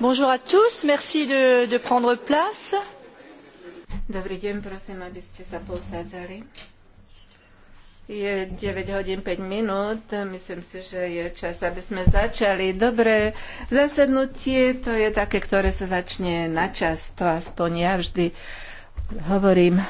Bonjour à tous, merci de, de prendre place. Dobrý deň, prosím, aby ste sa posádzali. Je 9 hodín 5 minút, myslím si, že je čas, aby sme začali. Dobré zasednutie, to je také, ktoré sa začne na čas, to aspoň ja vždy hovorím.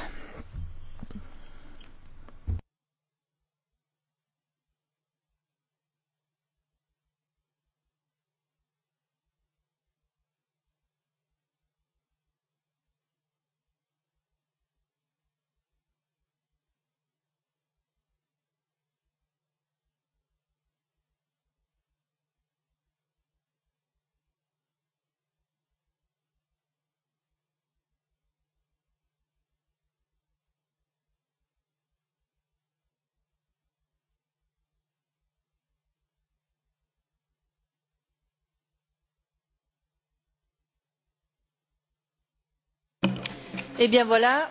Eh bien voilà.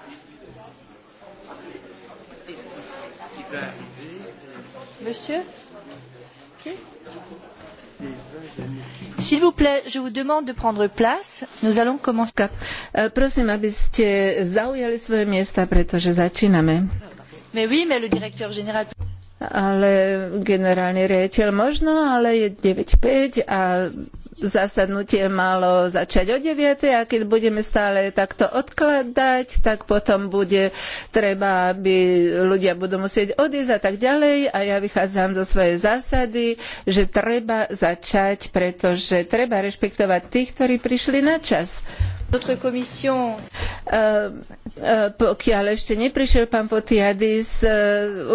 Monsieur S'il vous plaît, je vous demande de prendre place. Nous allons commencer. Eh, prosím, aby ste zaujali svoje miesta, pretože začíname. Mais oui, mais le directeur général ale generálny riaditeľ možno, ale je 9.5 a zasadnutie malo začať o 9. a keď budeme stále takto odkladať, tak potom bude treba, aby ľudia budú musieť odísť a tak ďalej a ja vychádzam zo svojej zásady, že treba začať, pretože treba rešpektovať tých, ktorí prišli na čas. Eh, eh, pokiaľ ešte neprišiel pán Fotiadis, eh,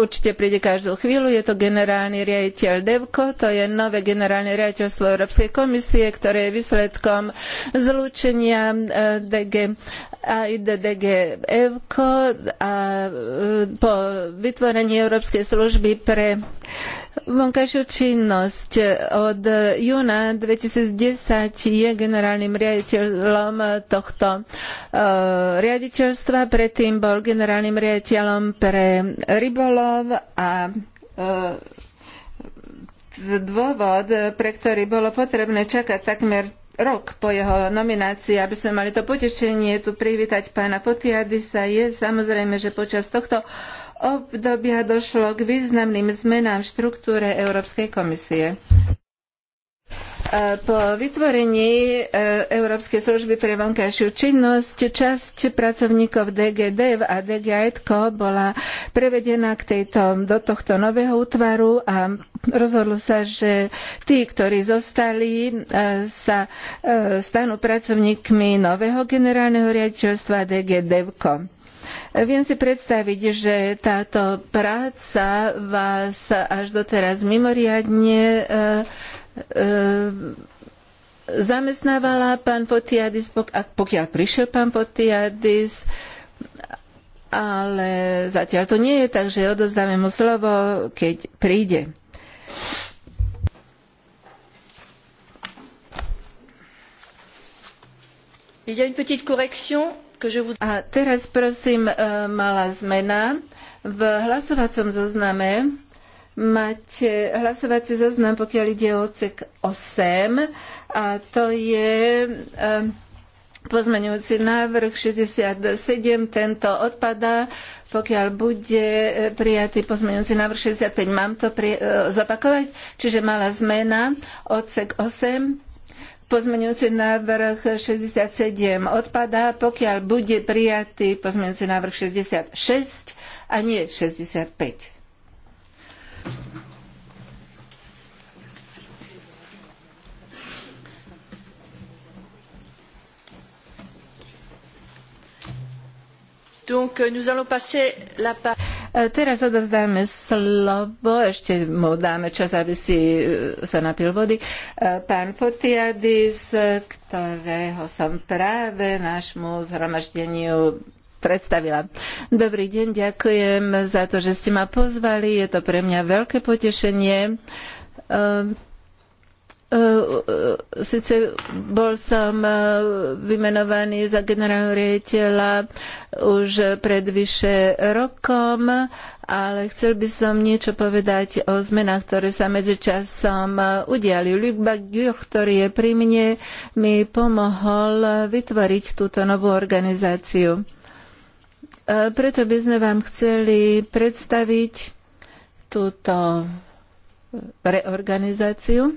určite príde každú chvíľu. Je to generálny riaditeľ DEVKO, to je nové generálne riaditeľstvo Európskej komisie, ktoré je výsledkom zlúčenia DG aj DDG EVKO a po vytvorení Európskej služby pre vonkajšiu činnosť. Od júna 2010 je generálnym riaditeľom tohto e, riaditeľstva, predtým bol generálnym riaditeľom pre rybolov a e, dôvod, pre ktorý bolo potrebné čakať takmer rok po jeho nominácii, aby sme mali to potešenie tu privítať pána Potiadisa, je samozrejme, že počas tohto obdobia došlo k významným zmenám v štruktúre Európskej komisie. Po vytvorení e, Európskej služby pre vonkajšiu činnosť časť pracovníkov DGD a DGAETCO bola prevedená k tejto, do tohto nového útvaru a rozhodlo sa, že tí, ktorí zostali, e, sa e, stanú pracovníkmi nového generálneho riaditeľstva DGDVCO. Viem si predstaviť, že táto práca vás až doteraz mimoriadne e, e, zamestnávala pán Potiadis, pokiaľ prišiel pán Potiadis, ale zatiaľ to nie je, takže odozdáme mu slovo, keď príde. Il y a une petite correction. A teraz prosím, e, malá zmena. V hlasovacom zozname máte hlasovací zoznam, pokiaľ ide o odsek 8 a to je e, pozmeňujúci návrh 67. Tento odpadá, pokiaľ bude e, prijatý pozmeňujúci návrh 65. Mám to pri, e, Čiže malá zmena, odsek 8. Pozmeňujúci návrh 67 odpadá, pokiaľ bude prijatý pozmeňujúci návrh 66 a nie 65. Euh, e, teraz odovzdáme slovo, ešte mu dáme čas, aby si e, sa napil vody. E, pán Fotiadis, ktorého som práve nášmu zhromaždeniu predstavila. Dobrý deň, ďakujem za to, že ste ma pozvali. Je to pre mňa veľké potešenie. E, e, Sice bol som e, vymenovaný za generálneho riaditeľa už pred vyše rokom, ale chcel by som niečo povedať o zmenách, ktoré sa medzičasom udiali. Luc Bagiur, ktorý je pri mne, mi pomohol vytvoriť túto novú organizáciu. Preto by sme vám chceli predstaviť túto reorganizáciu.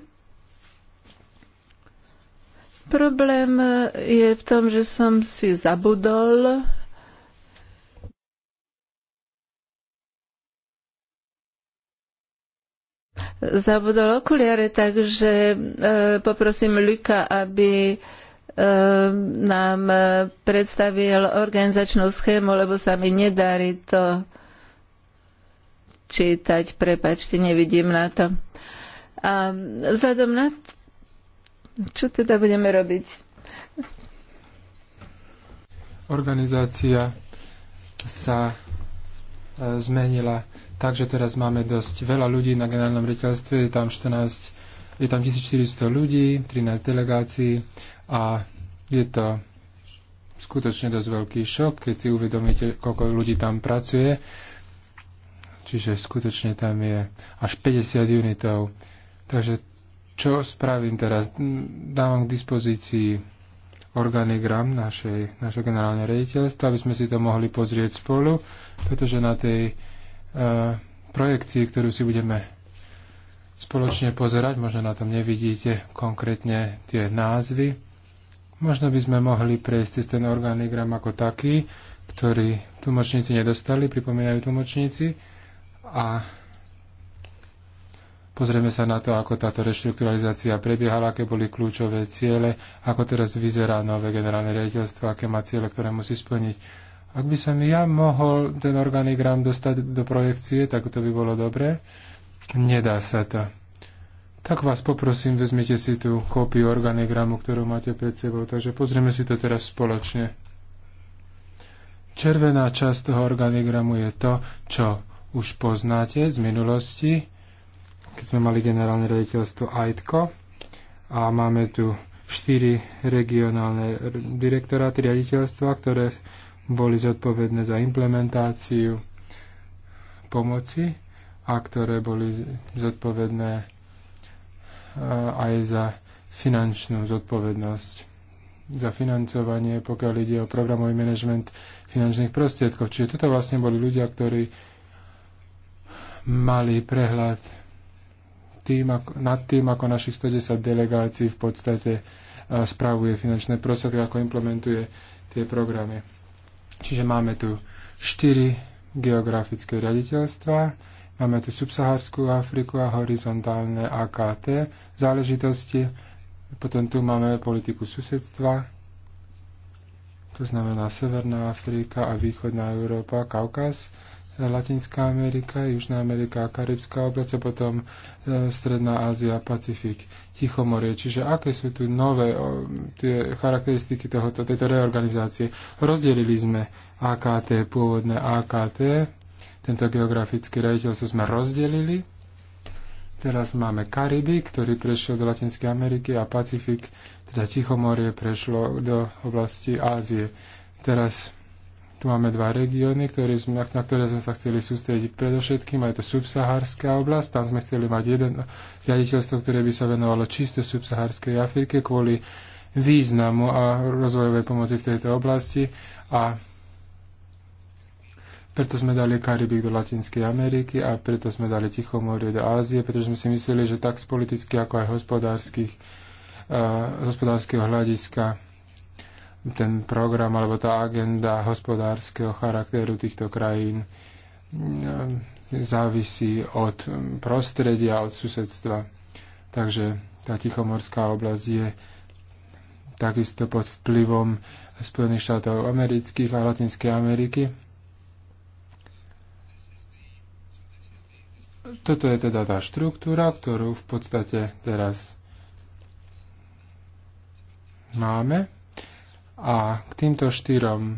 Problém e, je v tom, že som si zabudol zabudol okuliare, takže e, poprosím Luka, aby e, nám e, predstavil organizačnú schému, lebo sa mi nedarí to čítať. Prepačte, nevidím na to. A vzhľadom na čo teda budeme robiť? Organizácia sa e, zmenila takže teraz máme dosť veľa ľudí na generálnom riteľstve, je tam 14, je tam 1400 ľudí, 13 delegácií a je to skutočne dosť veľký šok, keď si uvedomíte, koľko ľudí tam pracuje. Čiže skutočne tam je až 50 unitov. Takže čo spravím teraz? Mm, dávam k dispozícii organigram našej, našho generálneho rediteľstva, aby sme si to mohli pozrieť spolu, pretože na tej uh, projekcii, ktorú si budeme spoločne pozerať, možno na tom nevidíte konkrétne tie názvy, možno by sme mohli prejsť cez ten organigram ako taký, ktorý tlmočníci nedostali, pripomínajú tlmočníci, a Pozrieme sa na to, ako táto reštrukturalizácia prebiehala, aké boli kľúčové ciele, ako teraz vyzerá nové generálne riaditeľstvo, aké má ciele, ktoré musí splniť. Ak by som ja mohol ten organigram dostať do projekcie, tak to by bolo dobré. Nedá sa to. Tak vás poprosím, vezmite si tú kópiu organigramu, ktorú máte pred sebou, takže pozrieme si to teraz spoločne. Červená časť toho organigramu je to, čo už poznáte z minulosti, keď sme mali generálne rediteľstvo AITKO a máme tu štyri regionálne direktoráty riaditeľstva, ktoré boli zodpovedné za implementáciu pomoci a ktoré boli zodpovedné e, aj za finančnú zodpovednosť za financovanie, pokiaľ ide o programový manažment finančných prostriedkov. Čiže toto vlastne boli ľudia, ktorí mali prehľad tým, ako, nad tým, ako našich 110 delegácií v podstate e, spravuje finančné prostriedky, ako implementuje tie programy. Čiže máme tu 4 geografické riaditeľstva, máme tu subsahárskú Afriku a horizontálne AKT záležitosti, potom tu máme politiku susedstva, to znamená Severná Afrika a Východná Európa, Kaukaz, Latinská Amerika, Južná Amerika a Karibská oblasť a potom e, Stredná Ázia a Pacifik, Tichomorie. Čiže aké sú tu nové o, tie charakteristiky tohoto, tejto reorganizácie? Rozdelili sme AKT, pôvodné AKT, tento geografický rejiteľstvo sme rozdelili. Teraz máme Kariby, ktorý prešiel do Latinskej Ameriky a Pacifik, teda Tichomorie, prešlo do oblasti Ázie. Teraz tu máme dva regióny, ktoré, na, na ktoré sme sa chceli sústrediť predovšetkým, aj to subsahárska oblasť, tam sme chceli mať jeden riaditeľstvo, ktoré by sa venovalo čisto subsahárskej Afrike kvôli významu a rozvojovej pomoci v tejto oblasti a preto sme dali Karibik do Latinskej Ameriky a preto sme dali Tichomorie do Ázie, pretože sme si mysleli, že tak z politicky, ako aj hospodárskych, uh, hospodárskeho hľadiska ten program alebo tá agenda hospodárskeho charakteru týchto krajín e, závisí od prostredia, od susedstva. Takže tá Tichomorská oblasť je takisto pod vplyvom Spojených štátov amerických a Latinskej Ameriky. Toto je teda tá štruktúra, ktorú v podstate teraz máme. A k týmto štyrom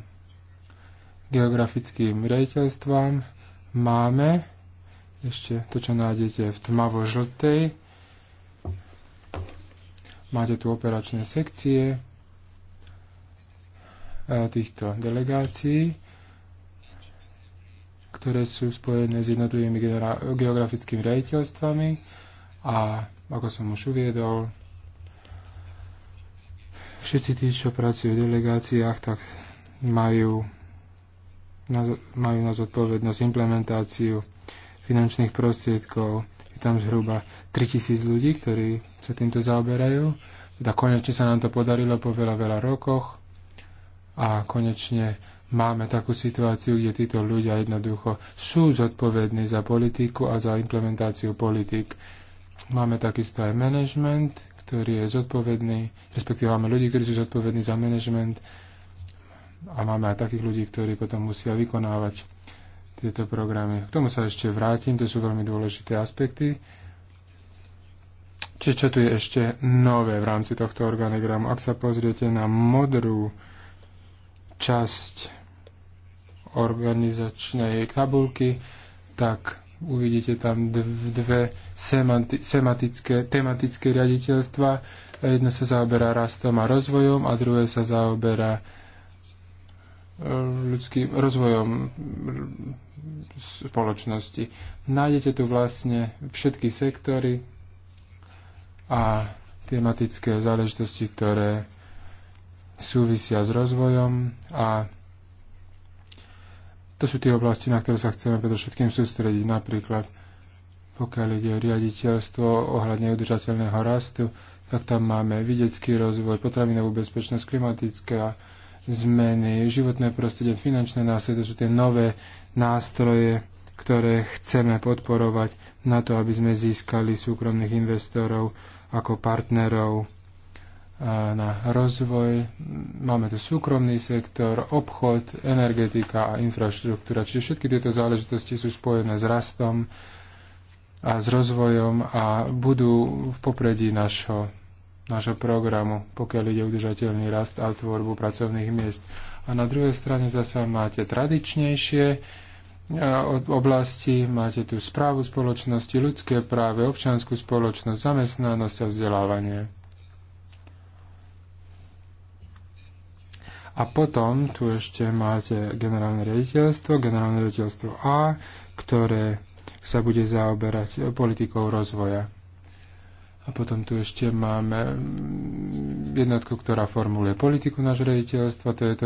geografickým rejiteľstvám máme ešte to, čo nájdete v tmavo-žltej. Máte tu operačné sekcie e, týchto delegácií, ktoré sú spojené s jednotlivými geografickými rejiteľstvami a, ako som už uviedol, Všetci tí, čo pracujú v delegáciách, tak majú na, majú na zodpovednosť implementáciu finančných prostriedkov. Je tam zhruba 3000 ľudí, ktorí sa týmto zaoberajú. Teda konečne sa nám to podarilo po veľa, veľa rokoch a konečne máme takú situáciu, kde títo ľudia jednoducho sú zodpovední za politiku a za implementáciu politik. Máme takisto aj management, ktorý je zodpovedný, respektíve máme ľudí, ktorí sú zodpovední za management a máme aj takých ľudí, ktorí potom musia vykonávať tieto programy. K tomu sa ešte vrátim, to sú veľmi dôležité aspekty. Čiže čo tu je ešte nové v rámci tohto organigramu? Ak sa pozriete na modrú časť organizačnej tabulky, tak Uvidíte tam dve semanti- sematické, tematické riaditeľstva. Jedno sa zaoberá rastom a rozvojom a druhé sa zaoberá e, ľudským rozvojom spoločnosti. Nájdete tu vlastne všetky sektory a tematické záležitosti, ktoré súvisia s rozvojom a to sú tie oblasti, na ktoré sa chceme predovšetkým sústrediť. Napríklad, pokiaľ ide o riaditeľstvo ohľadne udržateľného rastu, tak tam máme vidiecký rozvoj, potravinovú bezpečnosť, klimatické zmeny, životné prostredie, finančné nástroje, to sú tie nové nástroje, ktoré chceme podporovať na to, aby sme získali súkromných investorov ako partnerov na rozvoj. Máme tu súkromný sektor, obchod, energetika a infraštruktúra. Čiže všetky tieto záležitosti sú spojené s rastom a s rozvojom a budú v popredí našho, našho programu, pokiaľ ide udržateľný rast a tvorbu pracovných miest. A na druhej strane zase máte tradičnejšie e, od oblasti, máte tu správu spoločnosti, ľudské práve, občanskú spoločnosť, zamestnanosť a vzdelávanie. A potom tu ešte máte generálne riaditeľstvo, generálne riaditeľstvo A, ktoré sa bude zaoberať politikou rozvoja. A potom tu ešte máme jednotku, ktorá formuluje politiku nášho riaditeľstva. To je, to,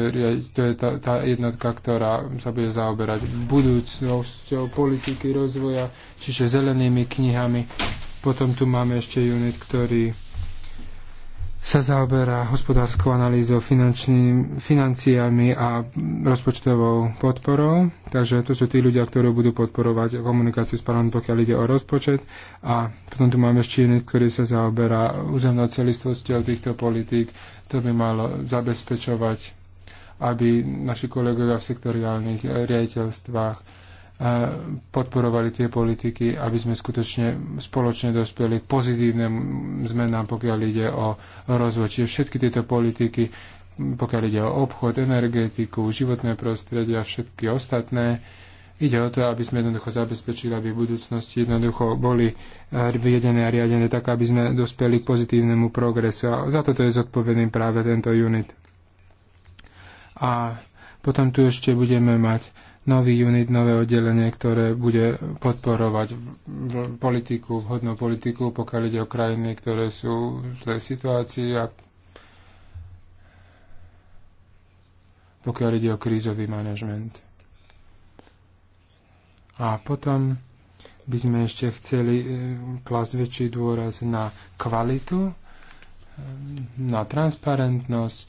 to je tá, tá jednotka, ktorá sa bude zaoberať budúcnosťou politiky rozvoja, čiže zelenými knihami. Potom tu máme ešte unit, ktorý sa zaoberá hospodárskou analýzou, financiami a rozpočtovou podporou. Takže to sú tí ľudia, ktorí budú podporovať komunikáciu s parlamentom, pokiaľ ide o rozpočet. A potom tu máme ešte iný, ktorý sa zaoberá územnou celistvosťou týchto politík. To by malo zabezpečovať, aby naši kolegovia v sektoriálnych riaditeľstvách podporovali tie politiky, aby sme skutočne spoločne dospeli k pozitívnym zmenám, pokiaľ ide o rozvoj. Čiže všetky tieto politiky, pokiaľ ide o obchod, energetiku, životné prostredie a všetky ostatné, Ide o to, aby sme jednoducho zabezpečili, aby v budúcnosti jednoducho boli vyjedené a riadené tak, aby sme dospeli k pozitívnemu progresu. A za toto je zodpovedný práve tento unit. A potom tu ešte budeme mať nový unit, nové oddelenie, ktoré bude podporovať politiku, vhodnú politiku, pokiaľ ide o krajiny, ktoré sú v zlej situácii a pokiaľ ide o krízový manažment. A potom by sme ešte chceli e, klasť väčší dôraz na kvalitu, e, na transparentnosť,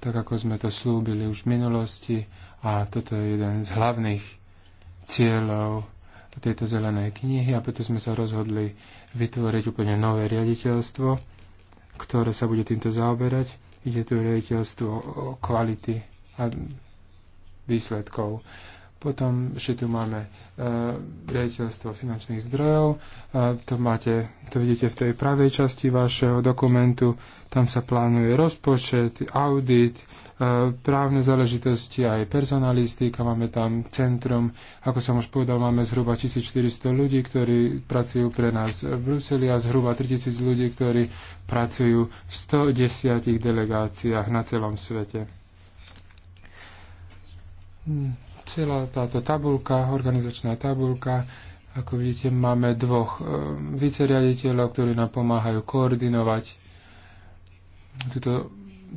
tak ako sme to slúbili už v minulosti a toto je jeden z hlavných cieľov tejto zelenej knihy a preto sme sa rozhodli vytvoriť úplne nové riaditeľstvo, ktoré sa bude týmto zaoberať. Ide tu riaditeľstvo kvality a výsledkov. Potom ešte tu máme uh, riaditeľstvo finančných zdrojov. Uh, to, máte, to vidíte v tej pravej časti vašeho dokumentu. Tam sa plánuje rozpočet, audit, Eh, právne záležitosti, aj personalistika, máme tam centrum, ako som už povedal, máme zhruba 1400 ľudí, ktorí pracujú pre nás v Bruseli a zhruba 3000 ľudí, ktorí pracujú v 110 delegáciách na celom svete. Hmm, celá táto tabulka, organizačná tabulka, ako vidíte, máme dvoch eh, viceriaditeľov, ktorí nám pomáhajú koordinovať túto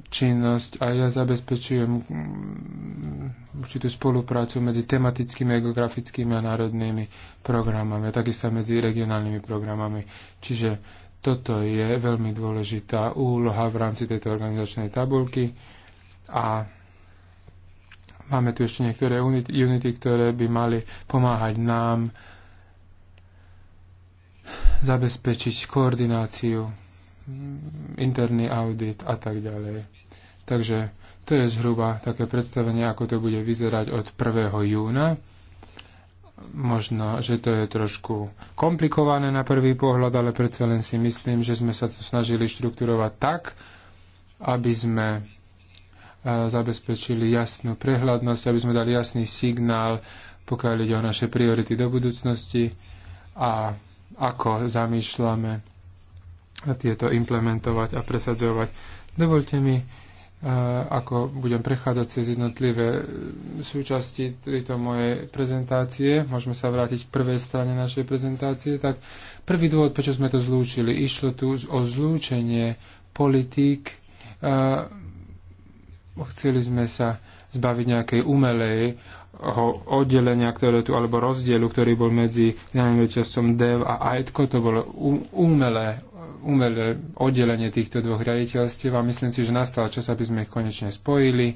činnosť a ja zabezpečujem mm, určitú spoluprácu medzi tematickými, geografickými a národnými programami a takisto medzi regionálnymi programami. Čiže toto je veľmi dôležitá úloha v rámci tejto organizačnej tabulky a máme tu ešte niektoré unity, ktoré by mali pomáhať nám zabezpečiť koordináciu interný audit a tak ďalej. Takže to je zhruba také predstavenie, ako to bude vyzerať od 1. júna. Možno, že to je trošku komplikované na prvý pohľad, ale predsa len si myslím, že sme sa to snažili štrukturovať tak, aby sme e, zabezpečili jasnú prehľadnosť, aby sme dali jasný signál, pokiaľ ide o naše priority do budúcnosti a ako zamýšľame a tieto implementovať a presadzovať. Dovolte mi, ako budem prechádzať cez jednotlivé e, súčasti tejto mojej prezentácie, môžeme sa vrátiť k prvej strane našej prezentácie, tak prvý dôvod, prečo sme to zlúčili, išlo tu o zlúčenie politík, e, chceli sme sa zbaviť nejakej umelej oddelenia, ktoré tu, alebo rozdielu, ktorý bol medzi generálnym riaditeľstvom DEV a AEDKO, to bolo umelé umelé oddelenie týchto dvoch riaditeľstiev a myslím si, že nastal čas, aby sme ich konečne spojili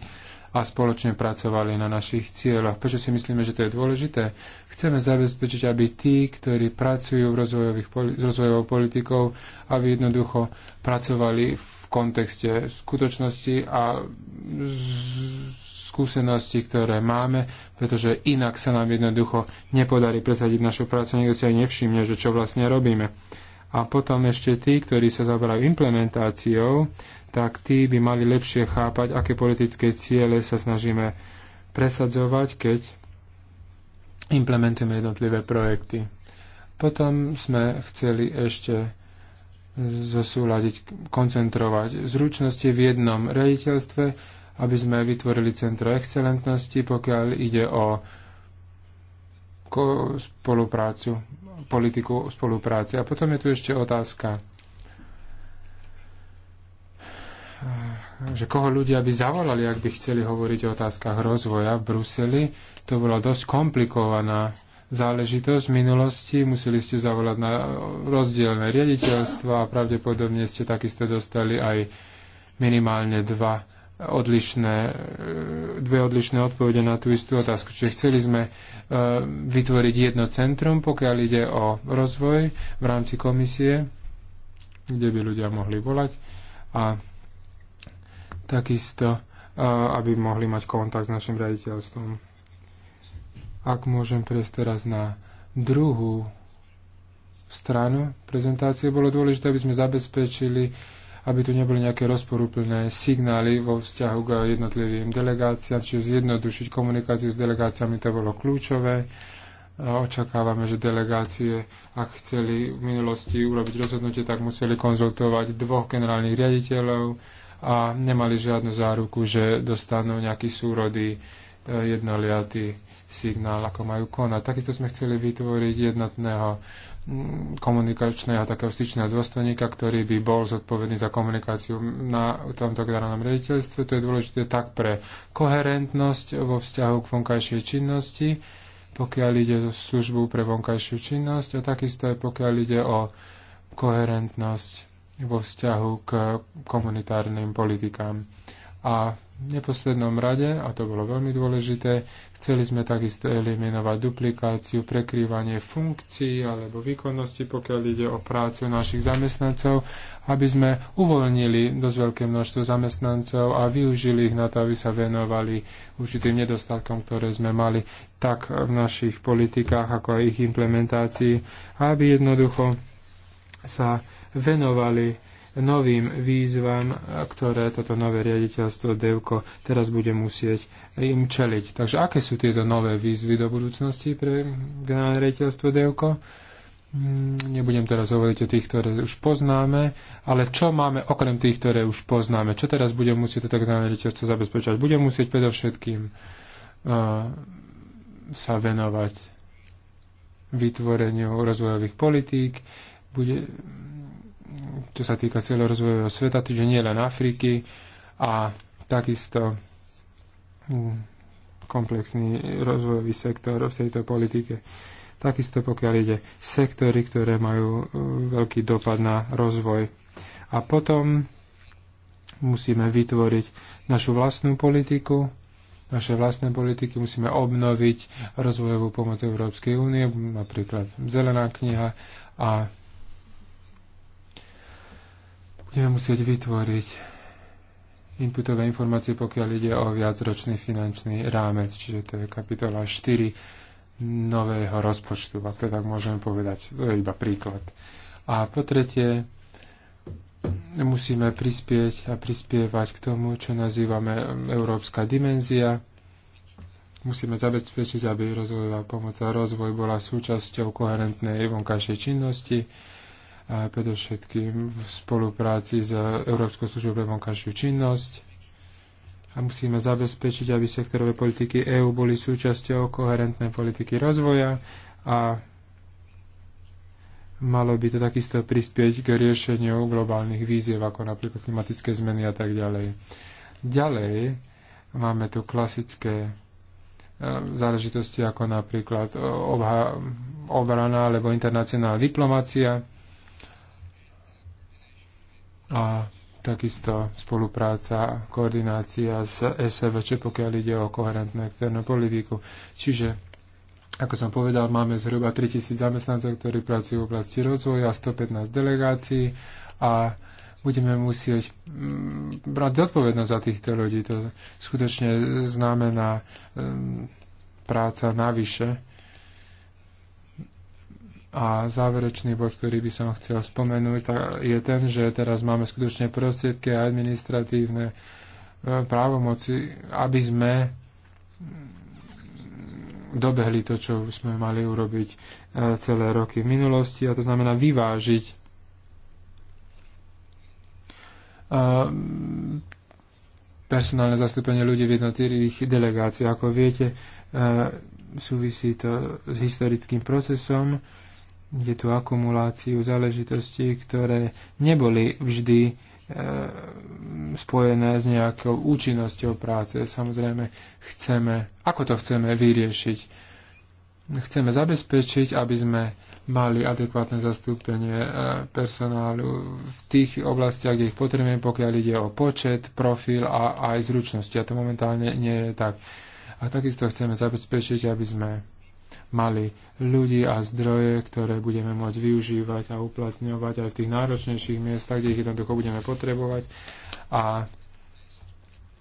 a spoločne pracovali na našich cieľoch. Prečo si myslíme, že to je dôležité? Chceme zabezpečiť, aby tí, ktorí pracujú v rozvojových, s rozvojovou politikou, aby jednoducho pracovali v kontexte skutočnosti a skúsenosti, ktoré máme, pretože inak sa nám jednoducho nepodarí presadiť našu prácu, nikto si aj nevšimne, že čo vlastne robíme. A potom ešte tí, ktorí sa zaberajú implementáciou, tak tí by mali lepšie chápať, aké politické ciele sa snažíme presadzovať, keď implementujeme jednotlivé projekty. Potom sme chceli ešte zosúľadiť, koncentrovať zručnosti v jednom rediteľstve, aby sme vytvorili centro excelentnosti, pokiaľ ide o spoluprácu politiku spolupráce. A potom je tu ešte otázka, že koho ľudia by zavolali, ak by chceli hovoriť o otázkach rozvoja v Bruseli. To bola dosť komplikovaná záležitosť v minulosti. Museli ste zavolať na rozdielne riaditeľstva a pravdepodobne ste takisto dostali aj minimálne dva odlišné, e, dve odlišné odpovede na tú istú otázku. Čiže chceli sme e, vytvoriť jedno centrum, pokiaľ ide o rozvoj v rámci komisie, kde by ľudia mohli volať a takisto, e, aby mohli mať kontakt s našim raditeľstvom. Ak môžem prejsť teraz na druhú stranu prezentácie, bolo dôležité, aby sme zabezpečili aby tu neboli nejaké rozporúplné signály vo vzťahu k jednotlivým delegáciám, čiže zjednodušiť komunikáciu s delegáciami, to bolo kľúčové. Očakávame, že delegácie, ak chceli v minulosti urobiť rozhodnutie, tak museli konzultovať dvoch generálnych riaditeľov a nemali žiadnu záruku, že dostanú nejaký súrody e, jednoliatý signál, ako majú konať. Takisto sme chceli vytvoriť jednotného Mm, komunikačného takého styčného dôstojníka, ktorý by bol zodpovedný za komunikáciu na tomto generálnom riaditeľstve. To je dôležité tak pre koherentnosť vo vzťahu k vonkajšej činnosti, pokiaľ ide o službu pre vonkajšiu činnosť a takisto aj pokiaľ ide o koherentnosť vo vzťahu k komunitárnym politikám. A neposlednom rade, a to bolo veľmi dôležité, chceli sme takisto eliminovať duplikáciu, prekrývanie funkcií alebo výkonnosti, pokiaľ ide o prácu našich zamestnancov, aby sme uvoľnili dosť veľké množstvo zamestnancov a využili ich na to, aby sa venovali určitým nedostatkom, ktoré sme mali tak v našich politikách, ako aj ich implementácii, aby jednoducho sa venovali novým výzvam, ktoré toto nové riaditeľstvo DEVKO teraz bude musieť im čeliť. Takže aké sú tieto nové výzvy do budúcnosti pre generálne riaditeľstvo DEVKO? Mm, nebudem teraz hovoriť o tých, ktoré už poznáme, ale čo máme okrem tých, ktoré už poznáme? Čo teraz bude musieť toto generálne riaditeľstvo zabezpečovať? Bude musieť predovšetkým uh, sa venovať vytvoreniu rozvojových politík, bude čo sa týka celého rozvojového sveta, čiže nie len Afriky a takisto mm, komplexný rozvojový sektor v tejto politike. Takisto pokiaľ ide sektory, ktoré majú e, veľký dopad na rozvoj. A potom musíme vytvoriť našu vlastnú politiku, naše vlastné politiky, musíme obnoviť rozvojovú pomoc Európskej únie, napríklad zelená kniha a budeme musieť vytvoriť inputové informácie, pokiaľ ide o viacročný finančný rámec, čiže to je kapitola 4 nového rozpočtu, ak to tak môžeme povedať. To je iba príklad. A po tretie, musíme prispieť a prispievať k tomu, čo nazývame európska dimenzia. Musíme zabezpečiť, aby rozvojová pomoc a rozvoj bola súčasťou koherentnej vonkajšej činnosti a predovšetkým v spolupráci s Európskou službou pre vonkajšiu činnosť a musíme zabezpečiť, aby sektorové politiky EÚ boli súčasťou koherentnej politiky rozvoja a malo by to takisto prispieť k riešeniu globálnych víziev, ako napríklad klimatické zmeny a tak ďalej. Ďalej máme tu klasické e, záležitosti ako napríklad obha, obrana alebo internacionálna diplomácia a takisto spolupráca a koordinácia s SVČ, pokiaľ ide o koherentnú externú politiku. Čiže, ako som povedal, máme zhruba 3000 zamestnancov, ktorí pracujú v oblasti rozvoja, 115 delegácií a budeme musieť mm, brať zodpovednosť za týchto ľudí. To skutočne znamená mm, práca navyše a záverečný bod, ktorý by som chcel spomenúť, je ten, že teraz máme skutočne prostriedky a administratívne e, právomoci, aby sme dobehli to, čo sme mali urobiť e, celé roky v minulosti, a to znamená vyvážiť e, personálne zastúpenie ľudí v jednotlivých delegáciách. Ako viete, súvisí to s historickým procesom, je tu akumuláciu záležitostí, ktoré neboli vždy e, spojené s nejakou účinnosťou práce. Samozrejme, chceme, ako to chceme vyriešiť? Chceme zabezpečiť, aby sme mali adekvátne zastúpenie e, personálu v tých oblastiach, kde ich potrebujeme, pokiaľ ide o počet, profil a aj zručnosti. A to momentálne nie je tak. A takisto chceme zabezpečiť, aby sme mali ľudí a zdroje, ktoré budeme môcť využívať a uplatňovať aj v tých náročnejších miestach, kde ich jednoducho budeme potrebovať. A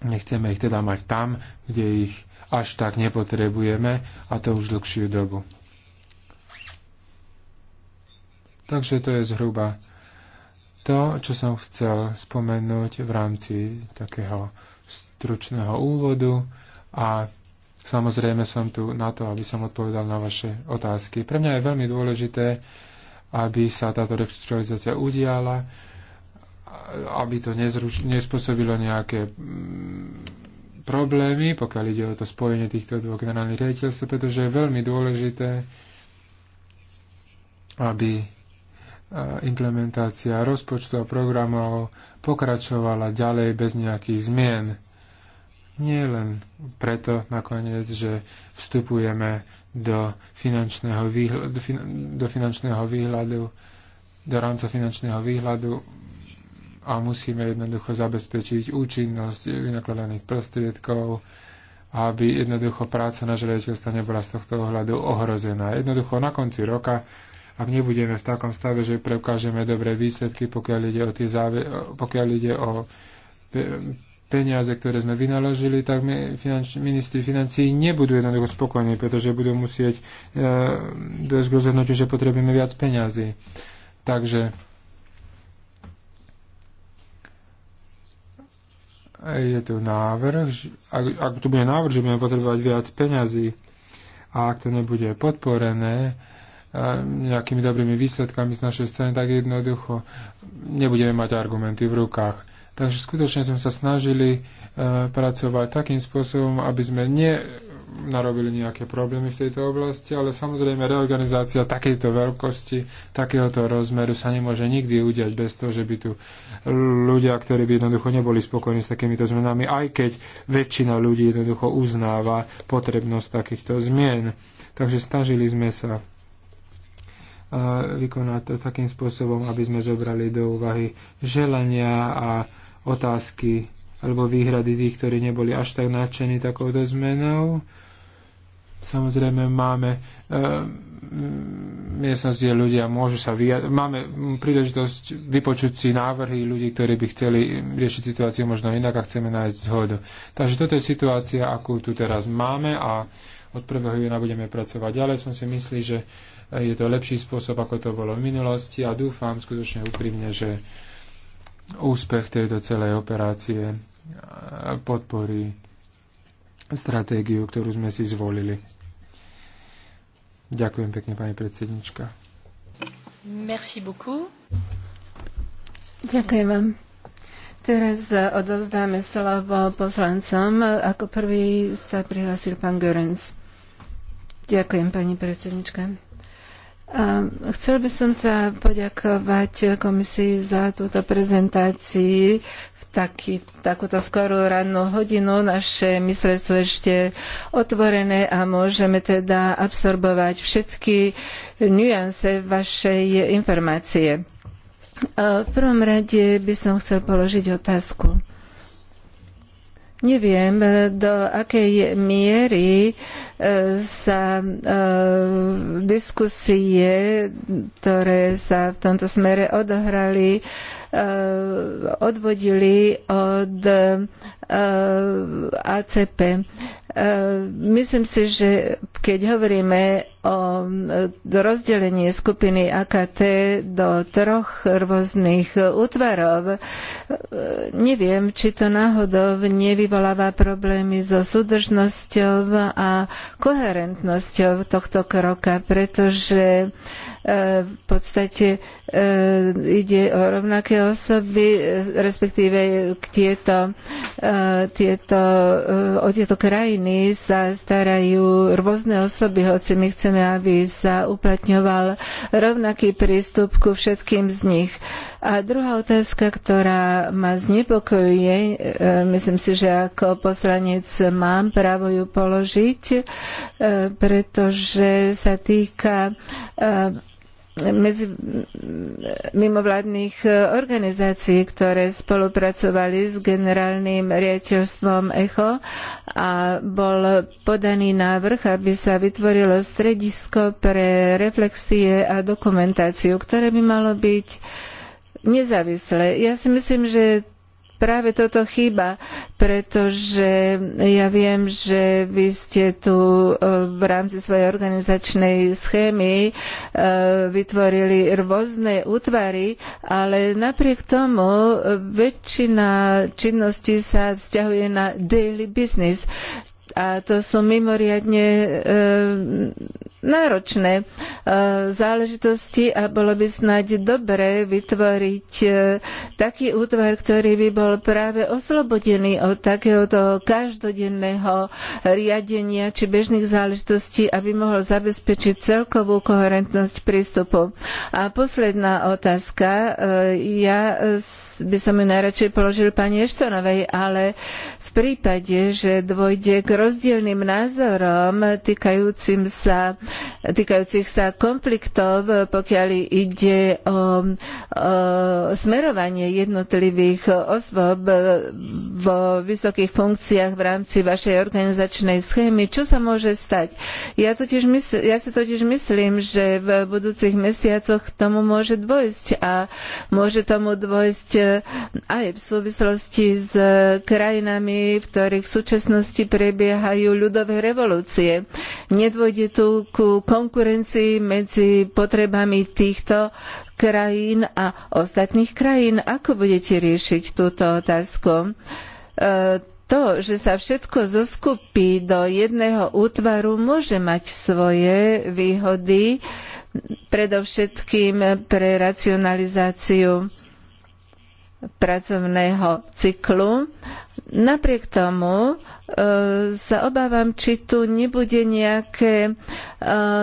nechceme ich teda mať tam, kde ich až tak nepotrebujeme a to už dlhšiu dobu. Takže to je zhruba to, čo som chcel spomenúť v rámci takého stručného úvodu a Samozrejme som tu na to, aby som odpovedal na vaše otázky. Pre mňa je veľmi dôležité, aby sa táto reštrukturalizácia udiala, aby to nezruš- nespôsobilo nejaké mm, problémy, pokiaľ ide o to spojenie týchto dvoch generálnych riaditeľstv, pretože je veľmi dôležité, aby e, implementácia rozpočtu a programov pokračovala ďalej bez nejakých zmien nie len preto nakoniec, že vstupujeme do finančného výhľadu, do, finančného výhľadu, do rámca finančného výhľadu a musíme jednoducho zabezpečiť účinnosť vynakladaných prostriedkov, aby jednoducho práca na želiteľstva nebola z tohto ohľadu ohrozená. Jednoducho na konci roka ak nebudeme v takom stave, že preukážeme dobré výsledky, pokiaľ ide o, tie záve- pokiaľ ide o peniaze, ktoré sme vynaložili, tak my, finanč, ministri financií nebudú jednoducho spokojní, pretože budú musieť e, dojsť k rozhodnutiu, že potrebujeme viac peniazy. Takže je tu návrh, ak, ak tu bude návrh, že budeme potrebovať viac peňazí a ak to nebude podporené, e, nejakými dobrými výsledkami z našej strany, tak jednoducho nebudeme mať argumenty v rukách. Takže skutočne sme sa snažili e, pracovať takým spôsobom, aby sme ne narobili nejaké problémy v tejto oblasti, ale samozrejme reorganizácia takejto veľkosti, takéhoto rozmeru sa nemôže nikdy udiať bez toho, že by tu ľudia, ktorí by jednoducho neboli spokojní s takýmito zmenami, aj keď väčšina ľudí jednoducho uznáva potrebnosť takýchto zmien. Takže snažili sme sa e, vykonať to takým spôsobom, aby sme zobrali do úvahy želania a otázky alebo výhrady tých, ktorí neboli až tak nadšení takouto zmenou. Samozrejme máme e, miestnosti, kde ľudia môžu sa vyjadriť. Máme príležitosť vypočuť si návrhy ľudí, ktorí by chceli riešiť situáciu možno inak a chceme nájsť zhodu. Takže toto je situácia, akú tu teraz máme a od 1. júna budeme pracovať. Ale som si myslí, že je to lepší spôsob, ako to bolo v minulosti a dúfam skutočne úprimne, že úspech tejto celej operácie podporí stratégiu, ktorú sme si zvolili. Ďakujem pekne, pani predsednička. Merci beaucoup. Ďakujem vám. Teraz odovzdáme slovo poslancom. Ako prvý sa prihlásil pán Görens. Ďakujem, pani predsednička. Chcel by som sa poďakovať komisii za túto prezentáciu v taký, takúto skorú rannú hodinu. Naše mysle sú ešte otvorené a môžeme teda absorbovať všetky nuance vašej informácie. V prvom rade by som chcel položiť otázku. Neviem, e, do akej miery e, sa e, diskusie, ktoré sa v tomto smere odohrali, Eh, odvodili od eh, ACP. Eh, myslím si, že keď hovoríme o rozdelení skupiny AKT do troch rôznych útvarov, neviem, či to náhodou nevyvoláva problémy so súdržnosťou a koherentnosťou tohto kroka, pretože v podstate e, ide o rovnaké osoby, e, respektíve tieto, e, tieto, o tieto krajiny sa starajú rôzne osoby, hoci my chceme, aby sa uplatňoval rovnaký prístup ku všetkým z nich. A druhá otázka, ktorá ma znepokojuje, myslím si, že ako poslanec mám právo ju položiť, pretože sa týka medzi mimovládnych eh, organizácií, ktoré spolupracovali s generálnym riaditeľstvom ECHO a bol podaný návrh, aby sa vytvorilo stredisko pre reflexie a dokumentáciu, ktoré by malo byť nezávislé. Ja si myslím, že práve toto chýba, pretože ja viem, že vy ste tu e, v rámci svojej organizačnej schémy e, vytvorili rôzne útvary, ale napriek tomu e, väčšina činností sa vzťahuje na daily business a to sú mimoriadne e, náročné e, záležitosti a bolo by snáď dobré vytvoriť e, taký útvar, ktorý by bol práve oslobodený od takéhoto každodenného riadenia či bežných záležitostí, aby mohol zabezpečiť celkovú koherentnosť prístupu. A posledná otázka, e, ja by som ju najradšej položil pani Eštonovej, ale prípade, že dôjde k rozdielnym názorom týkajúcim sa, týkajúcich sa konfliktov, pokiaľ ide o, o smerovanie jednotlivých osôb vo vysokých funkciách v rámci vašej organizačnej schémy, čo sa môže stať? Ja, totiž mysl, ja si totiž myslím, že v budúcich mesiacoch tomu môže dôjsť a môže tomu dôjsť aj v súvislosti s krajinami, krajiny, v ktorých v súčasnosti prebiehajú ľudové revolúcie. Nedôjde tu ku konkurencii medzi potrebami týchto krajín a ostatných krajín. Ako budete riešiť túto otázku? E, to, že sa všetko zoskupí do jedného útvaru, môže mať svoje výhody, predovšetkým pre racionalizáciu pracovného cyklu, Napriek tomu e, sa obávam, či tu nebude nejaké e,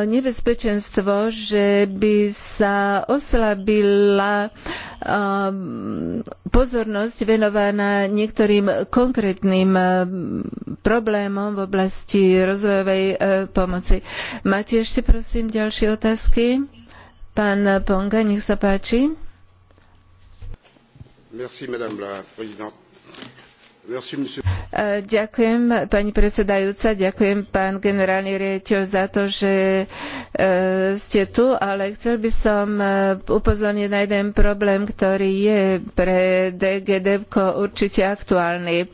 nebezpečenstvo, že by sa oslabila e, pozornosť venovaná niektorým konkrétnym problémom v oblasti rozvojovej pomoci. Máte ešte prosím ďalšie otázky? Pán Ponga, nech sa páči. Merci, madame la présidente. E, ďakujem, pani predsedajúca, ďakujem, pán generálny riaditeľ, za to, že e, ste tu, ale chcel by som e, upozorniť na jeden problém, ktorý je pre DGDevko určite aktuálny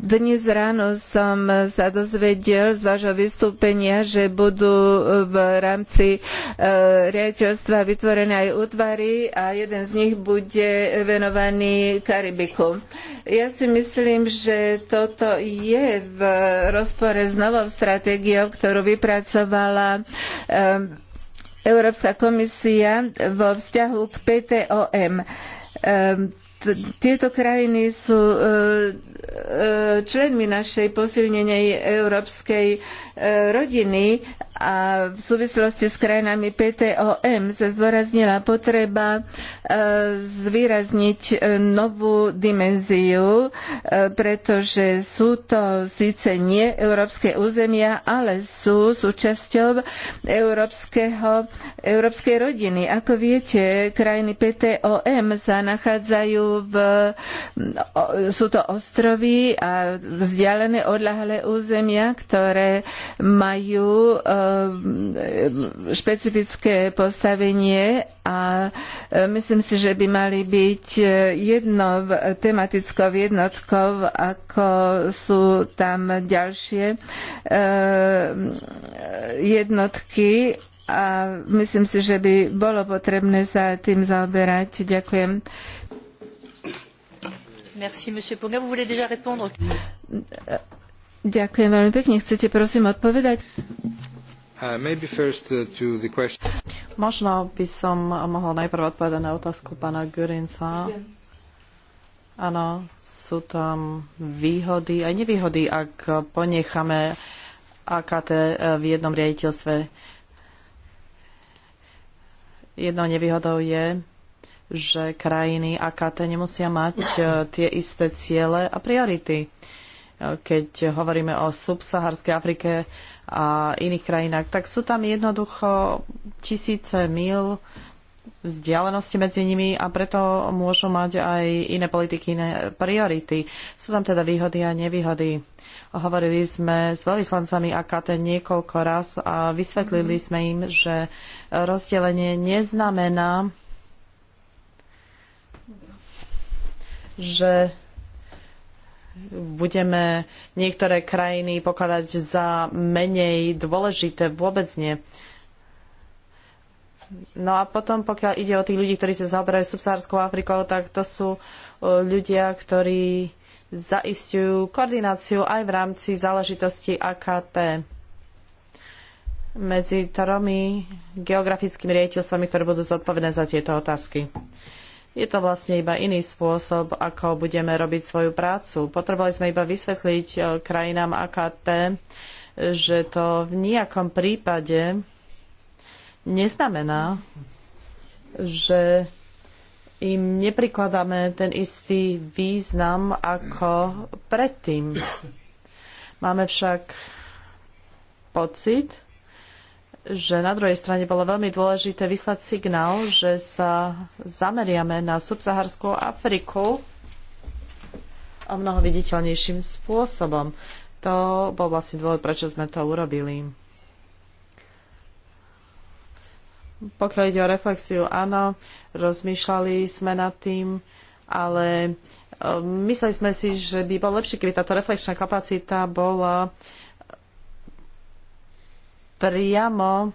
dnes ráno som sa dozvedel z vášho vystúpenia, že budú v rámci e, riaditeľstva vytvorené aj útvary a jeden z nich bude venovaný Karibiku. Ja si myslím, že toto je v rozpore s novou stratégiou, ktorú vypracovala e, Európska komisia vo vzťahu k PTOM e, tieto krajiny sú e, e, e, členmi našej posilnenej európskej rodiny a v súvislosti s krajinami PTOM sa zdôraznila potreba e, zvýrazniť e, novú dimenziu, e, pretože sú to síce nie európske územia, ale sú súčasťou európskeho, európskej rodiny. Ako viete, krajiny PTOM sa nachádzajú v... sú to ostrovy a vzdialené odľahlé územia, ktoré majú Eh, špecifické postavenie a eh, myslím si, že by mali byť eh, jedno, tematickou jednotkou, ako sú tam ďalšie jednotky a myslím si, že by bolo potrebné sa tým zaoberať. Ďakujem. Merci, monsieur Ponga. Vous voulez déjà répondre Ďakujem veľmi pekne. Chcete prosím odpovedať? Uh, uh, Možno by som mohol najprv odpovedať na otázku pána Gurinsa. Áno, sú tam výhody aj nevýhody, ak ponecháme AKT e, v jednom riaditeľstve. Jednou nevýhodou je, že krajiny AKT nemusia mať e, tie isté ciele a priority. Uh, keď hovoríme o subsaharskej Afrike a iných krajinách, tak sú tam jednoducho tisíce mil vzdialenosti medzi nimi a preto môžu mať aj iné politiky, iné priority. Sú tam teda výhody a nevýhody. Hovorili sme s veľvyslancami AKT niekoľko raz a vysvetlili sme im, že rozdelenie neznamená, že budeme niektoré krajiny pokladať za menej dôležité. Vôbec nie. No a potom, pokiaľ ide o tých ľudí, ktorí sa zaoberajú subsárskou Afrikou, tak to sú e, ľudia, ktorí zaistujú koordináciu aj v rámci záležitosti AKT medzi tromi geografickými riaditeľstvami, ktoré budú zodpovedné za tieto otázky. Je to vlastne iba iný spôsob, ako budeme robiť svoju prácu. Potrebovali sme iba vysvetliť e, krajinám AKT, že to v nejakom prípade neznamená, že im neprikladáme ten istý význam ako predtým. Máme však pocit, že na druhej strane bolo veľmi dôležité vyslať signál, že sa zameriame na subsaharskú Afriku o mnoho viditeľnejším spôsobom. To bol vlastne dôvod, prečo sme to urobili. Pokiaľ ide o reflexiu, áno, rozmýšľali sme nad tým, ale e, mysleli sme si, že by bol lepšie, keby táto reflexná kapacita bola uh, priamo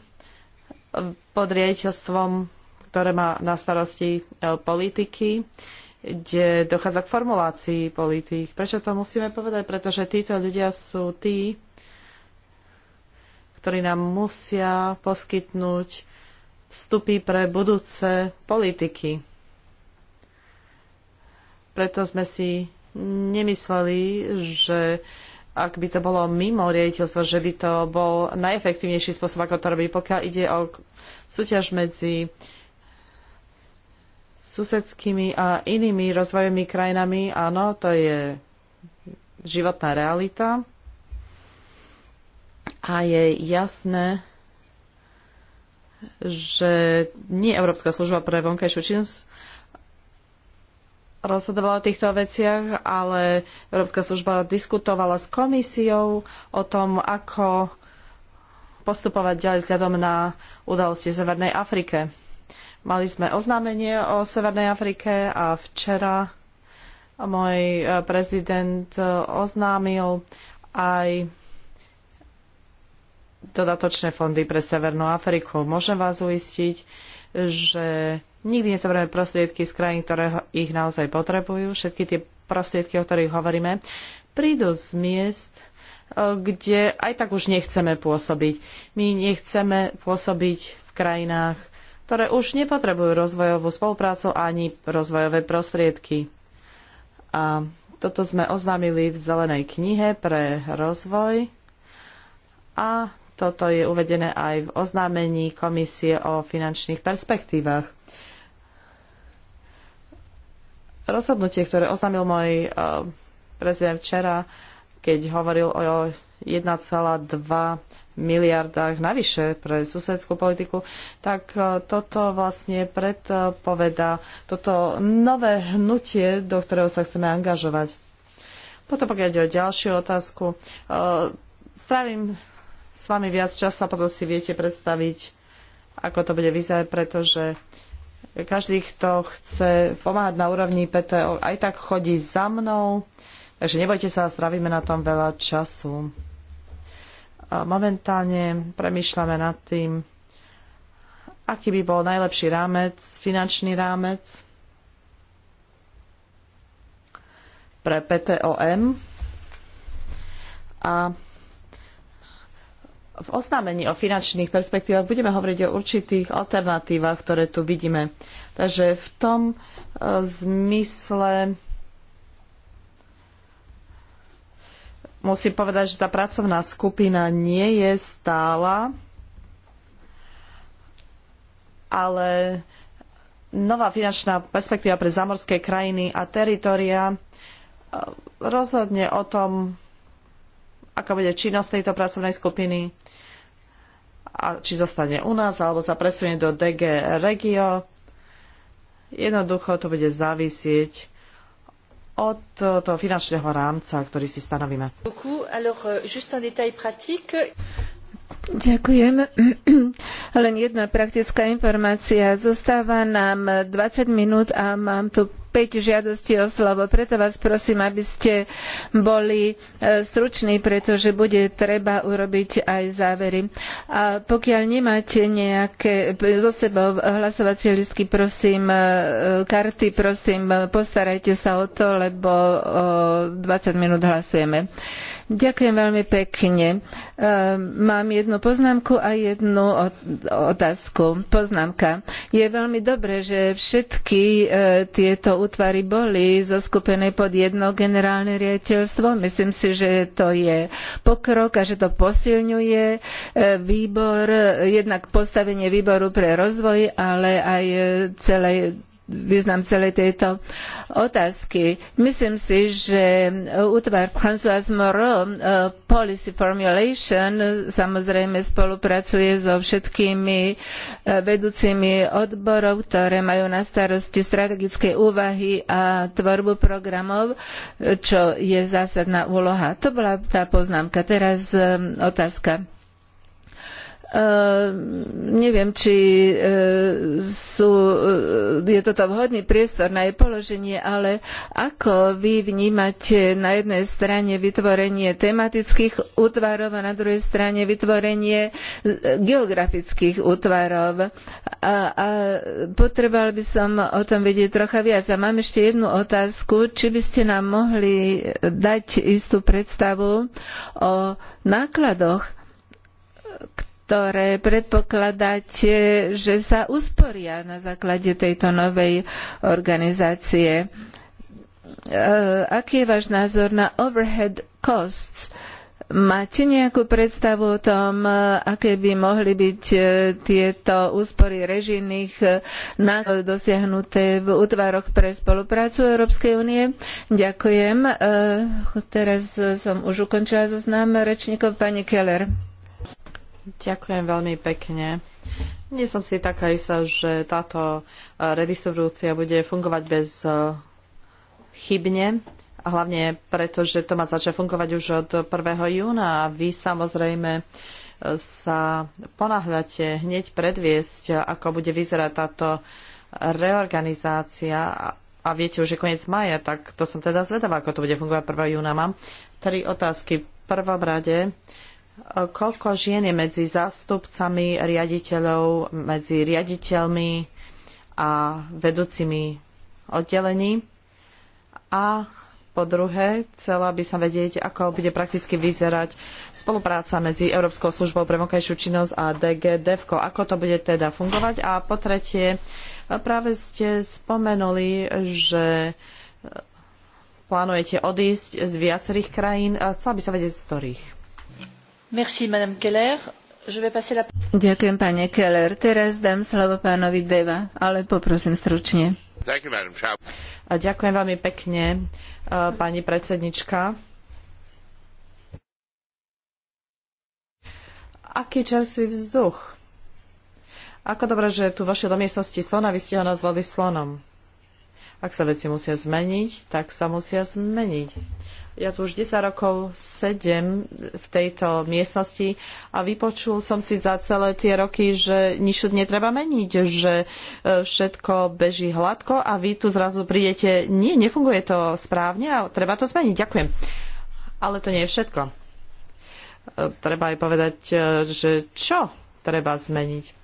pod riaditeľstvom, ktoré má na starosti e, politiky, kde dochádza k formulácii politík. Prečo to musíme povedať? Pretože títo ľudia sú tí, ktorí nám musia poskytnúť vstupy pre budúce politiky. Preto sme si nemysleli, že ak by to bolo mimo riaditeľstva, že by to bol najefektívnejší spôsob, ako to robiť, pokiaľ ide o súťaž medzi susedskými a inými rozvojovými krajinami. Áno, to je životná realita. A je jasné, že nie Európska služba pre vonkajšiu činnosť rozhodovala o týchto veciach, ale Európska služba diskutovala s komisiou o tom, ako postupovať ďalej vzhľadom na udalosti v Severnej Afrike. Mali sme oznámenie o Severnej Afrike a včera môj e, prezident e, oznámil aj dodatočné fondy pre Severnú Afriku. Môžem vás uistiť, že nikdy nezoberieme prostriedky z krajín, ktoré ich naozaj potrebujú. Všetky tie prostriedky, o ktorých hovoríme, prídu z miest, e, kde aj tak už nechceme pôsobiť. My nechceme pôsobiť v krajinách, ktoré už nepotrebujú rozvojovú spoluprácu ani rozvojové prostriedky. A toto sme oznámili v zelenej knihe pre rozvoj a toto je uvedené aj v oznámení Komisie o finančných perspektívach. Rozhodnutie, ktoré oznámil môj eh, prezident včera, keď hovoril o 1,2 miliardách navyše pre susedskú politiku, tak eh, toto vlastne predpoveda toto nové hnutie, do ktorého sa chceme angažovať. Potom pokiaľ ide o ďalšiu otázku, eh, strávim s vami viac času a potom si viete predstaviť, ako to bude vyzerať, pretože každý, kto chce pomáhať na úrovni PTO, aj tak chodí za mnou. Takže nebojte sa, spravíme na tom veľa času. Momentálne premyšľame nad tým, aký by bol najlepší rámec, finančný rámec pre PTOM a v oznámení o finančných perspektívach budeme hovoriť o určitých alternatívach, ktoré tu vidíme. Takže v tom e, zmysle musím povedať, že tá pracovná skupina nie je stála, ale nová finančná perspektíva pre zamorské krajiny a teritoria e, rozhodne o tom aká bude činnosť tejto pracovnej skupiny a či zostane u nás alebo sa presunie do DG Regio. Jednoducho to bude závisieť od e, toho finančného rámca, ktorý si stanovíme. E, Ďakujem. Len jedna praktická informácia. Zostáva nám 20 minút a mám tu 5 žiadostí o slovo. Preto vás prosím, aby ste boli e, struční, pretože bude treba urobiť aj závery. A pokiaľ nemáte nejaké e, so sebou hlasovacie listky, prosím, e, karty, prosím, postarajte sa o to, lebo o 20 minút hlasujeme. Ďakujem veľmi pekne. Ehm, mám jednu poznámku a jednu otázku. Poznámka. Je veľmi dobré, že všetky e, tieto útvary boli zoskupené pod jedno generálne riaditeľstvo. Myslím si, že to je pokrok a že to posilňuje e, výbor, e, jednak postavenie výboru pre rozvoj, ale aj celej význam celej tejto otázky. Myslím si, že e, útvar François Moreau e, Policy Formulation e, samozrejme spolupracuje so všetkými vedúcimi odborov, ktoré majú na starosti strategické úvahy a tvorbu programov, čo je zásadná úloha. To bola tá poznámka. Teraz otázka. Ehm, neviem, či e, sú, e, je toto vhodný priestor na jej položenie, ale ako vy vnímate na jednej strane vytvorenie tematických útvarov a na druhej strane vytvorenie e, geografických útvarov. A, a potreboval by som o tom vedieť trocha viac. A mám ešte jednu otázku, či by ste nám mohli dať istú predstavu o nákladoch, ktoré predpokladáte, že sa usporia na základe tejto novej organizácie. E, aký je váš názor na overhead costs? Máte nejakú predstavu o tom, e, aké by mohli byť e, tieto úspory režijných nákladov dosiahnuté v útvaroch pre spoluprácu Európskej únie? Ďakujem. Teraz som už ukončila zoznam rečníkov pani Keller. Ďakujem veľmi pekne. Nie som si taká istá, že táto e, redistribúcia bude fungovať bez e, chybne. A hlavne preto, že to má začať fungovať už od 1. júna a vy samozrejme e, sa ponáhľate hneď predviesť, ako bude vyzerať táto reorganizácia a viete už, že koniec maja, tak to som teda zvedavá, ako to bude fungovať 1. júna. Mám tri otázky. V prvom rade, koľko žien je medzi zástupcami riaditeľov, medzi riaditeľmi a vedúcimi oddelení. A po druhé, chcela by som vedieť, ako bude prakticky vyzerať spolupráca medzi Európskou službou pre vonkajšiu činnosť a DG Ako to bude teda fungovať? A po tretie, práve ste spomenuli, že e, plánujete odísť z viacerých krajín. Chcela by sa vedieť, z ktorých. Merci, Madame Keller. Je vais passer la... Ďakujem, pani Keller. Teraz dám slovo pánovi Deva, ale poprosím stručne. You, Ďakujem veľmi pekne, uh, pani predsednička. Aký čerstvý vzduch. Ako dobre, že tu vaše do miestnosti slona, vy ste ho nazvali slonom. Ak sa veci musia zmeniť, tak sa musia zmeniť ja tu už 10 rokov sedem v tejto miestnosti a vypočul som si za celé tie roky, že nič netreba meniť, že e, všetko beží hladko a vy tu zrazu prídete, nie, nefunguje to správne a treba to zmeniť. Ďakujem. Ale to nie je všetko. E, treba aj povedať, e, že čo treba zmeniť.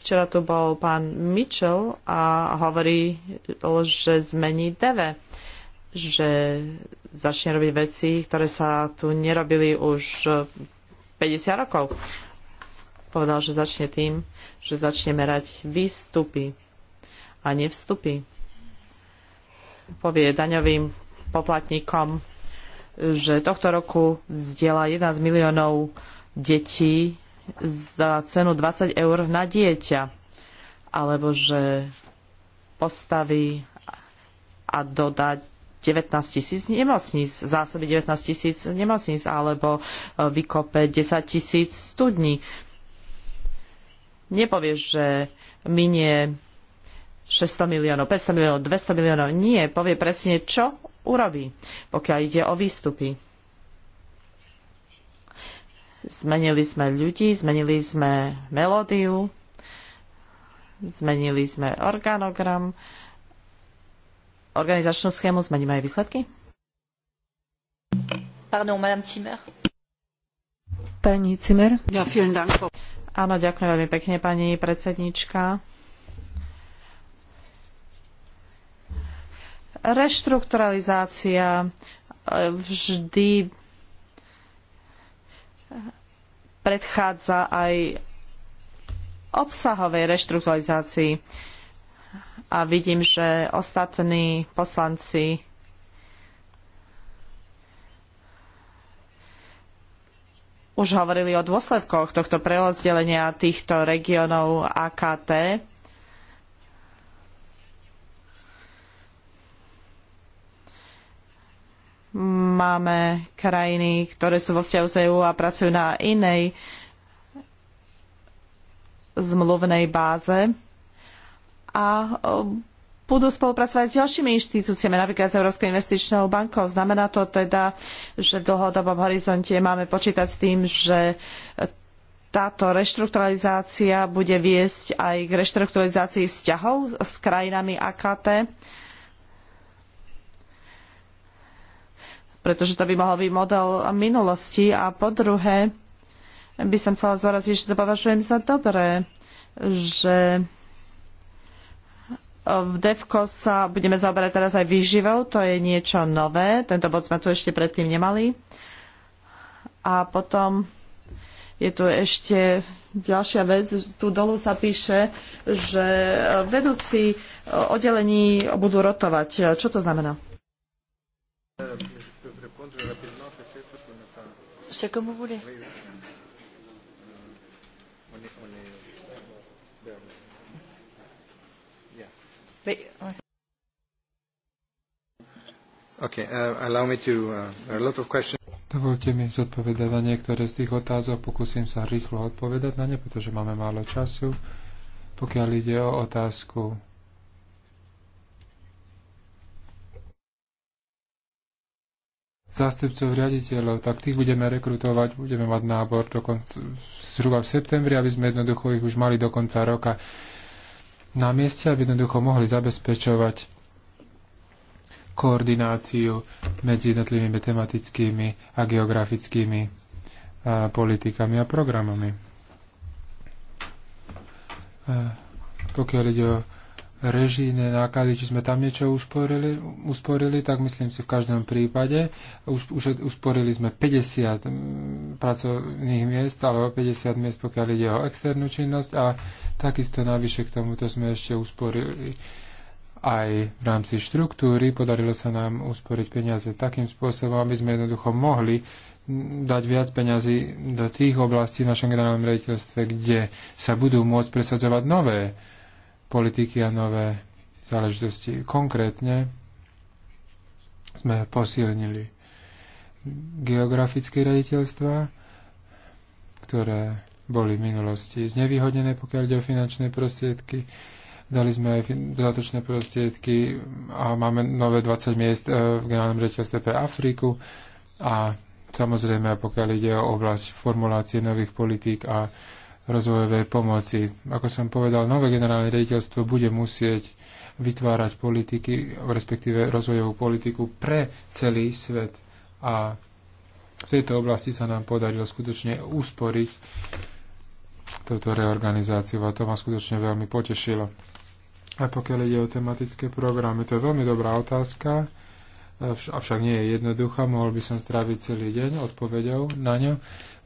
Včera tu bol pán Mitchell a hovorí, že zmení DV, že začne robiť veci, ktoré sa tu nerobili už 50 e, rokov. Povedal, že začne tým, že začne merať výstupy a nevstupy. Povie daňovým poplatníkom, že tohto roku vzdiela 11 miliónov detí za cenu 20 eur na dieťa. Alebo že postaví a dodá 19 tisíc nemocníc, zásoby 19 tisíc nemocníc alebo e, vykope 10 tisíc studní. Nepovieš, že minie 600 miliónov, 500 miliónov, 200 miliónov. Nie, povie presne, čo urobí, pokiaľ ide o výstupy. Zmenili sme ľudí, zmenili sme melódiu, zmenili sme organogram, organizačnú schému, zmeníme aj výsledky? Pardon, Madame Cimer. Pani Cimer. Ja, vielen Dank. Áno, ďakujem veľmi pekne, pani predsednička. Reštrukturalizácia e, vždy predchádza aj obsahovej reštrukturalizácii a vidím, že ostatní poslanci už hovorili o dôsledkoch tohto prerozdelenia týchto regiónov AKT. Máme krajiny, ktoré sú vo vzťahu z EÚ a pracujú na inej zmluvnej báze a e, budú spolupracovať s ďalšími inštitúciami, napríklad s Európskou investičnou bankou. Znamená to teda, že v dlhodobom horizonte máme počítať s tým, že táto reštrukturalizácia bude viesť aj k reštrukturalizácii vzťahov s krajinami AKT, pretože to by mohol byť model minulosti. A po druhé, by som chcela zvoraziť, že to považujem za dobré, že v DEVKO sa budeme zaoberať teraz aj výživou, to je niečo nové. Tento bod sme tu ešte predtým nemali. A potom je tu ešte ďalšia vec. Tu dolu sa píše, že vedúci oddelení budú rotovať. Čo to znamená? But, Okay, uh, allow me to, uh, there are a lot of questions. Dovolte mi zodpovedať na niektoré z tých otázok. Pokúsim sa rýchlo odpovedať na ne, pretože máme málo času. Pokiaľ ide o otázku zástupcov riaditeľov, tak tých budeme rekrutovať, budeme mať nábor dokonca, zhruba v septembri, aby sme jednoducho ich už mali do konca roka na mieste, aby jednoducho mohli zabezpečovať koordináciu medzi jednotlivými tematickými a geografickými a, politikami a programami. A, pokiaľ ide o režijné náklady, či sme tam niečo usporili, usporili, tak myslím si v každom prípade. Už, už usporili sme 50 mm, pracovných miest, alebo 50 miest, pokiaľ ide o externú činnosť a takisto navyše k tomuto sme ešte usporili aj v rámci štruktúry. Podarilo sa nám usporiť peniaze takým spôsobom, aby sme jednoducho mohli dať viac peňazí do tých oblastí v našom generálnom rejiteľstve, kde sa budú môcť presadzovať nové politiky a nové záležitosti. Konkrétne sme posilnili geografické raditeľstva, ktoré boli v minulosti znevýhodnené, pokiaľ ide o finančné prostriedky. Dali sme aj dodatočné prostriedky a máme nové 20 miest e, v generálnom raditeľstve pre Afriku a samozrejme, pokiaľ ide o oblasť formulácie nových politík a rozvojovej pomoci. Ako som povedal, nové generálne riaditeľstvo bude musieť vytvárať politiky, respektíve rozvojovú politiku pre celý svet. A v tejto oblasti sa nám podarilo skutočne úsporiť túto reorganizáciu a to ma skutočne veľmi potešilo. A pokiaľ ide o tematické programy, to je veľmi dobrá otázka avšak nie je jednoduchá, mohol by som stráviť celý deň odpovedou na ňu.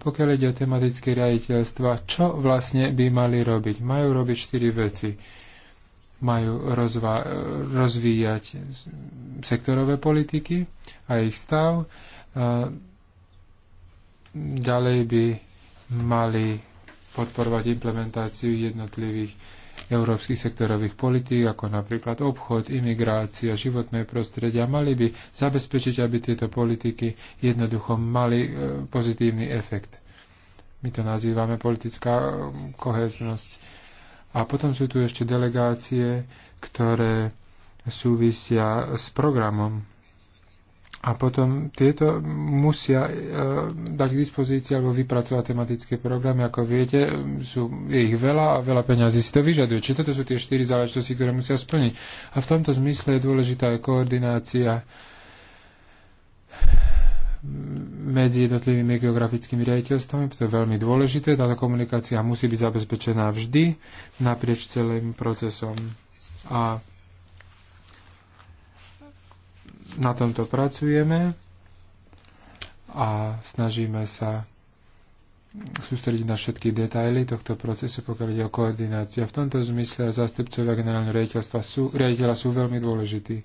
Pokiaľ ide o tematické riaditeľstva, čo vlastne by mali robiť? Majú robiť štyri veci. Majú rozvíjať sektorové politiky a ich stav. Ďalej by mali podporovať implementáciu jednotlivých európskych sektorových politík, ako napríklad obchod, imigrácia, životné prostredia, mali by zabezpečiť, aby tieto politiky jednoducho mali e, pozitívny efekt. My to nazývame politická e, koheznosť. A potom sú tu ešte delegácie, ktoré súvisia s programom a potom tieto musia e, dať k dispozícii alebo vypracovať tematické programy. Ako viete, sú, je ich veľa a veľa peňazí si to vyžaduje. Čiže toto sú tie štyri záležitosti, ktoré musia splniť. A v tomto zmysle je dôležitá aj koordinácia medzi jednotlivými geografickými riaditeľstvami, to je veľmi dôležité. Táto komunikácia musí byť zabezpečená vždy naprieč celým procesom. A na tomto pracujeme a snažíme sa sústrediť na všetky detaily tohto procesu, pokiaľ ide o koordináciu. V tomto zmysle zástupcovia generálneho riaditeľstva sú, riaditeľa sú veľmi dôležití.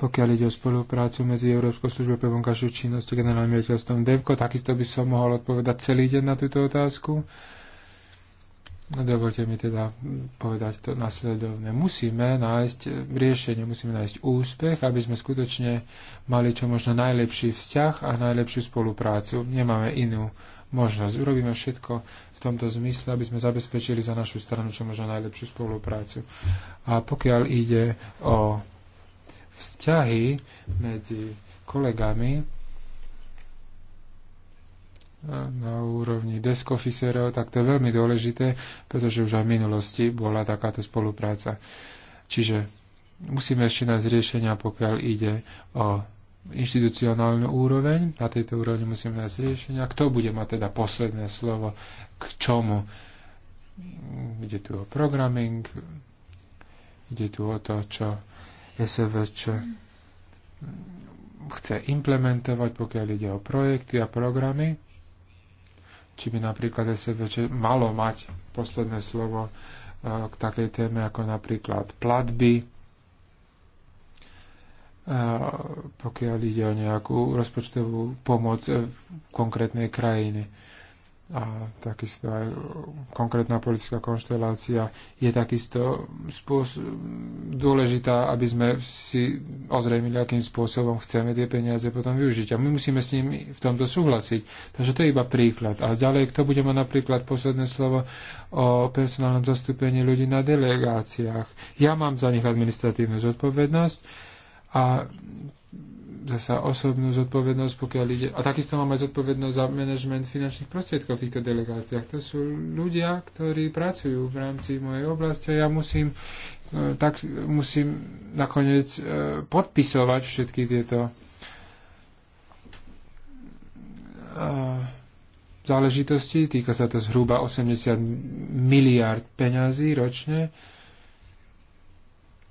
Pokiaľ ide o spoluprácu medzi Európskou službou pre vonkajšiu činnosť a generálnym riaditeľstvom DEVKO, takisto by som mohol odpovedať celý deň na túto otázku. No, dovolte mi teda povedať to nasledovne. Musíme nájsť riešenie, musíme nájsť úspech, aby sme skutočne mali čo možno najlepší vzťah a najlepšiu spoluprácu. Nemáme inú možnosť. Urobíme všetko v tomto zmysle, aby sme zabezpečili za našu stranu čo možno najlepšiu spoluprácu. A pokiaľ ide o vzťahy medzi kolegami, na úrovni desk tak to je veľmi dôležité, pretože už aj v minulosti bola takáto spolupráca. Čiže musíme ešte nájsť riešenia, pokiaľ ide o inštitucionálnu úroveň. Na tejto úrovni musíme nájsť riešenia. Kto bude mať teda posledné slovo k čomu? Ide tu o programming, ide tu o to, čo SVČ chce implementovať, pokiaľ ide o projekty a programy či by napríklad SVČ malo mať posledné slovo e, k takej téme ako napríklad platby, e, pokiaľ ide o nejakú rozpočtovú pomoc e, v konkrétnej krajine a takisto aj konkrétna politická konštelácia je takisto dôležitá, aby sme si ozrejmili, akým spôsobom chceme tie peniaze potom využiť. A my musíme s nimi v tomto súhlasiť. Takže to je iba príklad. A ďalej, kto bude mať napríklad posledné slovo o personálnom zastúpení ľudí na delegáciách. Ja mám za nich administratívnu zodpovednosť a zasa osobnú zodpovednosť, pokiaľ ide... A takisto máme zodpovednosť za manažment finančných prostriedkov v týchto delegáciách. To sú ľudia, ktorí pracujú v rámci mojej oblasti a ja musím, e, tak musím nakoniec e, podpisovať všetky tieto e, záležitosti. Týka sa to zhruba 80 miliard peňazí ročne.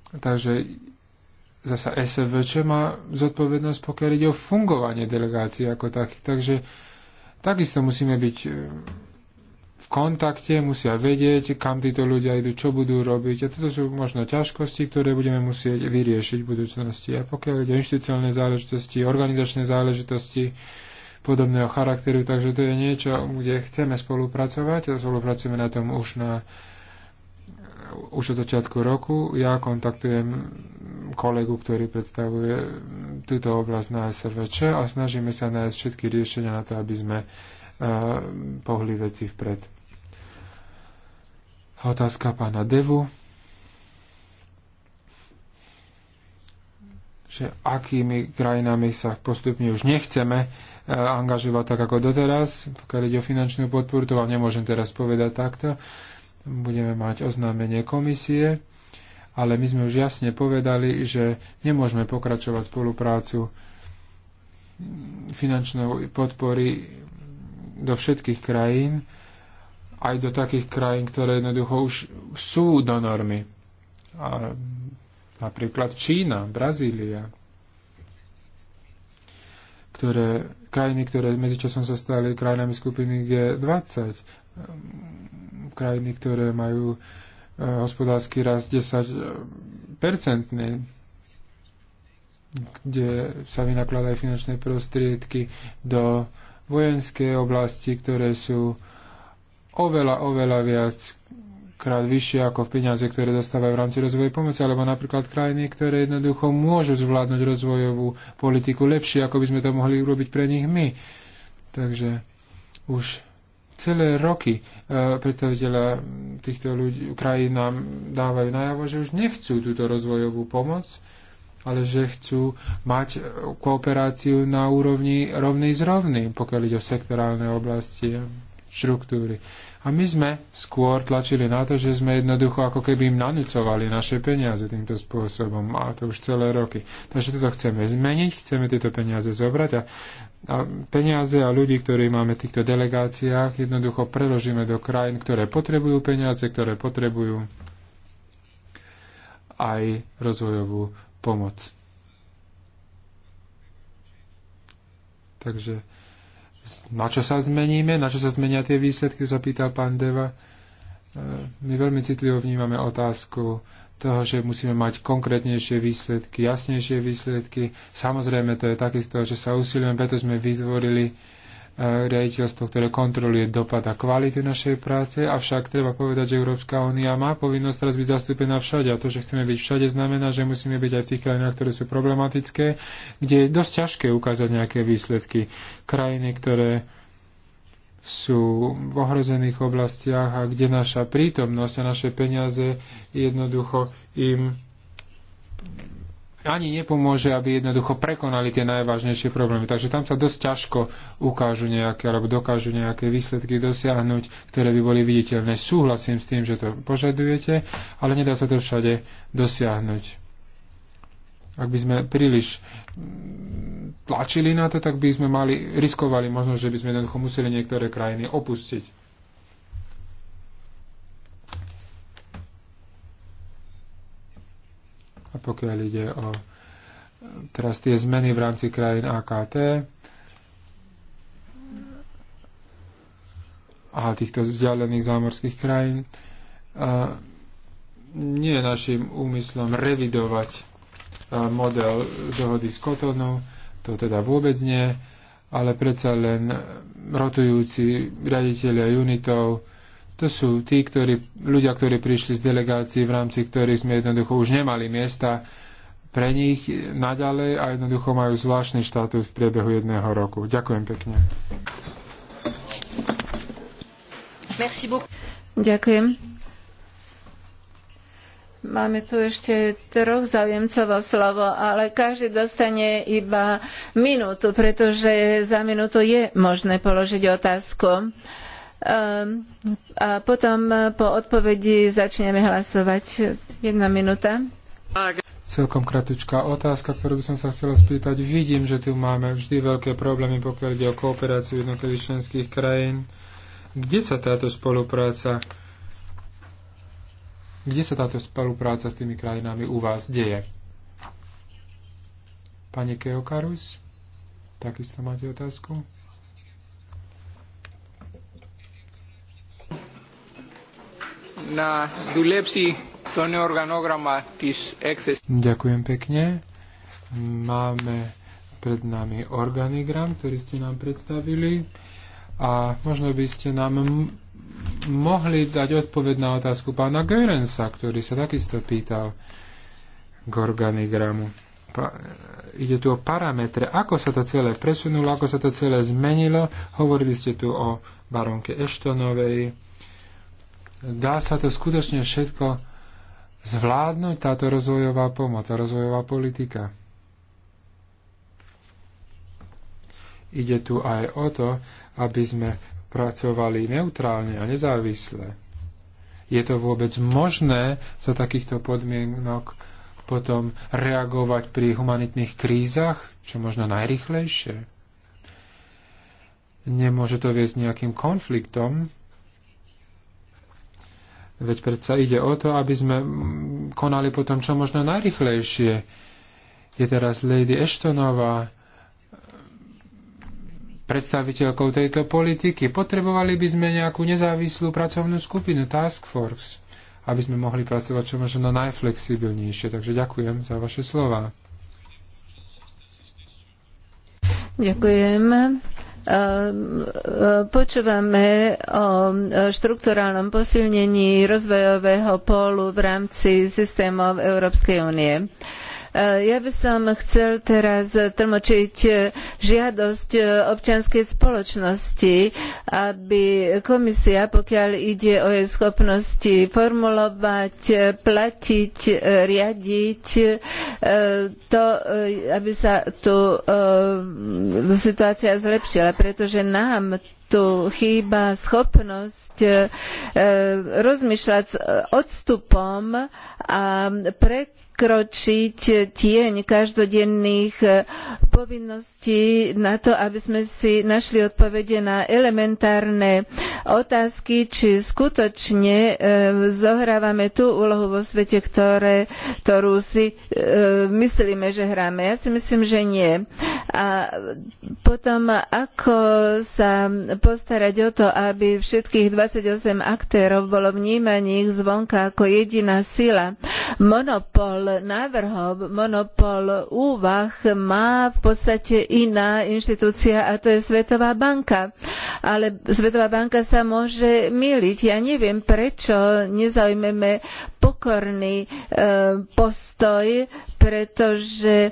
Takže zasa SVČ má zodpovednosť, pokiaľ ide o fungovanie delegácií ako takých. Takže takisto musíme byť e, v kontakte, musia vedieť, kam títo ľudia idú, čo budú robiť. A toto sú možno ťažkosti, ktoré budeme musieť vyriešiť v budúcnosti. A pokiaľ ide o inštitucionálne záležitosti, organizačné záležitosti podobného charakteru, takže to je niečo, kde chceme spolupracovať a spolupracujeme na tom už na už od začiatku roku ja kontaktujem kolegu, ktorý predstavuje túto oblasť na SRVČ a snažíme sa nájsť všetky riešenia na to, aby sme e, pohli veci vpred. Otázka pána Devu. že akými krajinami sa postupne už nechceme e, angažovať tak ako doteraz, pokiaľ ide o finančnú podporu, to vám nemôžem teraz povedať takto budeme mať oznámenie komisie, ale my sme už jasne povedali, že nemôžeme pokračovať spoluprácu finančnej podpory do všetkých krajín, aj do takých krajín, ktoré jednoducho už sú do normy. A napríklad Čína, Brazília, ktoré, krajiny, ktoré medzičasom sa stali krajinami skupiny G20, krajiny, ktoré majú e, hospodársky rast 10 percentný, kde sa vynakladajú finančné prostriedky do vojenské oblasti, ktoré sú oveľa, oveľa viac krát vyššie ako v peniaze, ktoré dostávajú v rámci rozvojovej pomoci, alebo napríklad krajiny, ktoré jednoducho môžu zvládnuť rozvojovú politiku lepšie, ako by sme to mohli urobiť pre nich my. Takže už celé roky e, predstaviteľa týchto ľudí, krajín nám dávajú najavo, že už nechcú túto rozvojovú pomoc, ale že chcú mať kooperáciu na úrovni rovnej s rovným, pokiaľ ide o sektorálne oblasti a štruktúry. A my sme skôr tlačili na to, že sme jednoducho ako keby im nanúcovali naše peniaze týmto spôsobom a to už celé roky. Takže toto chceme zmeniť, chceme tieto peniaze zobrať a a peniaze a ľudí, ktorí máme v týchto delegáciách, jednoducho preložíme do krajín, ktoré potrebujú peniaze, ktoré potrebujú aj rozvojovú pomoc. Takže na čo sa zmeníme? Na čo sa zmenia tie výsledky? Zapýtal pán Deva. E, my veľmi citlivo vnímame otázku toho, že musíme mať konkrétnejšie výsledky, jasnejšie výsledky. Samozrejme, to je takisto, že sa usilujeme, preto sme vytvorili e, riaditeľstvo, ktoré kontroluje dopad a kvalitu našej práce, avšak treba povedať, že Európska únia má povinnosť teraz byť zastúpená všade a to, že chceme byť všade, znamená, že musíme byť aj v tých krajinách, ktoré sú problematické, kde je dosť ťažké ukázať nejaké výsledky. Krajiny, ktoré sú v ohrozených oblastiach a kde naša prítomnosť a naše peniaze jednoducho im ani nepomôže, aby jednoducho prekonali tie najvážnejšie problémy. Takže tam sa dosť ťažko ukážu nejaké, alebo dokážu nejaké výsledky dosiahnuť, ktoré by boli viditeľné. Súhlasím s tým, že to požadujete, ale nedá sa to všade dosiahnuť. Ak by sme príliš tlačili na to, tak by sme mali, riskovali možno, že by sme jednoducho museli niektoré krajiny opustiť. A pokiaľ ide o teraz tie zmeny v rámci krajín AKT a týchto vzdialených zámorských krajín, nie je našim úmyslom revidovať model dohody s Kotonou, to teda vôbec nie, ale predsa len rotujúci raditeľia unitov, to sú tí, ktorí, ľudia, ktorí prišli z delegácií, v rámci ktorých sme jednoducho už nemali miesta pre nich naďalej a jednoducho majú zvláštny štátus v priebehu jedného roku. Ďakujem pekne. Merci beaucoup. Ďakujem. Máme tu ešte troch zaujemcov o slovo, ale každý dostane iba minútu, pretože za minútu je možné položiť otázku. Ehm, a potom po odpovedi začneme hlasovať. Jedna minúta. Celkom kratučká otázka, ktorú by som sa chcela spýtať. Vidím, že tu máme vždy veľké problémy, pokiaľ ide o kooperáciu jednotlivých členských krajín. Kde sa táto spolupráca kde sa táto spolupráca s tými krajinami u vás deje? Pani Keokarus, takisto máte otázku? na dulepsi to neorganograma tis της Ďakujem pekne. Máme pred nami organigram, ktorý ste nám predstavili a možno by ste nám mohli dať odpoveď na otázku pána Görensa, ktorý sa takisto pýtal k organigramu. Pa, ide tu o parametre, ako sa to celé presunulo, ako sa to celé zmenilo. Hovorili ste tu o baronke Eštonovej. Dá sa to skutočne všetko zvládnuť, táto rozvojová pomoc a rozvojová politika. Ide tu aj o to, aby sme pracovali neutrálne a nezávisle. Je to vôbec možné za takýchto podmienok potom reagovať pri humanitných krízach, čo možno najrychlejšie? Nemôže to viesť nejakým konfliktom, Veď predsa ide o to, aby sme konali potom čo možno najrychlejšie. Je teraz Lady Ashtonová, predstaviteľkou tejto politiky. Potrebovali by sme nejakú nezávislú pracovnú skupinu, task force, aby sme mohli pracovať čo možno najflexibilnejšie. Takže ďakujem za vaše slova. Ďakujem. Ehm, ehm, počúvame o štrukturálnom posilnení rozvojového polu v rámci systémov Európskej únie. Eh, ja by som chcel teraz tlmočiť eh, žiadosť eh, občianskej spoločnosti, aby komisia, pokiaľ ide o jej schopnosti formulovať, platiť, riadiť, to, aby sa tu situácia zlepšila, pretože nám tu chýba schopnosť rozmýšľať s odstupom a preto prekročiť tieň každodenných e, povinností na to, aby sme si našli odpovede na elementárne otázky, či skutočne e, zohrávame tú úlohu vo svete, ktoré, ktorú si e, myslíme, že hráme. Ja si myslím, že nie. A potom, ako sa postarať o to, aby všetkých 28 aktérov bolo vnímaných zvonka ako jediná sila. Monopol návrhov, monopol úvah má v podstate iná inštitúcia a to je Svetová banka. Ale Svetová banka sa môže myliť. Ja neviem, prečo nezaujmeme pokorný e, postoj, pretože e,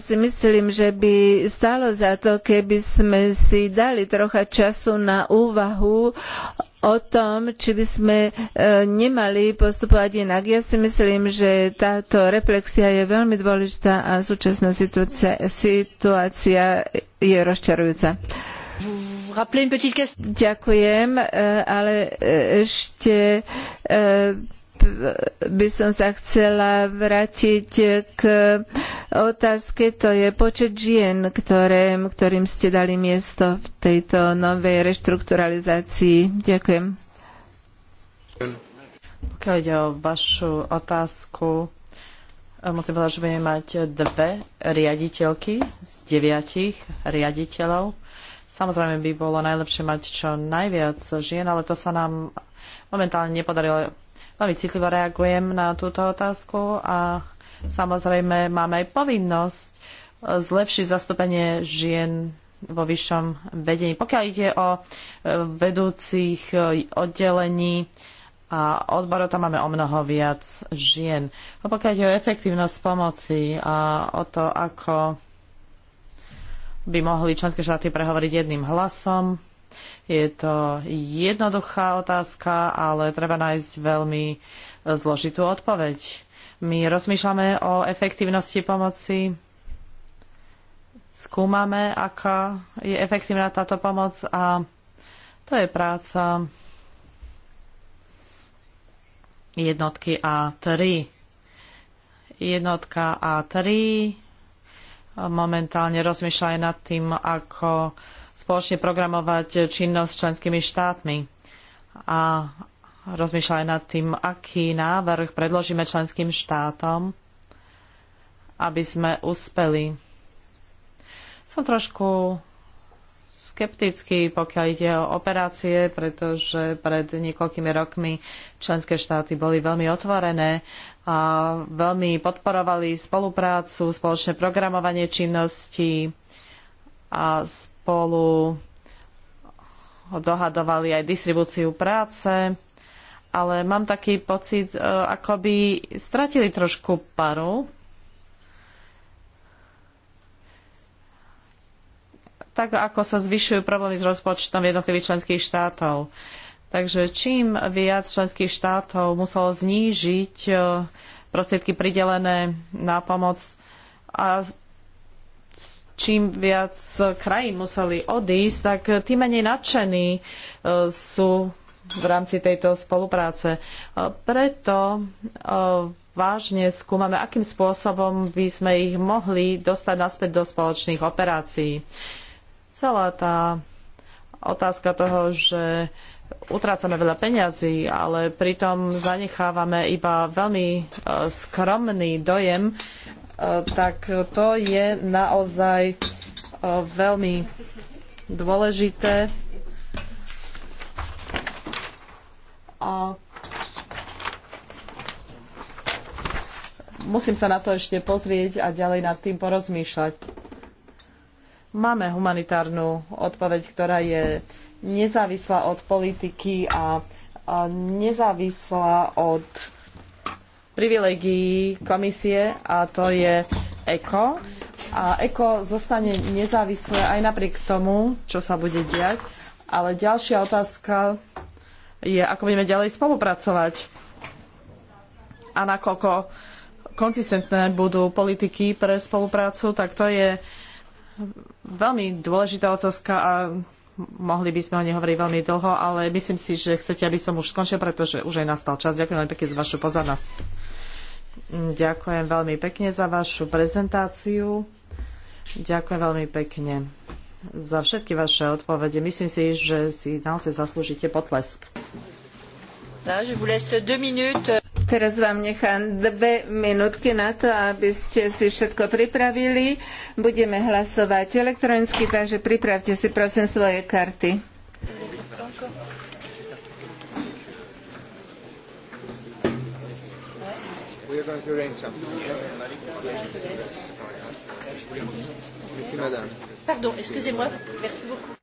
si myslím, že by stálo za to, keby sme si dali trocha času na úvahu o tom, či by sme e, nemali postupovať inak. Ja si myslím, že táto reflexia je veľmi dôležitá a súčasná situácia, situácia je rozčarujúca. Ďakujem, e, ale e, ešte by som sa chcela vrátiť k otázke, to je počet žien, ktorým ste dali miesto v tejto novej reštrukturalizácii. Ďakujem. Pokiaľ ide o vašu otázku, eh, musím povedať, že budeme mať dve riaditeľky z deviatich riaditeľov. Samozrejme by bolo najlepšie mať čo najviac žien, ale to sa nám momentálne nepodarilo veľmi citlivo reagujem na túto otázku a samozrejme máme aj povinnosť zlepšiť zastúpenie žien vo vyššom vedení. Pokiaľ ide o e, vedúcich e, oddelení a odborov, tam máme o mnoho viac žien. A pokiaľ ide o efektívnosť pomoci a o to, ako by mohli členské štáty prehovoriť jedným hlasom, je to jednoduchá otázka, ale treba nájsť veľmi zložitú odpoveď. My rozmýšľame o efektívnosti pomoci, skúmame, aká je efektívna táto pomoc a to je práca jednotky A3. Jednotka A3 momentálne rozmýšľa aj nad tým, ako spoločne programovať činnosť s členskými štátmi. A rozmýšľať nad tým, aký návrh predložíme členským štátom, aby sme uspeli. Som trošku skeptický, pokiaľ ide o operácie, pretože pred niekoľkými rokmi členské štáty boli veľmi otvorené a veľmi podporovali spoluprácu, spoločné programovanie činností a spolu dohadovali aj distribúciu práce, ale mám taký pocit, e, ako by stratili trošku paru. Tak ako sa zvyšujú problémy s rozpočtom jednotlivých členských štátov. Takže čím viac členských štátov muselo znížiť e, prostriedky pridelené na pomoc a čím viac krajín museli odísť, tak tým menej nadšení e, sú v rámci tejto spolupráce. E, preto e, vážne skúmame, akým spôsobom by sme ich mohli dostať naspäť do spoločných operácií. Celá tá otázka toho, že utrácame veľa peňazí, ale pritom zanechávame iba veľmi skromný dojem tak to je naozaj e, veľmi dôležité. A musím sa na to ešte pozrieť a ďalej nad tým porozmýšľať. Máme humanitárnu odpoveď, ktorá je nezávislá od politiky a nezávislá od privilegií komisie a to je ECO. A ECO zostane nezávislé aj napriek tomu, čo sa bude diať. Ale ďalšia otázka je, ako budeme ďalej spolupracovať a nakoľko konzistentné budú politiky pre spoluprácu, tak to je veľmi dôležitá otázka a mohli by sme o nej hovoriť veľmi dlho, ale myslím si, že chcete, aby som už skončil, pretože už aj nastal čas. Ďakujem veľmi pekne za vašu pozornosť. Ďakujem veľmi pekne za vašu prezentáciu. Ďakujem veľmi pekne za všetky vaše odpovede. Myslím si, že si naozaj zaslúžite potlesk. No, Teraz vám nechám dve minútky na to, aby ste si všetko pripravili. Budeme hlasovať elektronicky, takže pripravte si prosím svoje karty. Merci, Madame. Pardon, excusez-moi. Merci beaucoup.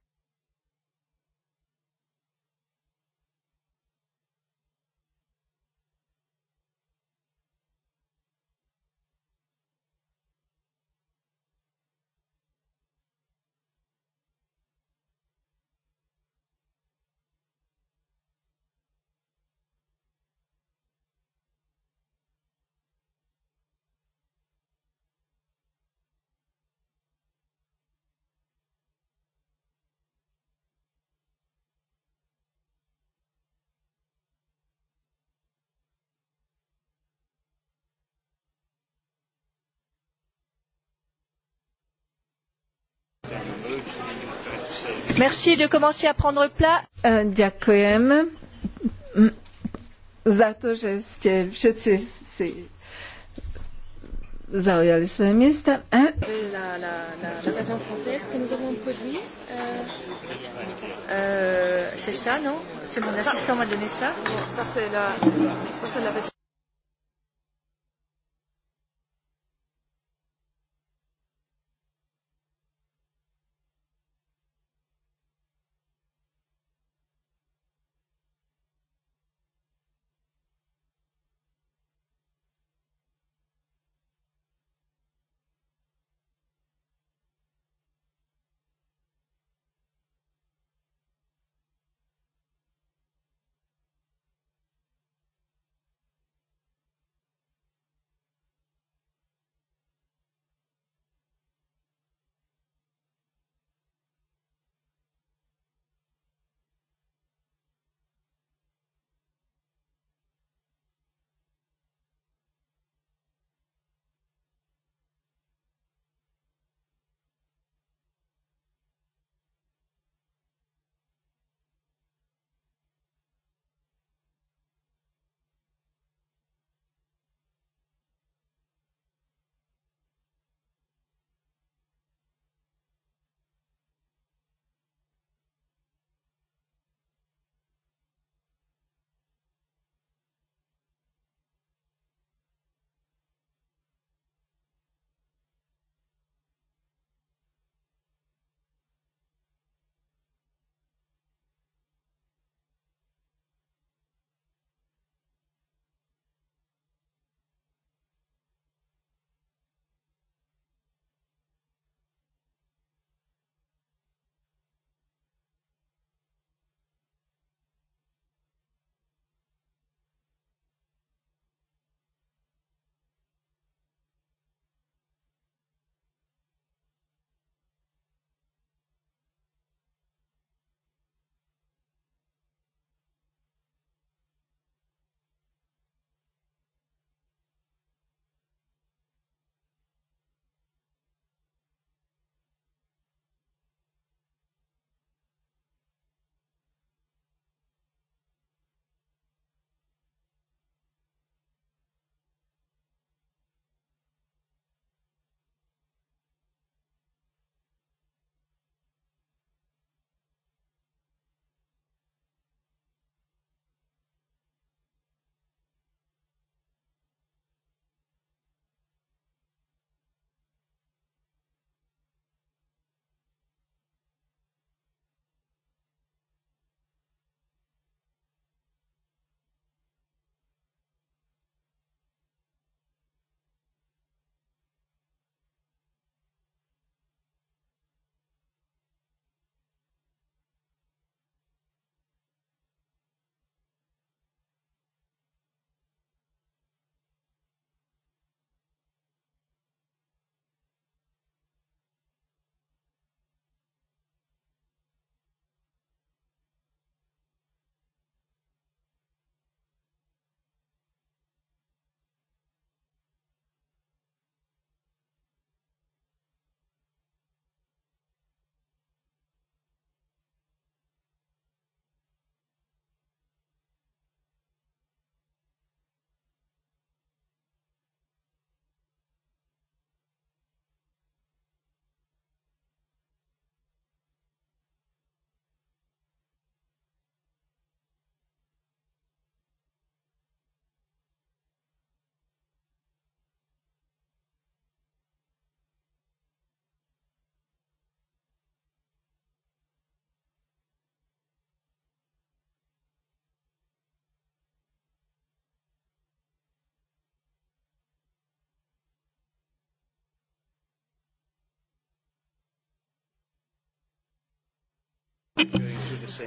Merci de commencer à prendre plat. E, ďakujem za to, že ste všetci si zaujali svoje miesta. E, euh, euh, c'est ça, non C'est mon assistant m'a donné ça. ça, c'est la version.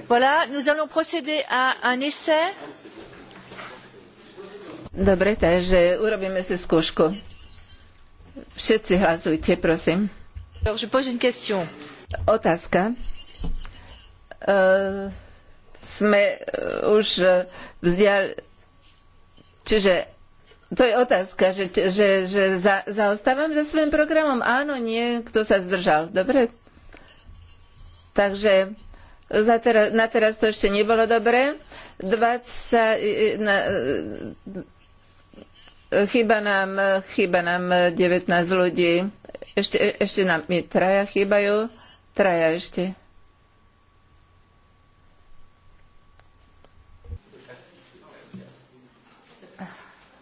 Voilà, nous allons procéder à un essai. Dobre, takže urobíme si skúšku. Všetci hlasujte, prosím. Alors, je pose une question. Otázka. Uh, sme uh, už e, vzdial... Čiže to je otázka, že, že, že za, zaostávam za svojim programom. Áno, nie, kto sa zdržal. Dobre. Takže za teraz, na teraz to ešte nebolo dobré. 20, na, nám, chýba nám 19 ľudí. Ešte, ešte nám mi traja chýbajú. Traja ešte.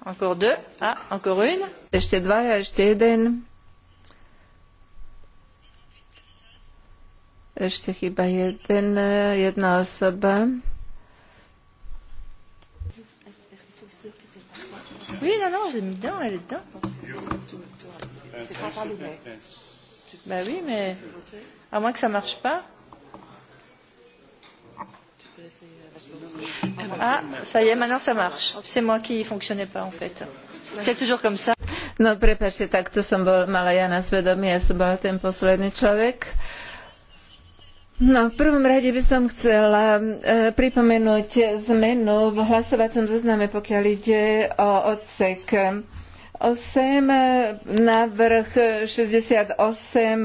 Encore deux. Ah, encore une. Ešte dvaja, ešte jeden. Ešte chyba jeden, jedna osoba. Oui, non, non, j'ai mis dedans, elle est dedans. C'est pas par l'ouvert. Ben oui, mais à moins que ça marche pas. Ah, ça y est, maintenant ça marche. C'est moi qui fonctionnais pas en fait. C'est toujours comme ça. No, prepačte, takto som bol, mala ja na svedomí, ja som bola ten posledný človek. Uh, No, v prvom rade by som chcela e, pripomenúť zmenu v hlasovacom zozname, pokiaľ ide o odsek 8, e, návrh 68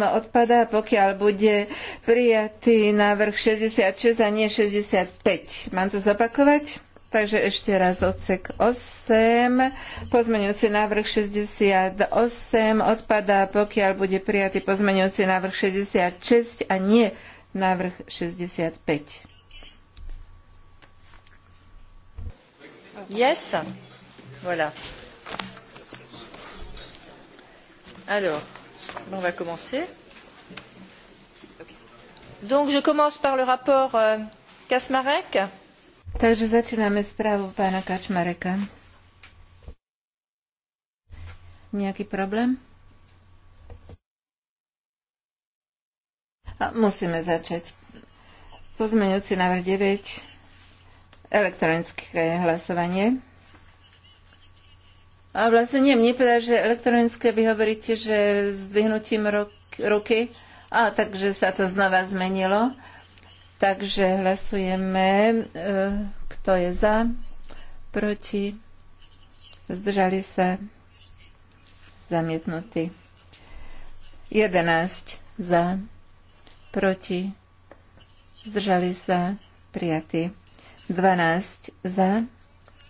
odpadá, pokiaľ bude prijatý návrh 66 a nie 65. Mám to zopakovať? Takže ešte raz odsek 8, pozmeňujúci návrh 68 odpadá, pokiaľ bude prijatý pozmeňujúci návrh 66 a nie 65 návrh 65. Yes. Voilà. Alors, on va commencer. Donc, je commence par le rapport euh, Kasmarek. Takže začíname správu pána Kačmareka. Nejaký problém? Musíme začať. Pozmeňujúci návrh 9. Elektronické hlasovanie. A vlastne nie, mne povedal, že elektronické vy hovoríte, že zdvihnutím ruky. A takže sa to znova zmenilo. Takže hlasujeme, e, kto je za, proti, zdržali sa, zamietnutí. 11 za, proti, zdržali sa, prijatí. 12 za,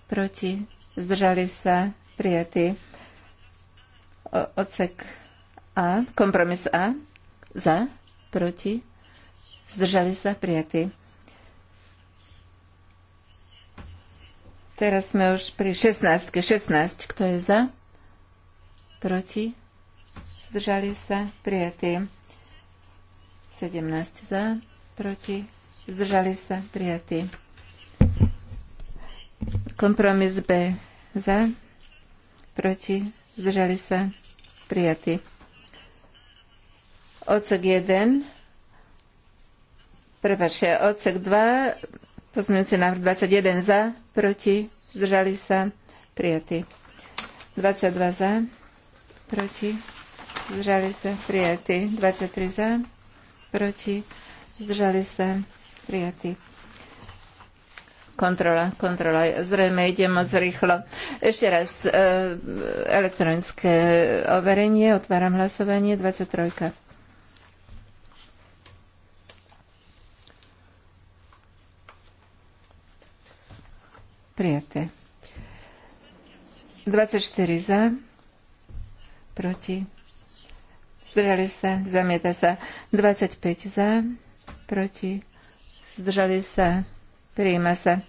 proti, zdržali sa, prijatí. ocek A, kompromis A, za, proti, zdržali sa, prijatí. Teraz sme už pri 16. 16. Kto je za? Proti? Zdržali sa? prijatý. 17 za, proti, zdržali sa, prijatí. Kompromis B za, proti, zdržali sa, prijatí. Ocek 1, prepáčte, ocek 2, pozmeňujúci návrh 21 za, proti, zdržali sa, prijatí. 22 za, proti, zdržali sa, prijatí. 23 za, proti, zdržali sa, prijatí. Kontrola, kontrola. Zrejme ide moc rýchlo. Ešte raz, e, elektronické overenie, otváram hlasovanie, 23. Prijaté. 24 za, proti zdržali sa, zamieta sa. 25 za, proti, zdržali sa, prijíma sa.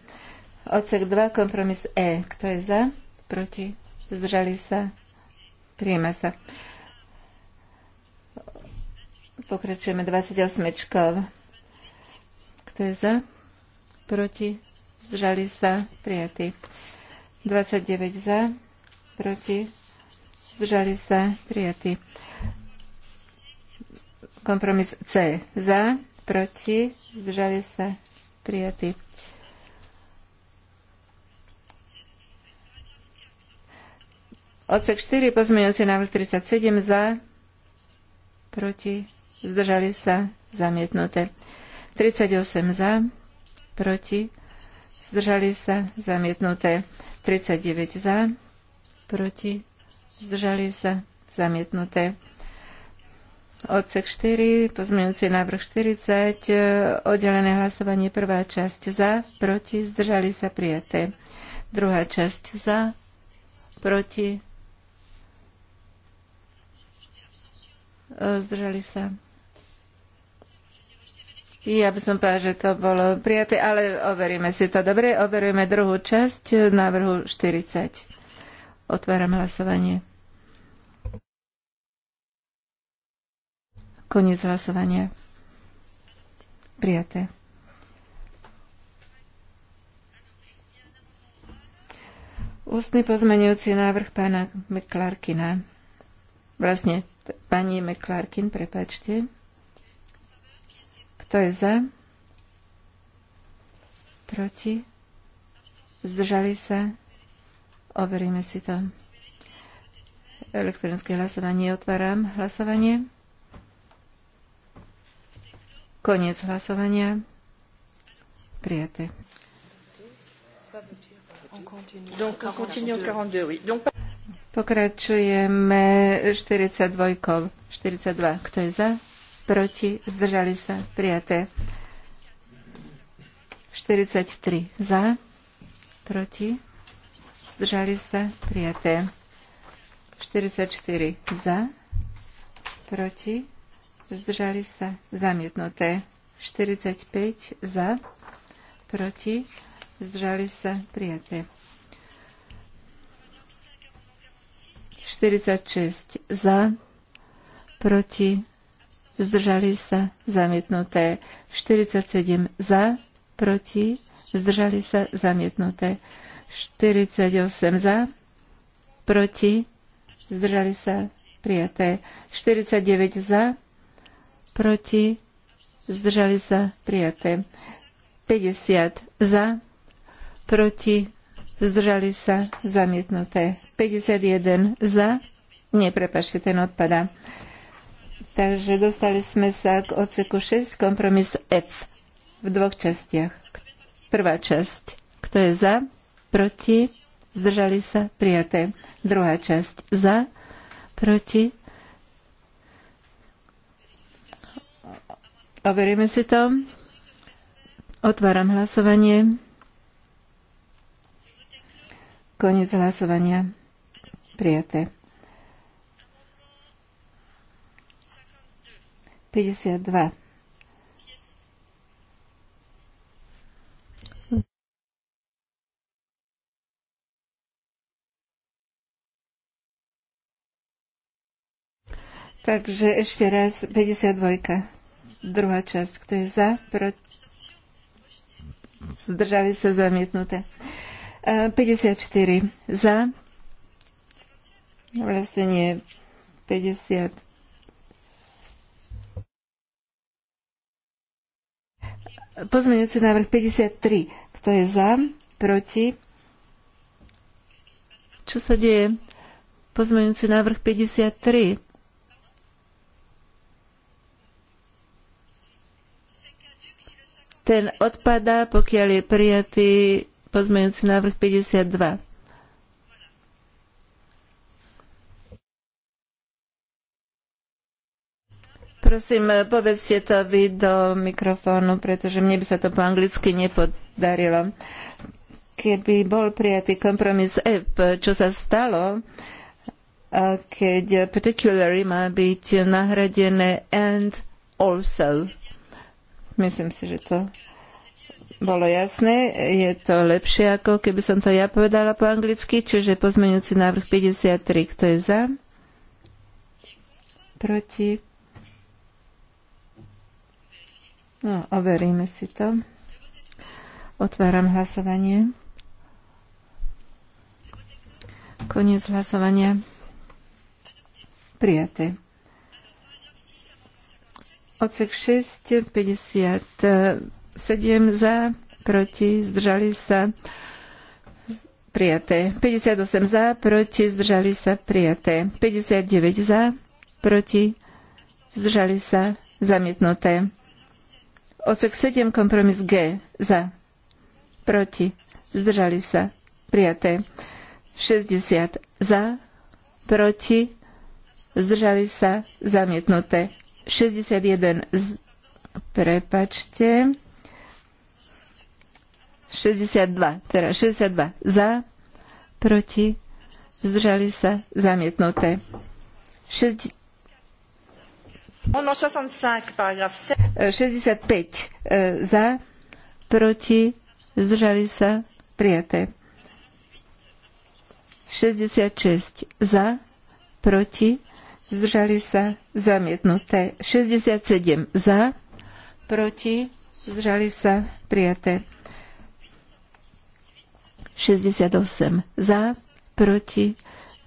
Odsek 2, kompromis E. Kto je za? Proti? Zdržali sa? Prijíma sa. Pokračujeme 28. -čkov. Kto je za? Proti? Zdržali sa? Prijatý. 29 za? Proti? Zdržali sa? Prijatý. Kompromis C. Za, proti, zdržali sa, prijatý. Odsek 4, pozmeňujúci návrh 37 za, proti, zdržali sa, zamietnuté. 38 za, proti, zdržali sa, zamietnuté. 39 za, proti, zdržali sa, zamietnuté. Odsek 4, pozmeňujúci návrh 40, e, oddelené hlasovanie prvá časť za, proti, zdržali sa prijaté. Druhá časť za, proti, e, zdržali sa. Ja by som povedal, že to bolo prijaté, ale overíme si to. Dobre, overujeme druhú časť návrhu 40. Otváram hlasovanie. Koniec hlasovania. Prijaté. Ústny pozmeňujúci návrh pána McClarkina. Vlastne pani McClarkin, prepačte. Kto je za? Proti? Zdržali sa? Overíme si to. Elektronické hlasovanie otváram. Hlasovanie. Koniec hlasovania. Prijaté. Pokračujeme 42. 42. Kto je za? Proti? Zdržali sa? Prijaté. 43. Za? Proti? Zdržali sa? Prijaté. 44. Za? Proti? zdržali sa zamietnuté. 45 za, proti, zdržali sa prijaté. 46 za, proti, zdržali sa zamietnuté. 47 za, proti, zdržali sa zamietnuté. 48 za, proti, zdržali sa prijaté. 49 za, proti, zdržali sa prijaté. 50 za, proti, zdržali sa zamietnuté. 51 za, neprepašte, prepašte, ten odpada. Takže dostali sme sa k oceku 6, kompromis F v dvoch častiach. Prvá časť, kto je za, proti, zdržali sa, prijaté. Druhá časť, za, proti, Overíme si to. Otváram hlasovanie. Konec hlasovania. Prijaté. 52. Takže ešte raz 52. Druhá časť, kto je za, proti, zdržali sa zamietnuté. 54 e, za, vlastne nie, 50 Pozmeňujúci návrh 53. Kto je za? Proti? Čo sa deje? Pozmeňujúci návrh 53. ten odpadá, pokiaľ je prijatý pozmeňujúci návrh 52. Prosím, povedzte to vy do mikrofónu, pretože mne by sa to po anglicky nepodarilo. Keby bol prijatý kompromis F, čo sa stalo, keď particularly má byť nahradené and also. Myslím si, že to bolo jasné. Je to lepšie, ako keby som to ja povedala po anglicky. Čiže pozmeňujúci návrh 53. Kto je za? Proti? No, overíme si to. Otváram hlasovanie. Koniec hlasovania. Prijaté. Odsek 6, 57 za, proti, zdržali sa prijaté. 58 za, proti, zdržali sa prijaté. 59 za, proti, zdržali sa zamietnuté. Odsek 7, kompromis G, za, proti, zdržali sa prijaté. 60 za, proti, zdržali sa zamietnuté. 61 z, prepačte 62 teda 62 za proti zdržali sa zamietnuté 6, 65 e, e, za proti zdržali sa prijaté 66 za proti zdržali sa zamietnuté. 67 za, proti, zdržali sa, prijaté. 68 za, proti,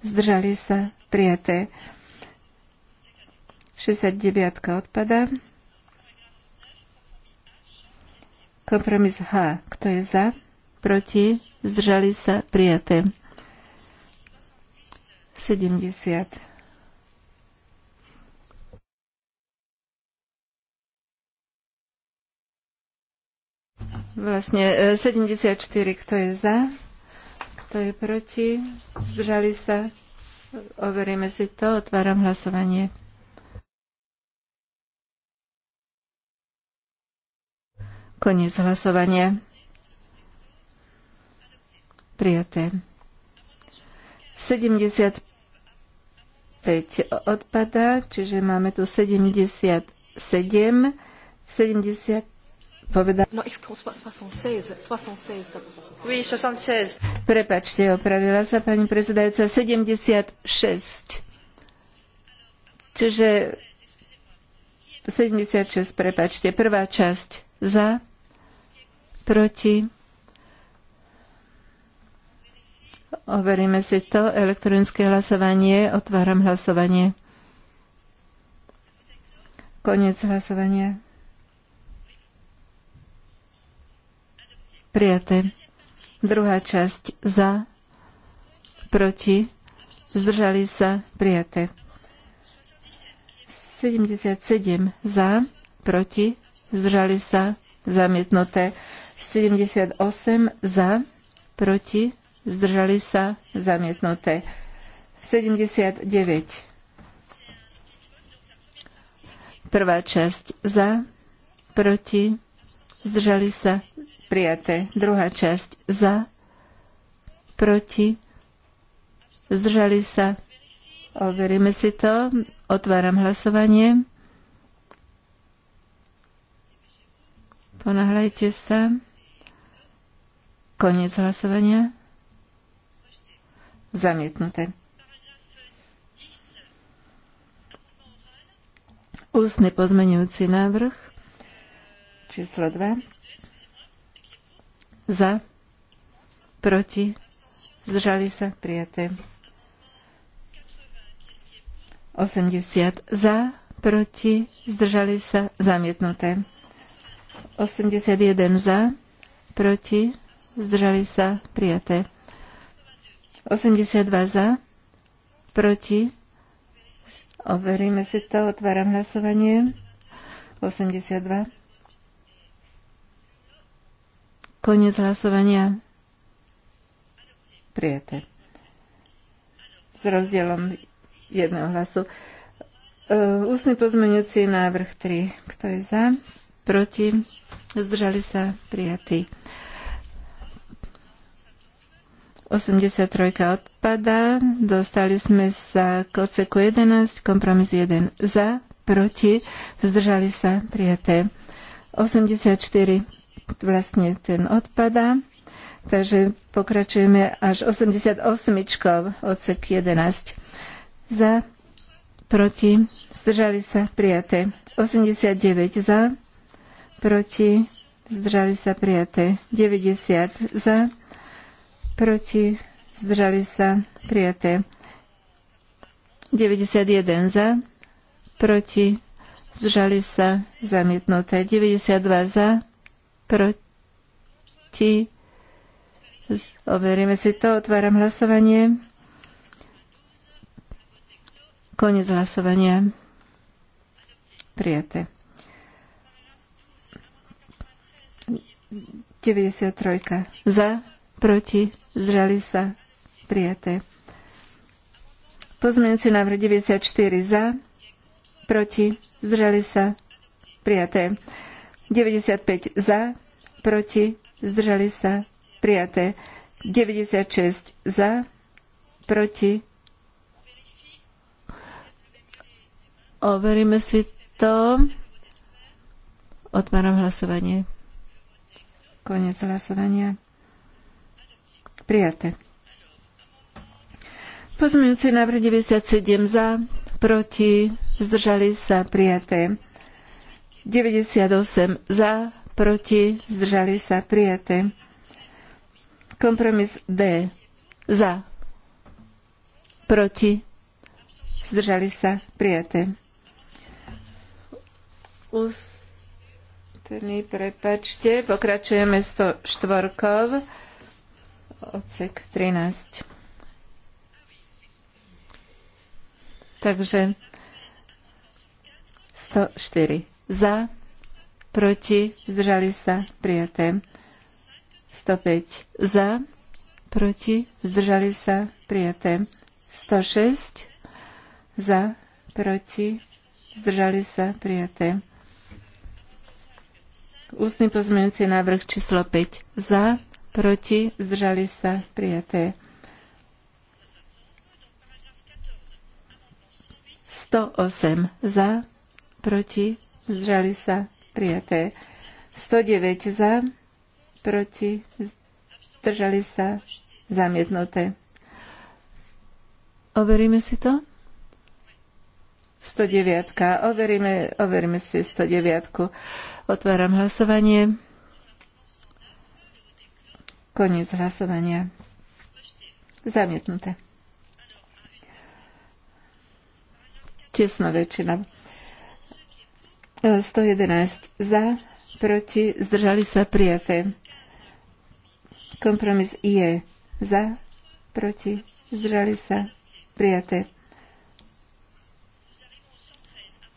zdržali sa, prijaté. 69 odpada. Kompromis H. Kto je za? Proti? Zdržali sa? Prijaté. 70 Vlastne 74, e, kto je za, kto je proti, zdržali sa, overíme si to, otváram hlasovanie. Koniec hlasovania. Prijaté. 75 odpada, čiže máme tu 77, 70 povedal... No, Oui, 76. Prepačte, opravila sa pani prezidajúca, 76. Čiže 76, prepačte, prvá časť za, proti. Overíme si to, elektronické hlasovanie, otváram hlasovanie. Koniec hlasovania. Prijaté. Druhá časť za, proti, zdržali sa, prijaté. 77 za, proti, zdržali sa, zamietnuté. 78 za, proti, zdržali sa, zamietnuté. 79. Prvá časť za, proti, zdržali sa, prijaté. Druhá časť za, proti, zdržali sa. Overíme si to. Otváram hlasovanie. Ponáhľajte sa. Koniec hlasovania. Zamietnuté. Ústny pozmenujúci návrh číslo 2. Za? Proti? Zdržali sa? Prijaté. 80 za, proti, zdržali sa, zamietnuté. 81 za, proti, zdržali sa, prijaté. 82 za, proti, overíme si to, otváram hlasovanie. 82. Koniec hlasovania. Prijaté. S rozdielom jedného hlasu. E, ústny pozmeňujúci návrh 3. Kto je za? Proti? Zdržali sa? Prijatý. 83 odpada. Dostali sme sa k oceku 11, kompromis 1 za, proti, zdržali sa, prijaté. 84 vlastne ten odpada. Takže pokračujeme až 88. odsek 11. Za, proti, zdržali sa, prijaté. 89 za, proti, zdržali sa, prijaté. 90 za, proti, zdržali sa, prijaté. 91 za, proti, zdržali sa, zamietnuté. 92 za, proti. Overíme si to. Otváram hlasovanie. Konec hlasovania. Prijaté. 93. Za, proti, zdržali sa. Prijaté. Pozmeňujúci návrh 94. Za, proti, zrali sa. Prijaté. 95 za, proti, zdržali sa, prijaté. 96 za, proti. Overíme si to. Otváram hlasovanie. Konec hlasovania. Prijaté. Pozmeňujúci návrh 97 za, proti, zdržali sa, prijaté. 98 za, proti, zdržali sa prijaté. Kompromis D za, proti, zdržali sa prijaté. Ústný, prepačte, pokračujeme 104, odsek 13. Takže 104 za, proti, zdržali sa, prijaté. 105 za, proti, zdržali sa, prijaté. 106 za, proti, zdržali sa, prijaté. Ústny pozmeňujúci návrh číslo 5 za, proti, zdržali sa, prijaté. 108 za, proti, zdržali sa prijaté. 109 za, proti, zdržali sa zamietnuté. Overíme si to? 109. Overíme, overíme si 109. Otváram hlasovanie. Koniec hlasovania. Zamietnuté. Tesná väčšina. 111 za, proti, zdržali sa prijaté. Kompromis je za, proti, zdržali sa prijaté.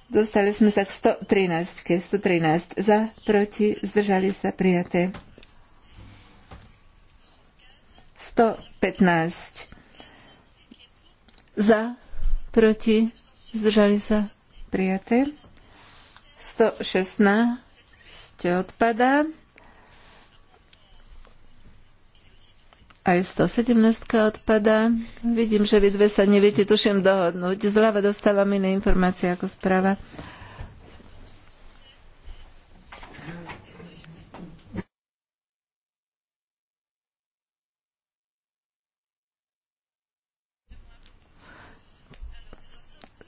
Dostali sme sa k 113, 113 za, proti, zdržali sa prijaté. 115 za, proti, zdržali sa prijaté. 116 odpada. Aj 117 odpada. Vidím, že vy dve sa neviete, tuším, dohodnúť. Zľava dostávam iné informácie ako správa.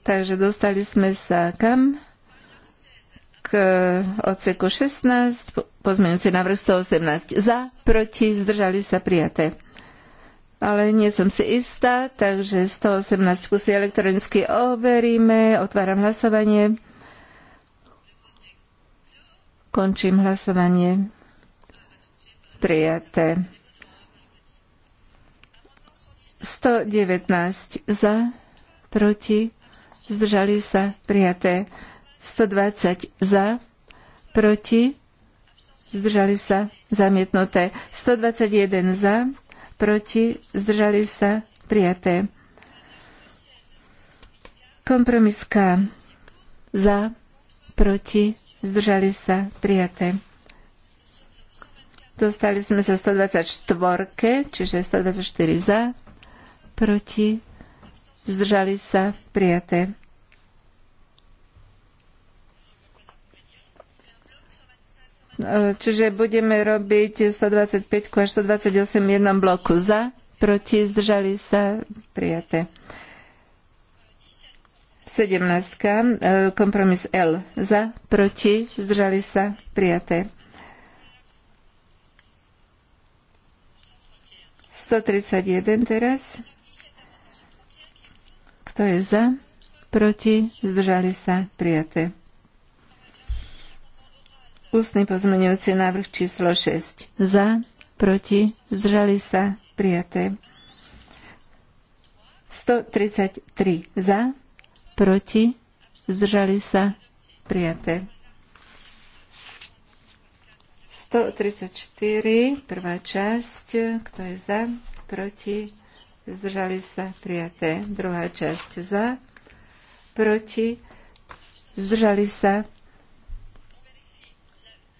Takže dostali sme sa kam? k e, odseku 16, pozmeňujúci návrh 118 za, proti, zdržali sa prijaté. Ale nie som si istá, takže 118 kusy elektronicky overíme. Otváram hlasovanie. Končím hlasovanie. Prijaté. 119 za, proti, zdržali sa, prijaté. 120 za, proti, zdržali sa, zamietnuté. 121 za, proti, zdržali sa, prijaté. Kompromiská Za, proti, zdržali sa, prijaté. Dostali sme sa 124, čiže 124 za, proti, zdržali sa, prijaté. Čiže budeme robiť 125 až 128 v jednom bloku za, proti, zdržali sa, prijaté. 17. E, kompromis L. Za, proti, zdržali sa, prijaté. 131 teraz. Kto je za? Proti, zdržali sa, prijaté. Ústny pozmeňujúci návrh číslo 6. Za, proti, zdržali sa, prijaté. 133 za, proti, zdržali sa, prijaté. 134, prvá časť, kto je za, proti, zdržali sa, prijaté. Druhá časť za, proti, zdržali sa,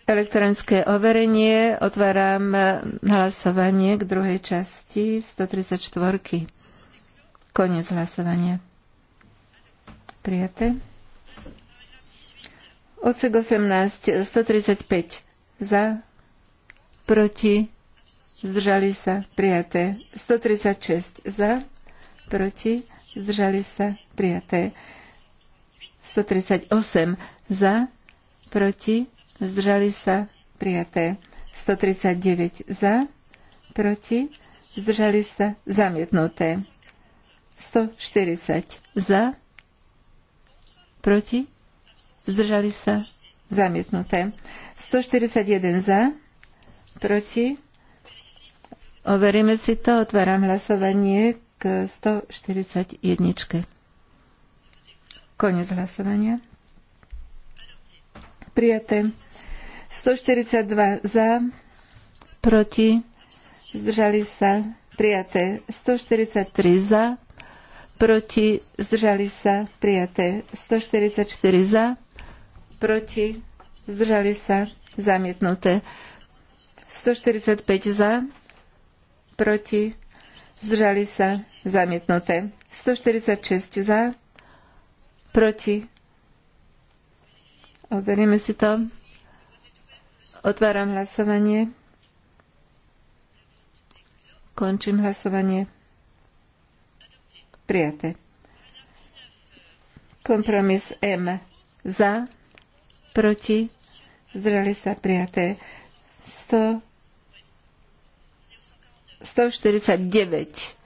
elektronické overenie. Otváram hlasovanie k druhej časti 134. Koniec Konec hlasovania. Prijaté. Odsek 18, 135. Za, proti, zdržali sa, prijaté. 136. Za, proti, zdržali sa, prijaté. 138. Za, proti, zdržali sa prijaté 139 za, proti, zdržali sa zamietnuté 140 za, proti, zdržali sa zamietnuté 141 za, proti, overíme si to, otváram hlasovanie k 141. Konec hlasovania prijaté. 142 za, proti, zdržali sa, prijaté. 143 za, proti, zdržali sa, prijaté. 144 za, proti, zdržali sa, zamietnuté. 145 za, proti, zdržali sa, zamietnuté. 146 za, proti, Overíme si to. Otváram hlasovanie. Končím hlasovanie. Prijaté. Kompromis M. Za, proti, zdrali sa prijaté. 100, 149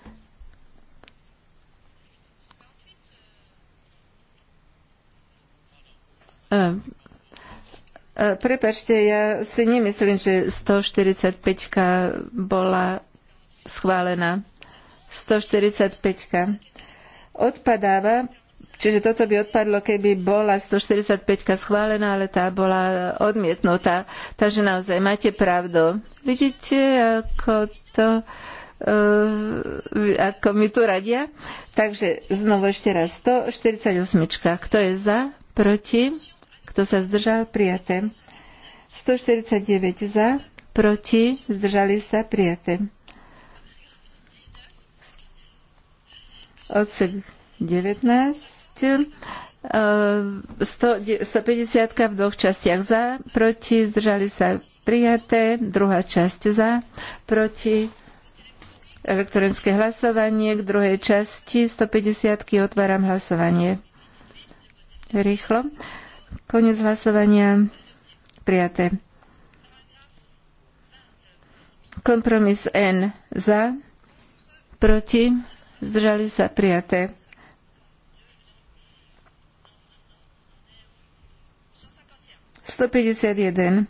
Prepačte, ja si nemyslím, že 145 bola schválená. 145 odpadáva, čiže toto by odpadlo, keby bola 145 schválená, ale tá bola odmietnutá. Takže naozaj máte pravdu. Vidíte, ako to e, ako mi tu radia. Takže znovu ešte raz 148. Kto je za? Proti? Kto sa zdržal? Prijaté. 149 za, proti, zdržali sa, prijaté. Odsek 19. 150 e, v dvoch častiach za, proti, zdržali sa prijaté, druhá časť za, proti, elektronické hlasovanie, k druhej časti 150 otváram hlasovanie. Rýchlo. Konec hlasovania. Prijaté. Kompromis N za, proti, zdržali sa prijaté. 151.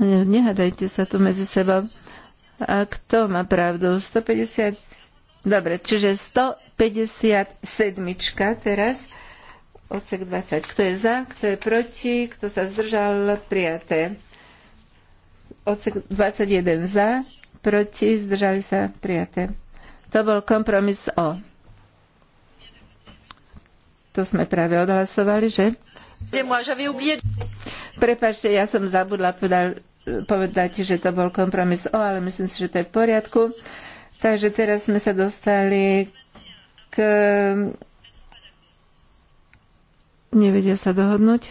Nehadajte sa tu medzi sebou. A kto má pravdu? 150. Dobre, čiže 157 teraz Odsek 20. Kto je za, kto je proti, kto sa zdržal, prijaté. Odsek 21 za, proti, zdržali sa, prijaté. To bol kompromis O. To sme práve odhlasovali, že? Prepačte, ja som zabudla povedať, že to bol kompromis O, ale myslím si, že to je v poriadku. Takže teraz sme sa dostali k Nevedia sa dohodnúť.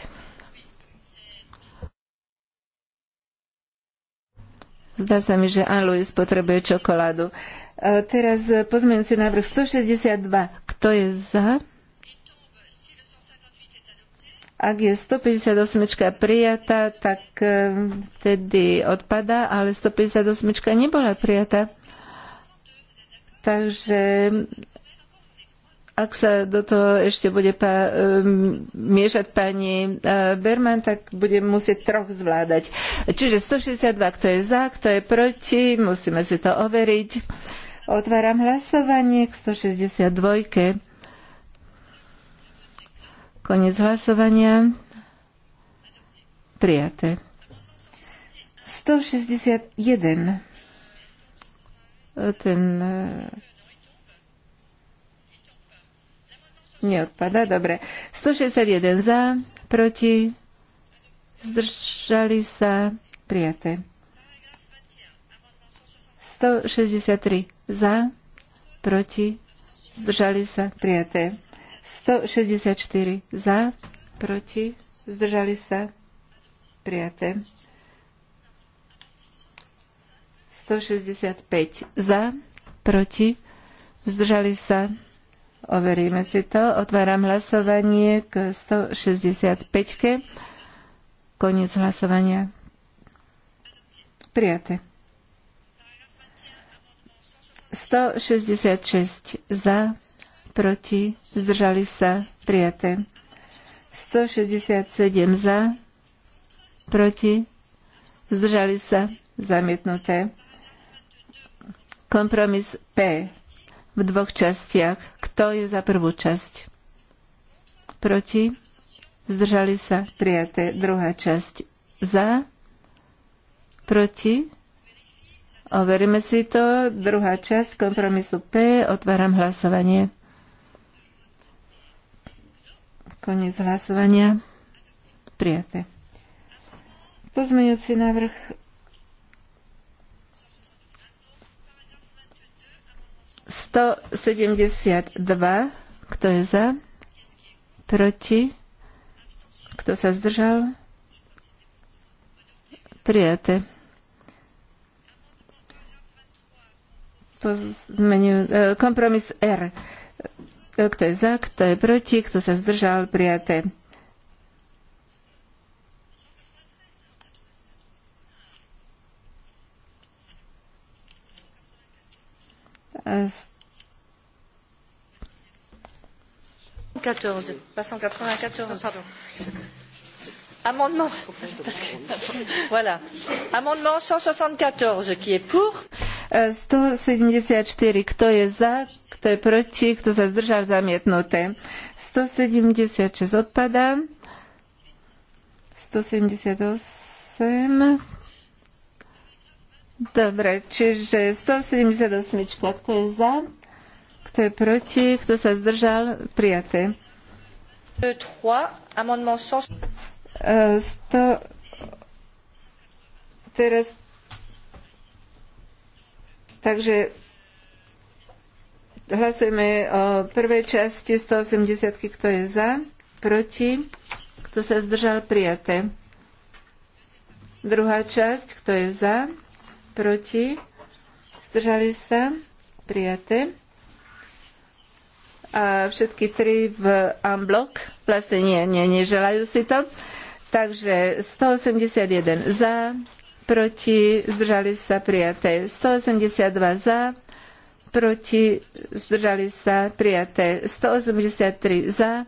Zdá sa mi, že anne potrebuje čokoládu. A e, teraz pozmeňujúci návrh 162. Kto je za? Ak je 158 prijatá, tak vtedy e, odpadá, ale 158 nebola prijatá. Takže ak sa do toho ešte bude pa, um, miešať pani uh, Berman, tak bude musieť troch zvládať. Čiže 162, kto je za, kto je proti, musíme si to overiť. Otváram hlasovanie k 162. Konec hlasovania. Prijaté. 161. Ten uh, neodpada, dobre. 161 za, proti, zdržali sa, prijaté. 163 za, proti, zdržali sa, prijaté. 164 za, proti, zdržali sa, prijaté. 165 za, proti, zdržali sa, prijaté. Overíme si to. Otváram hlasovanie k 165. -ke. Koniec hlasovania. Prijaté. 166 za, proti, zdržali sa, prijaté. 167 za, proti, zdržali sa, zamietnuté. Kompromis P v dvoch častiach. Kto je za prvú časť? Proti? Zdržali sa prijaté. Druhá časť za? Proti? Overíme si to. Druhá časť kompromisu P. Otváram hlasovanie. Koniec hlasovania. Prijaté. Pozmeňujúci návrh 172. Kto je za? Proti? Kto sa zdržal? Prijaté. Pozmeniu, e, kompromis R. E, kto je za, kto je proti, kto sa zdržal, prijaté. 94, pas 194. Amendement, parce que, voilà. Amendement 174, qui est pour 174, euh, kto je za, kto je proti, kto sa zdržal zamietnuté. 176 odpada. 178. Dobre, čiže 178, kto je za, kto je proti, kto sa zdržal, prijaté. 3, amendement 100... 100... E, teraz... Takže hlasujeme o prvej časti 180, kto je za, proti, kto sa zdržal, prijaté. Druhá časť, kto je za, proti, zdržali sa, prijaté a všetky tri v unblock. Vlastne nie, nie, neželajú si to. Takže 181 za, proti, zdržali sa prijaté. 182 za, proti, zdržali sa prijaté. 183 za,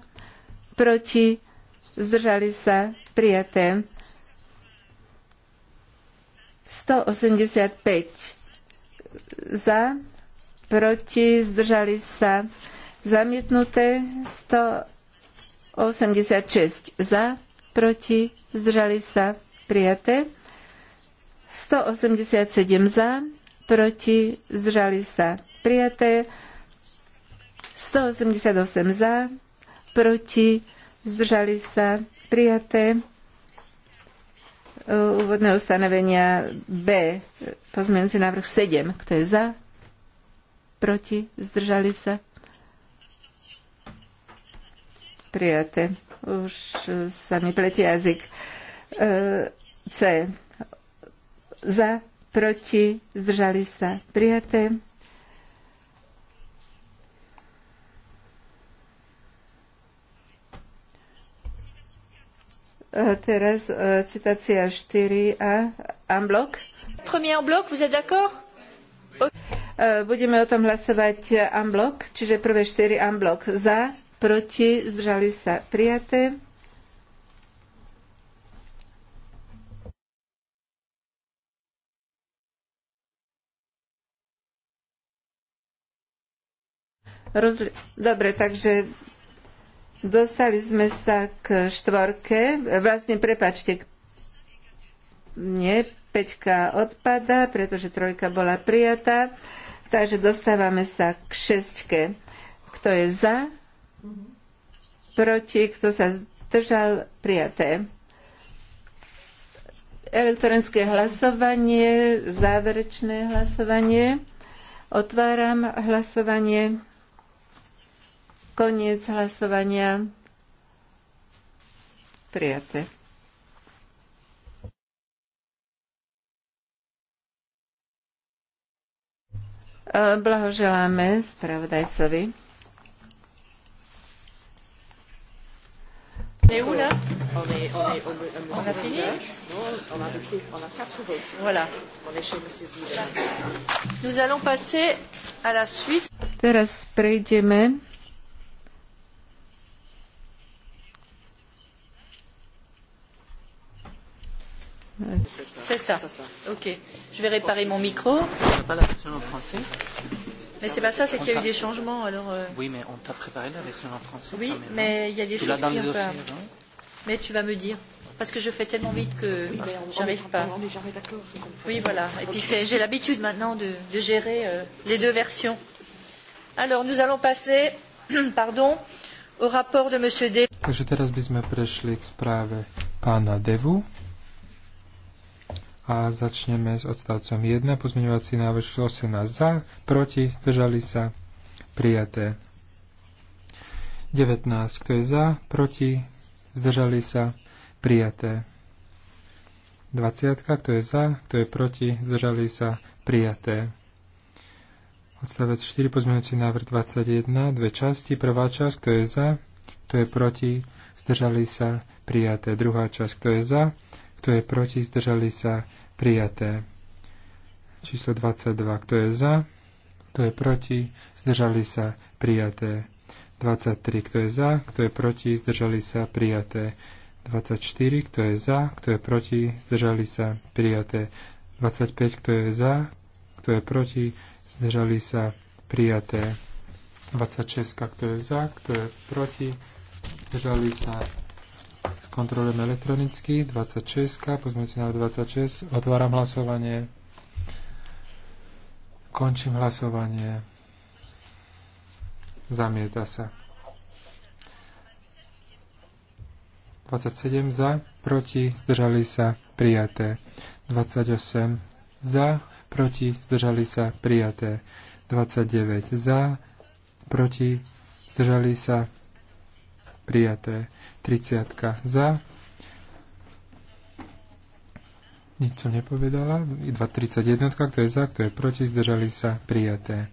proti, zdržali sa prijaté. 185 za, proti, zdržali sa prijaté Zamietnuté 186 za, proti, zdržali sa, prijaté. 187 za, proti, zdržali sa, prijaté. 188 za, proti, zdržali sa, prijaté. Úvodné ustanovenia B, pozmeňujúci návrh 7, kto je za, proti, zdržali sa, Prijaté. Už sa mi pletie jazyk. E, C. Za, proti, zdržali sa. Prijaté. E, teraz e, citácia 4a en bloc. Premier en bloc, vous êtes d'accord? Budeme o tom hlasovať en bloc, čiže prvé 4 en bloc. Za, proti, zdržali sa prijaté. Rozli- Dobre, takže dostali sme sa k štvorke, vlastne prepačte, nie, peťka odpada, pretože trojka bola prijatá, takže dostávame sa k šestke. Kto je za? proti, kto sa zdržal, prijaté. Elektronické hlasovanie, záverečné hlasovanie. Otváram hlasovanie. Koniec hlasovania. Prijaté. E, blahoželáme spravodajcovi. est où là on, est, on, est, on, on, on a fini On a on a quatre votes. Voilà. On est chez Monsieur Dillon. Nous allons passer à la suite. Teraz prejdeme C'est ça. Ok. Je vais réparer mon micro. On n'a pas la version en français Mais c'est pas ça, c'est qu'il y a eu des changements. Alors, euh... Oui, mais on t'a préparé la version en français. Oui, même, mais il y a des choses qui n'ont pas. Mais tu vas me dire. Parce que je fais tellement vite que oui, j'arrive pas. On est jamais d'accord. Oui, voilà. Et puis j'ai l'habitude maintenant de, de gérer euh, les deux versions. Alors, nous allons passer, pardon, au rapport de M. Devu. Takže teraz by sme prešli k správe pána Devu a začneme s odstavcom 1. Pozmeňovací návrh 18 za, proti, zdržali sa, prijaté. 19. Kto je za, proti, zdržali sa, prijaté. 20. Kto je za, kto je proti, zdržali sa, prijaté. Odstavec 4, pozmeňujúci návrh 21, dve časti. Prvá časť, kto je za, kto je proti, zdržali sa, prijaté. Druhá časť, kto je za, kto je proti? Zdržali sa? Prijaté. Číslo 22. Kto je za? Kto je proti? Zdržali sa? Prijaté. 23. Kto je za? Kto je proti? Zdržali sa? Prijaté. 24. Kto je za? Kto je proti? Zdržali sa? Prijaté. 25. Kto je za? Kto je proti? Zdržali sa? Prijaté. 26. Kto je za? Kto je proti? Zdržali sa? Skontrolujeme elektronicky. 26. si na 26. Otváram hlasovanie. Končím hlasovanie. Zamieta sa. 27 za, proti, zdržali sa, prijaté. 28 za, proti, zdržali sa, prijaté. 29 za, proti, zdržali sa, prijaté. 30 za. Nič som nepovedala. 31, kto je za, kto je proti, zdržali sa, prijaté.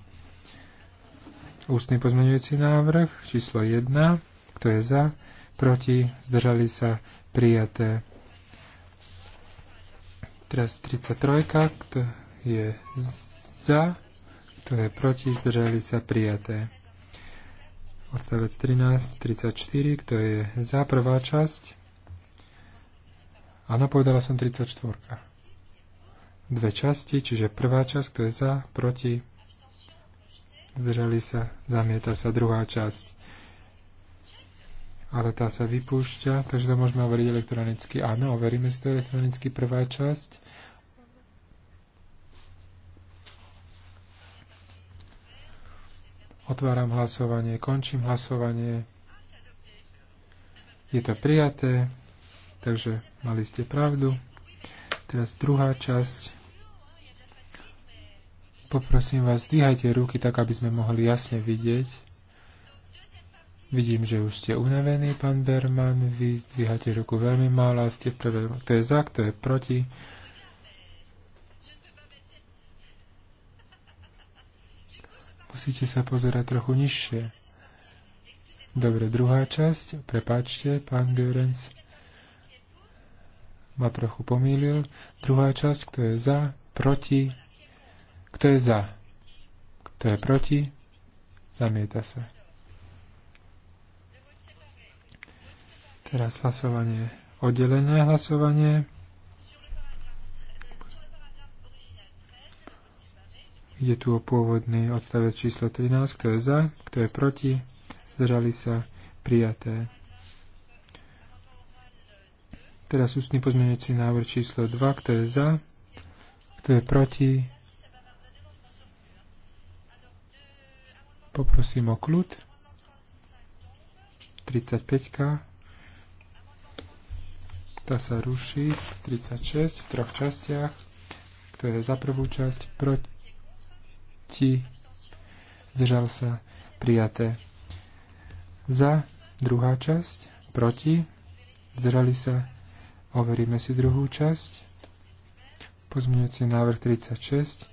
Ústny pozmeňujúci návrh číslo 1, kto je za, proti, zdržali sa, prijaté. Teraz 33, kto je za, kto je proti, zdržali sa, prijaté odstavec 13, 34, kto je za prvá časť. Áno, povedala som 34. Dve časti, čiže prvá časť, kto je za, proti, zdržali sa, zamieta sa druhá časť. Ale tá sa vypúšťa, takže to môžeme overiť elektronicky. Áno, overíme si to elektronicky prvá časť. Otváram hlasovanie, končím hlasovanie. Je to prijaté, takže mali ste pravdu. Teraz druhá časť. Poprosím vás, dýhajte ruky tak, aby sme mohli jasne vidieť. Vidím, že už ste unavení, pán Berman. Vy zdvíhate ruku veľmi málo a ste prvé. Kto je za, kto je proti? musíte sa pozerať trochu nižšie. Dobre, druhá časť. Prepáčte, pán Görens. ma trochu pomýlil. Druhá časť, kto je za, proti, kto je za, kto je proti, zamieta sa. Teraz hlasovanie, oddelené hlasovanie. Ide tu o pôvodný odstavec číslo 13, kto je za, kto je proti, zdržali sa prijaté. Teraz ústny pozmeňujúci návrh číslo 2, kto je za, kto je proti. Poprosím o kľud. 35. -ka. Tá sa ruší. 36 v troch častiach. Kto je za prvú časť, proti, proti, zdržal sa, prijaté. Za, druhá časť, proti, zdržali sa, overíme si druhú časť. Pozmeňujúci návrh 36.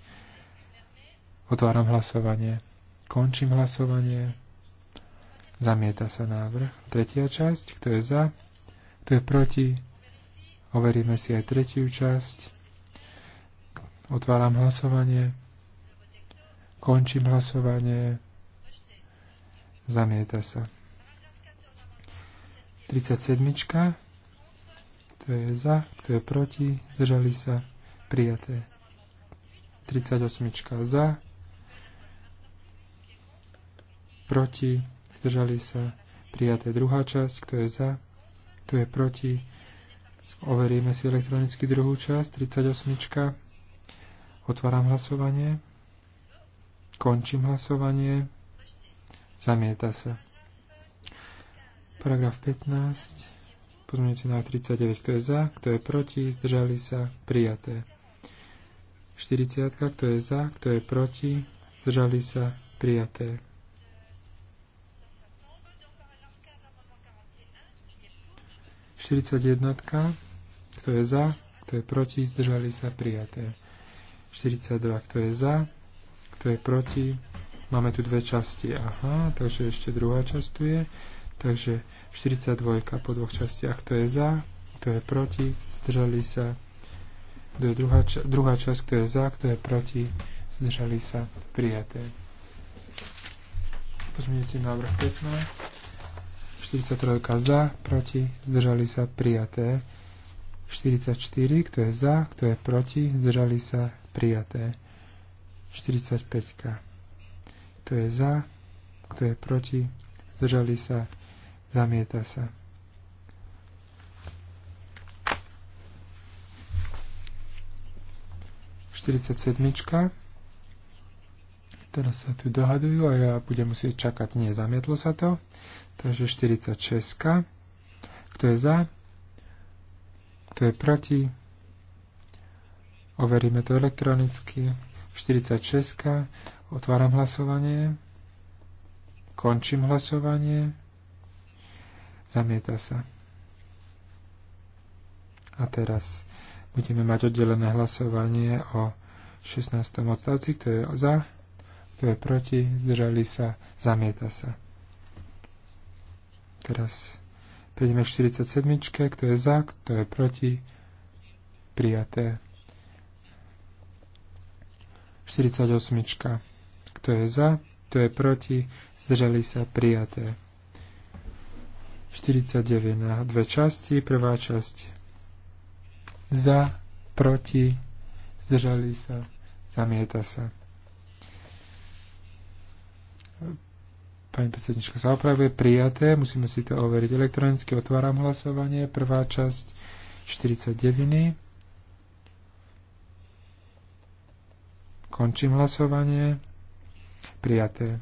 Otváram hlasovanie. Končím hlasovanie. Zamieta sa návrh. Tretia časť, kto je za, kto je proti. Overíme si aj tretiu časť. Otváram hlasovanie. Končím hlasovanie. Zamieta sa. 37. Kto je za, kto je proti, zdržali sa, prijaté. 38. za, proti, zdržali sa, prijaté. Druhá časť, kto je za, kto je proti, overíme si elektronicky druhú časť, 38. Otváram hlasovanie. Končím hlasovanie. Zamieta sa. Paragraf 15. Pozmeňujúci na 39, kto je za, kto je proti, zdržali sa, prijaté. 40, kto je za, kto je proti, zdržali sa, prijaté. Štyridsať jednotka, kto je za, kto je proti, zdržali sa, prijaté. 42, kto je za, kto je proti? Máme tu dve časti. Aha, takže ešte druhá časť tu je. Takže 42 po dvoch častiach. Kto je za? Kto je proti? Zdržali sa. to je druhá, ča- druhá časť, kto je za, kto je proti, zdržali sa, prijaté. Pozmienite návrh 15. 43 za, proti, zdržali sa, prijaté. 44, kto je za, kto je proti, zdržali sa, prijaté. 45. Kto je za, kto je proti, zdržali sa, zamieta sa. Čtyricetsedmička. Teraz sa tu dohadujú a ja budem musieť čakať. Nie, zamietlo sa to. Takže 46. Kto je za? Kto je proti? Overíme to elektronicky. 46. Otváram hlasovanie. Končím hlasovanie. Zamieta sa. A teraz budeme mať oddelené hlasovanie o 16. odstavci, kto je za, kto je proti, zdržali sa, zamieta sa. Teraz prejdeme k 47. Kto je za, kto je proti, prijaté. 48. Kto je za? Kto je proti? Zdržali sa prijaté. 49 na dve časti. Prvá časť za, proti, zdržali sa, zamieta sa. Pani predsednička sa opravuje, prijaté, musíme si to overiť elektronicky, otváram hlasovanie, prvá časť 49. Končím hlasovanie. Prijaté.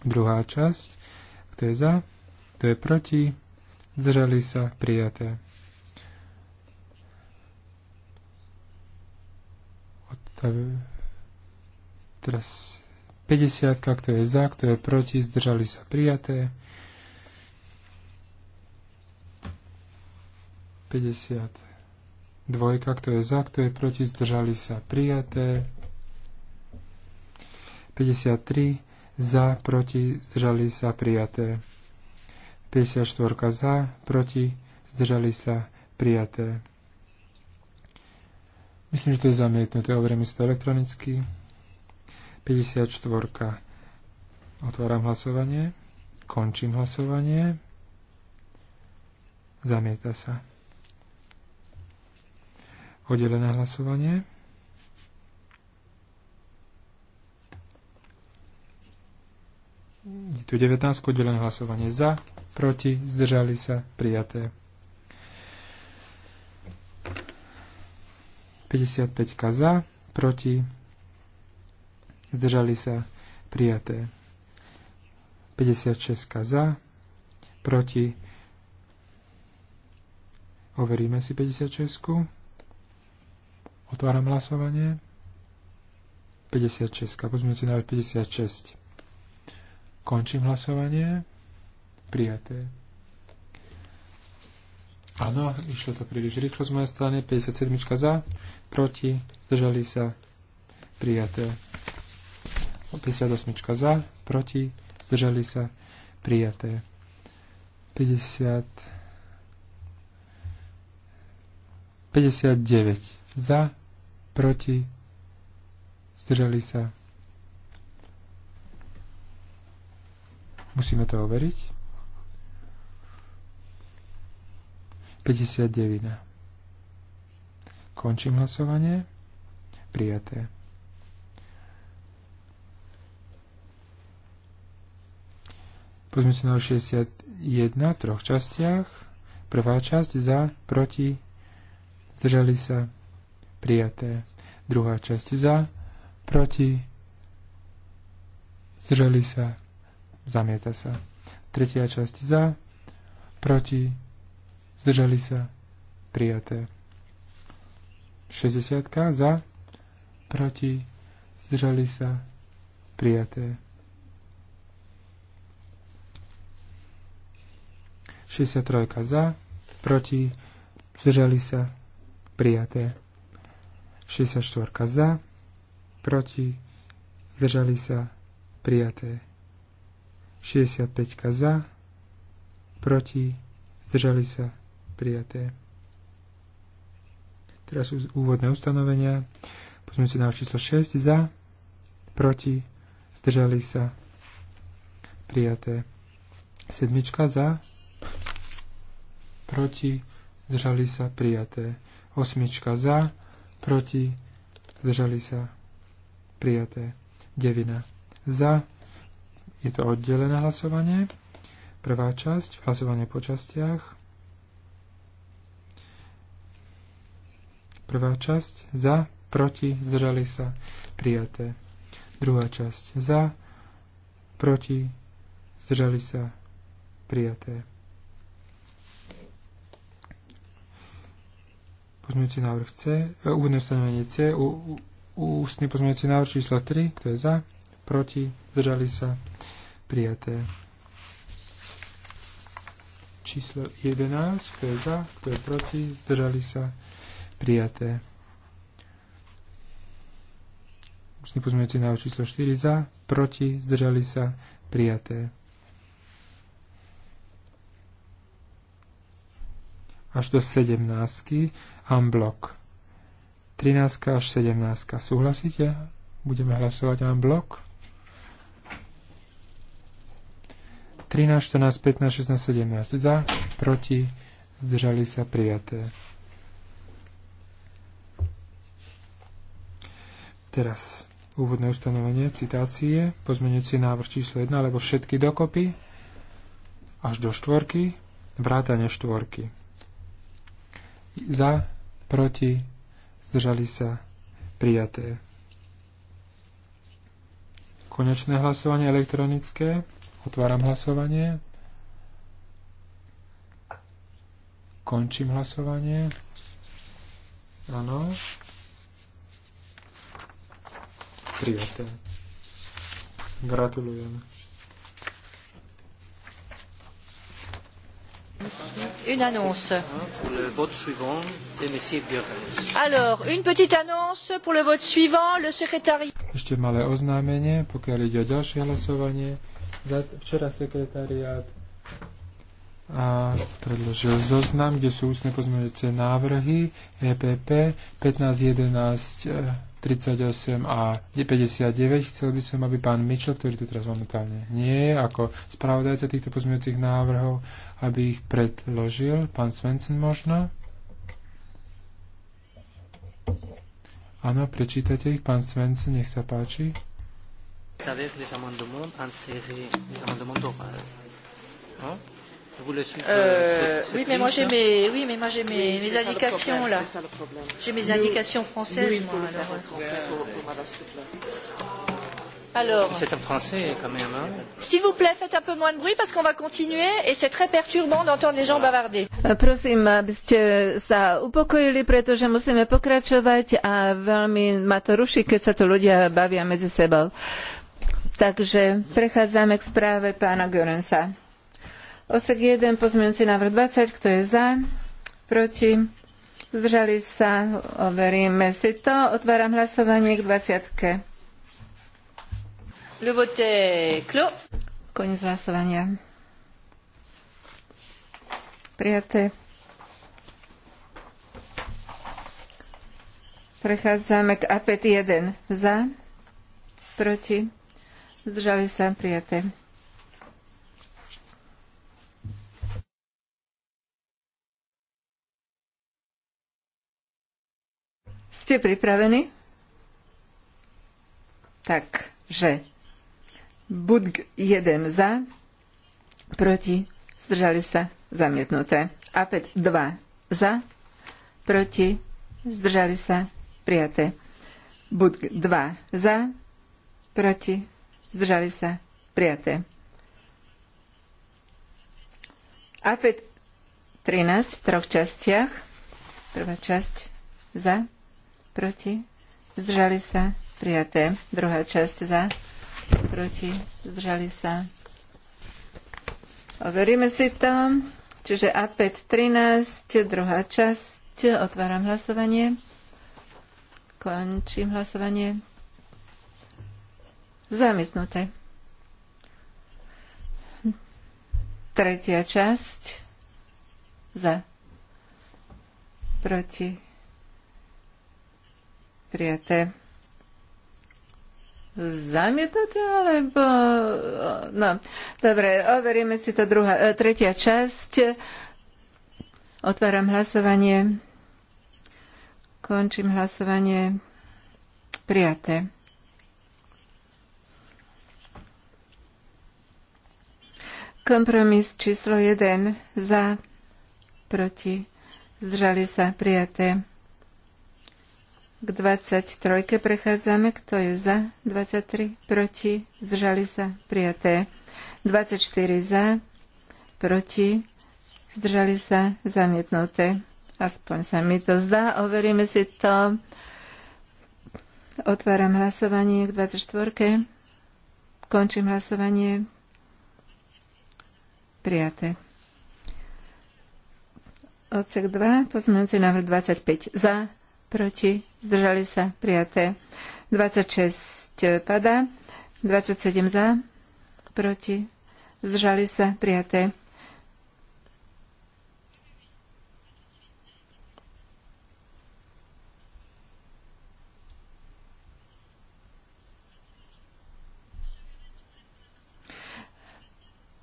Druhá časť. Kto je za? Kto je proti? Zdržali sa. Prijaté. Teraz 50, kto je za, kto je proti, zdržali sa prijaté. 52, kto je za, kto je proti, zdržali sa prijaté. 53 za, proti, zdržali sa prijaté. 54 za, proti, zdržali sa prijaté. Myslím, že to je zamietnuté. Overíme si to elektronicky. 54. Otváram hlasovanie. Končím hlasovanie. Zamieta sa. Oddelené hlasovanie. je tu 19, oddelené hlasovanie za, proti, zdržali sa, prijaté. 55 za, proti, zdržali sa, prijaté. 56 za, proti, overíme si 56. Otváram hlasovanie. 56, pozmite si návrh 56. Končím hlasovanie. Prijaté. Áno, išlo to príliš rýchlo z mojej strany. 57 za, proti, zdržali sa. Prijaté. 58 za, proti, zdržali sa. Prijaté. 50 59 za, proti, zdržali sa Musíme to overiť. 59. Končím hlasovanie. Prijaté. Pozme sa na 61 v troch častiach. Prvá časť za, proti, zdržali sa, prijaté. Druhá časť za, proti, zdržali sa, Zamieta sa. Tretia časť za, proti, zdržali sa, prijaté. 60 za, proti, zdržali sa, prijaté. 63 za, proti, zdržali sa, prijaté. 64 za, proti, zdržali sa, prijaté. 65 za, proti, zdržali sa, prijaté. Teraz úvodné ustanovenia. Pozme si na číslo 6 za, proti, zdržali sa, prijaté. Sedmička za, proti, zdržali sa, prijaté. Osmička za, proti, zdržali sa, prijaté. Devina za, je to oddelené hlasovanie. Prvá časť, hlasovanie po častiach. Prvá časť za, proti, zdržali sa, prijaté. Druhá časť za, proti, zdržali sa, prijaté. Pozmeňujúci návrh C, eh, úvodné stanovenie C, ústny pozmeňujúci návrh číslo 3, kto je za, proti, zdržali sa, prijaté. Číslo 11, kto je za, kto je proti, zdržali sa, prijaté. Ústny pozmeňujúci na číslo 4 za, proti, zdržali sa, prijaté. Až do 17. unblock. 13. až 17. Súhlasíte? Budeme hlasovať unblock. blok. 13, 14, 15, 16, 17 za, proti, zdržali sa prijaté. Teraz úvodné ustanovenie, citácie, pozmeňujúci návrh číslo 1, alebo všetky dokopy, až do štvorky, vrátane štvorky. Za, proti, zdržali sa, prijaté. Konečné hlasovanie elektronické, Otváram hlasovanie. Končím hlasovanie. Áno. Prijaté. Gratulujem. Une annonce. Pour le vote suivant de Alors, une petite annonce pour le vote suivant, le secrétariat. Ešte malé oznámenie, pokiaľ ide o ďalšie hlasovanie. Včera sekretariát a predložil zoznam, kde sú ústne pozmeňujúce návrhy EPP 15, 11, 38 a 59. Chcel by som, aby pán Mitchell, ktorý tu teraz momentálne nie je, ako spravodajca týchto pozmeňujúcich návrhov, aby ich predložil. Pán Svensson možno? Áno, prečítate ich, pán Svensson, nech sa páči. Avec les amendements insérés, les amendements d'oral. Hein Vous euh, oui, mais moi j'ai mes, oui, mais moi j'ai mes, oui, mes indications là. J'ai mes indications françaises. Nous, moi, alors, français pour, pour alors. C'est un français quand même. Hein. S'il vous plaît, faites un peu moins de bruit parce qu'on va continuer et c'est très perturbant d'entendre les gens bavarder. Euh, prosím, aby ste sa upokojili, pretože musíme pokračovať a veľmi ma to ruší, keď sa to ľudia bavia medzi sebou. Takže prechádzame k správe pána Görensa. Osek 1, pozmeňujúci návrh 20, kto je za, proti, zdržali sa, overíme si to. Otváram hlasovanie k 20. -ke. Le Koniec hlasovania. Prijaté. Prechádzame k APET 1. Za, proti, Zdržali sa prijaté. Ste pripravení? Takže Budg 1 za, proti, zdržali sa, zamietnuté. APET 2 za, proti, zdržali sa, prijaté. Budg 2 za, proti, zdržali sa, prijaté. AFED 13 v troch častiach. Prvá časť za, proti, zdržali sa, prijaté. Druhá časť za, proti, zdržali sa. Overíme si to. Čiže APET 13, druhá časť. Otváram hlasovanie. Končím hlasovanie. Zamietnuté. Tretia časť. Za. Proti. Prijaté. Zamietnuté, alebo... No, dobre, overíme si to druhá, e, tretia časť. Otváram hlasovanie. Končím hlasovanie. Prijaté. Kompromis číslo 1 za, proti, zdržali sa prijaté. K 23 prechádzame, kto je za, 23, proti, zdržali sa prijaté. 24 za, proti, zdržali sa zamietnuté. Aspoň sa mi to zdá, overíme si to. Otváram hlasovanie k 24. Končím hlasovanie. Prijaté. Odsek 2, pozmeňujúci návrh 25. Za, proti, zdržali sa, prijaté. 26 eh, padá, 27 za, proti, zdržali sa, prijaté.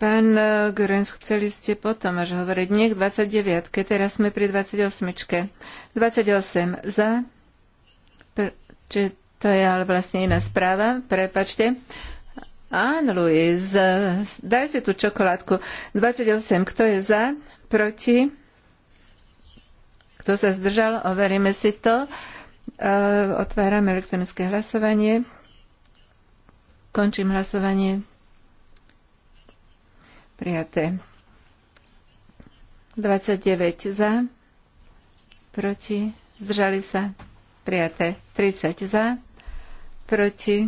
Pán eh, Görens, chceli ste potom až hovoriť. Nie k 29. keď Teraz sme pri 28. 28 za. Pr- čiže to je ale vlastne iná správa. Prepačte. Áno, Luis, daj si tú čokoládku. 28, kto je za? Proti? Kto sa zdržal? Overíme si to. Eh, Otvárame elektronické hlasovanie. Končím hlasovanie. Prijaté. 29 za. Proti. Zdržali sa. Prijaté. 30 za. Proti.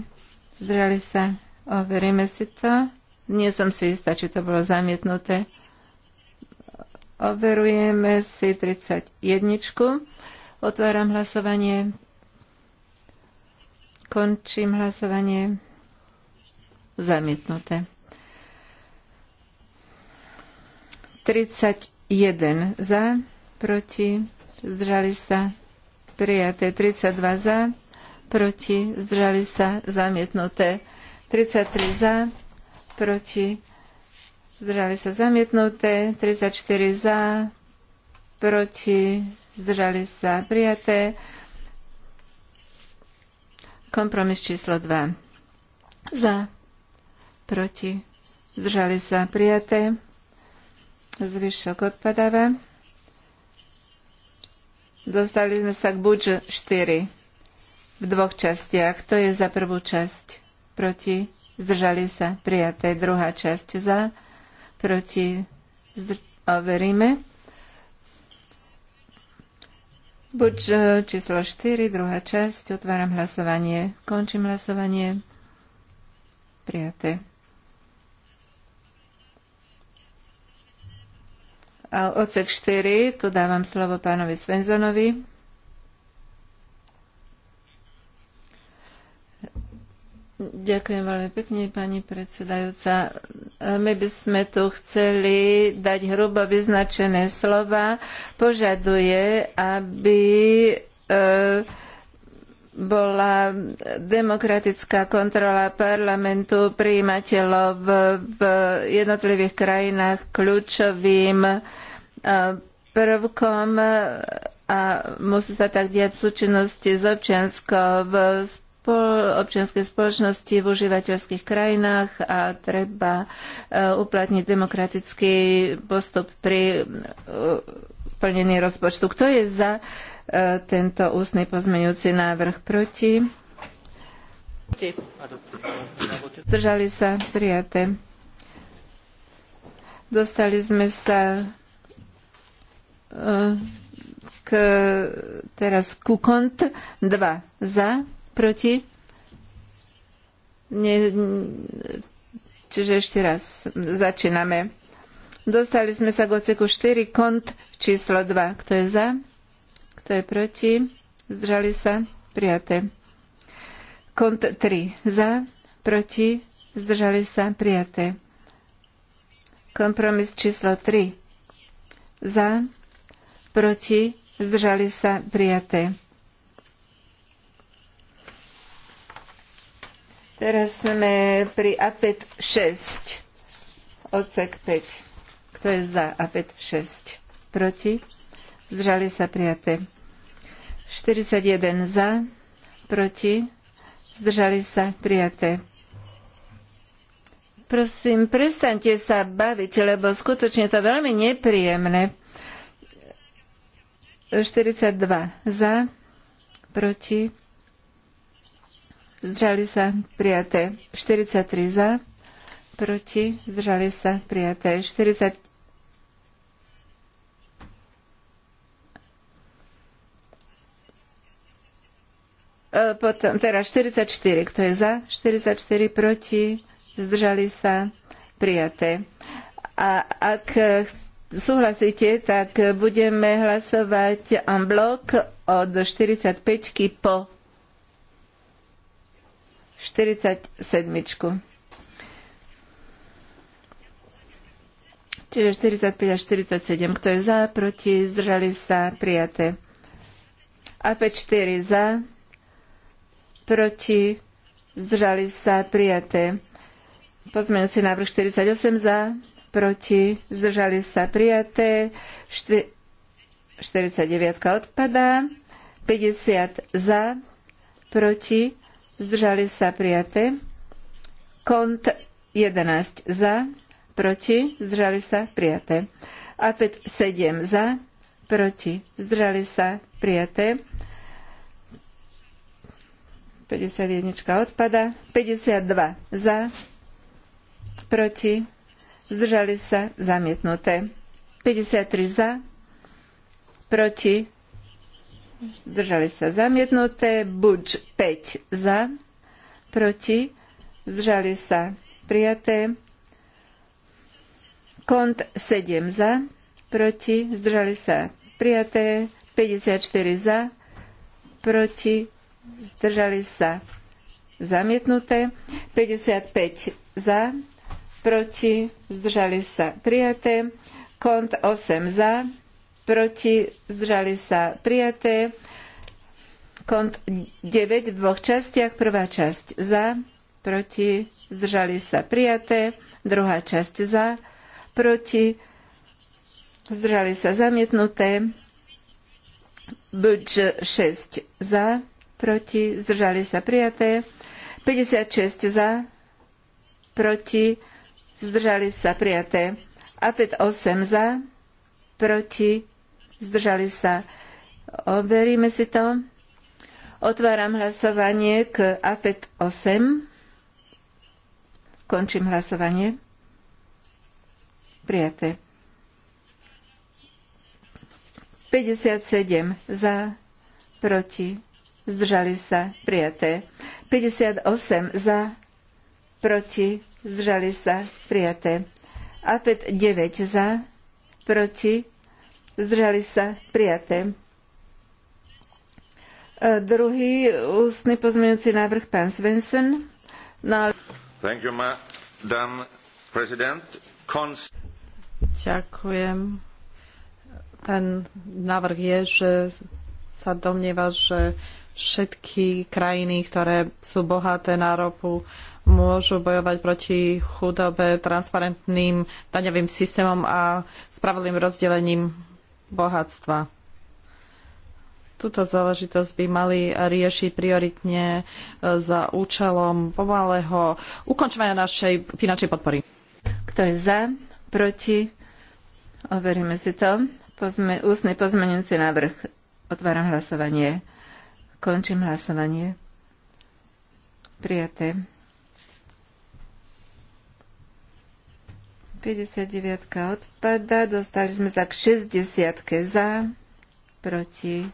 Zdržali sa. Overíme si to. Nie som si istá, či to bolo zamietnuté. Overujeme si 31. Otváram hlasovanie. Končím hlasovanie. Zamietnuté. 31 za, proti, zdržali sa, prijaté 32 za, proti, zdržali sa, zamietnuté 33 za, proti, zdržali sa, zamietnuté 34 za, proti, zdržali sa, prijaté kompromis číslo 2 za, proti, zdržali sa, prijaté Zvyšok odpadáva. Dostali sme sa k Budžu 4 v dvoch častiach. To je za prvú časť proti, zdržali sa prijaté. Druhá časť za, proti, zdr- overíme. Buď e, číslo 4, druhá časť, otváram hlasovanie, končím hlasovanie, prijaté. A odsek 4, tu dávam slovo pánovi Svenzonovi. Ďakujem veľmi pekne, pani predsedajúca. E, my by sme tu chceli dať hrubo vyznačené slova. Požaduje, aby e, bola demokratická kontrola parlamentu prijímateľov v jednotlivých krajinách kľúčovým e, prvkom a musí sa tak diať v súčinnosti s občianskou v občianskej spoločnosti v užívateľských krajinách a treba e, uplatniť demokratický postup pri e, plnenie rozpočtu. Kto je za e, tento ústny pozmeňujúci návrh? Proti? Zdržali sa prijaté. Dostali sme sa e, k, teraz ku kont 2 za, proti. Ne, čiže ešte raz začíname. Dostali sme sa k oceku 4, kont číslo 2. Kto je za? Kto je proti? Zdržali sa? Prijaté. Kont 3. Za? Proti? Zdržali sa? Prijaté. Kompromis číslo 3. Za? Proti? Zdržali sa? Prijaté. Teraz sme pri APET 6, odsek 5. Kto je za? a 5, 6. Proti? Zdržali sa prijaté. 41 za. Proti? Zdržali sa prijaté. Prosím, prestaňte sa baviť, lebo skutočne to veľmi nepríjemné. 42 za, proti, zdržali sa prijaté. 43 za, proti, zdržali sa prijaté. 44 E, potom, teraz 44, kto je za? 44 proti, zdržali sa, prijaté. A ak súhlasíte, tak budeme hlasovať en blok od 45 po 47. Čiže 45 až 47. Kto je za, proti, zdržali sa, prijaté. A 5, 4 za, proti, zdržali sa prijaté. Pozmeňujúci návrh 48 za, proti, zdržali sa prijaté. 49 odpadá, 50 za, proti, zdržali sa prijaté. Kont 11 za, proti, zdržali sa prijaté. A 5, 7 za, proti, zdržali sa prijaté. 51 odpada. 52 za, proti, zdržali sa, zamietnuté. 53 za, proti, zdržali sa, zamietnuté. Buč 5 za, proti, zdržali sa, prijaté. Kont 7 za, proti, zdržali sa, prijaté. 54 za, proti, zdržali sa zamietnuté, 55 za, proti, zdržali sa prijaté, kont 8 za, proti, zdržali sa prijaté, kont 9 v dvoch častiach, prvá časť za, proti, zdržali sa prijaté, druhá časť za, proti, zdržali sa zamietnuté, budž 6 za, proti, zdržali sa prijaté. 56 za, proti, zdržali sa prijaté. APET 8 za, proti, zdržali sa. Overíme si to. Otváram hlasovanie k APET 8. Končím hlasovanie. Prijaté. 57 za, proti, zdržali sa prijaté. 58 za, proti, zdržali sa prijaté. A 5, 9 za, proti, zdržali sa prijaté. A e, Druhý ústny pozmeňujúci návrh, pán Svensson. No... ale... Thank you, madam president. Cons- Ďakujem. Ten návrh je, že sa domnieva, že uh, Všetky krajiny, ktoré sú bohaté na ropu, môžu bojovať proti chudobe transparentným daňovým systémom a spravodlivým rozdelením bohatstva. Túto záležitosť by mali riešiť prioritne e, za účelom pomalého ukončovania našej finančnej podpory. Kto je za? Proti? Overíme si to. Pozme, ústny pozmenujúci návrh. Otváram hlasovanie. Končím hlasovanie. Prijaté. 59 odpada. Dostali sme sa k 60 za, proti.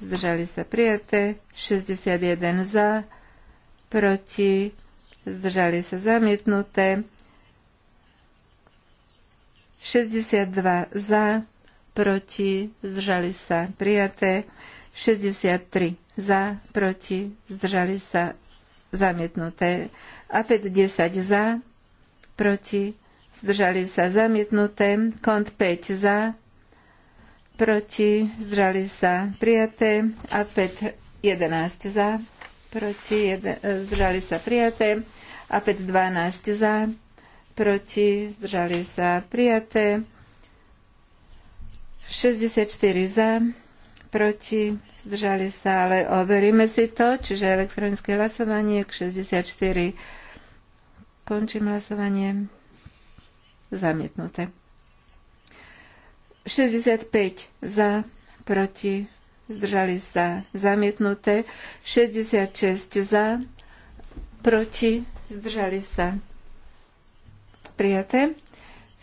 Zdržali sa prijaté. 61 za, proti. Zdržali sa zamietnuté. 62 za, proti, zdržali sa prijaté, 63 za, proti, zdržali sa zamietnuté. 5 10 za, proti, zdržali sa zamietnuté. KONT 5 za, proti, zdržali sa prijaté. 5, 11 e, za, proti, zdržali sa prijaté. 5, 12 za, proti, zdržali sa prijaté. 64 za, proti, zdržali sa, ale overíme si to, čiže elektronické hlasovanie k 64. Končím hlasovanie. Zamietnuté. 65 za, proti, zdržali sa, zamietnuté. 66 za, proti, zdržali sa, prijaté.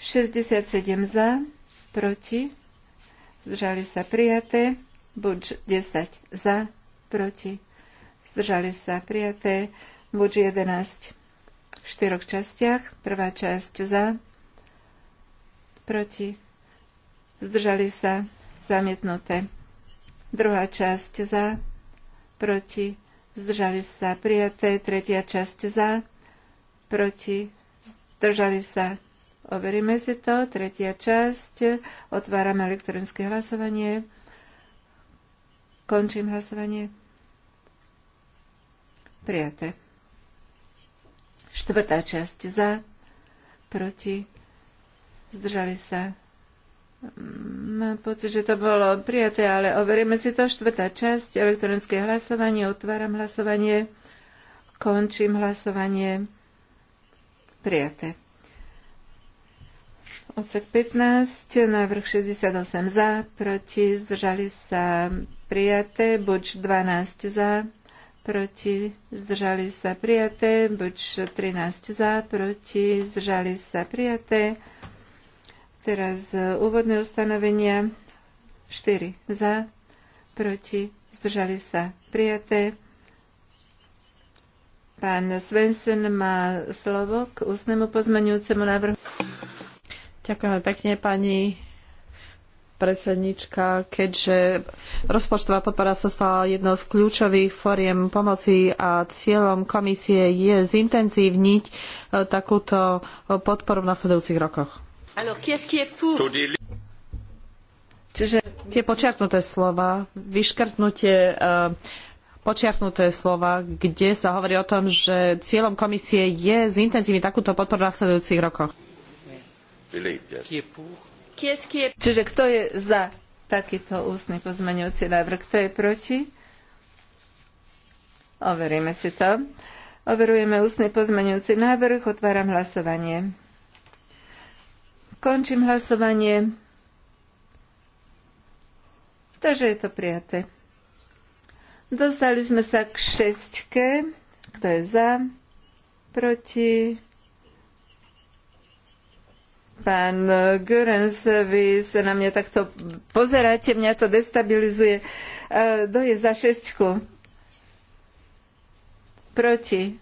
67 za, proti, zdržali sa, prijaté buď 10 za, proti, zdržali sa prijaté, buď 11 v štyroch častiach, prvá časť za, proti, zdržali sa zamietnuté, druhá časť za, proti, zdržali sa prijaté, tretia časť za, proti, zdržali sa Overíme si to. Tretia časť. otvárame elektronické hlasovanie. Končím hlasovanie. Prijaté. Štvrtá časť za, proti, zdržali sa. Mm, mám pocit, že to bolo prijaté, ale overíme si to. Štvrtá časť, elektronické hlasovanie, otváram hlasovanie, končím hlasovanie. Prijaté. Odsek 15, návrh 68 za, proti, zdržali sa prijaté, buď 12 za, proti, zdržali sa prijaté, buď 13 za, proti, zdržali sa prijaté. Teraz úvodné ustanovenia 4 za, proti, zdržali sa prijaté. Pán Svensson má slovo k ústnemu pozmeňujúcemu návrhu. Ďakujeme pekne, pani predsednička, keďže rozpočtová podpora sa stala jednou z kľúčových foriem pomoci a cieľom komisie je zintenzívniť e, takúto podporu v nasledujúcich rokoch. Čiže tie počiarknuté slova, vyškrtnutie e, počiarknuté slova, kde sa hovorí o tom, že cieľom komisie je zintenzívniť takúto podporu v nasledujúcich rokoch. Čiže kto je za takýto ústny pozmeňujúci návrh? Kto je proti? Overíme si to. Overujeme ústny pozmeňujúci návrh. Otváram hlasovanie. Končím hlasovanie. Takže je to prijaté. Dostali sme sa k šestke. Kto je za? Proti? Pán Görens, vy sa na mňa takto pozeráte, mňa to destabilizuje. E, kto je za šestku? Proti?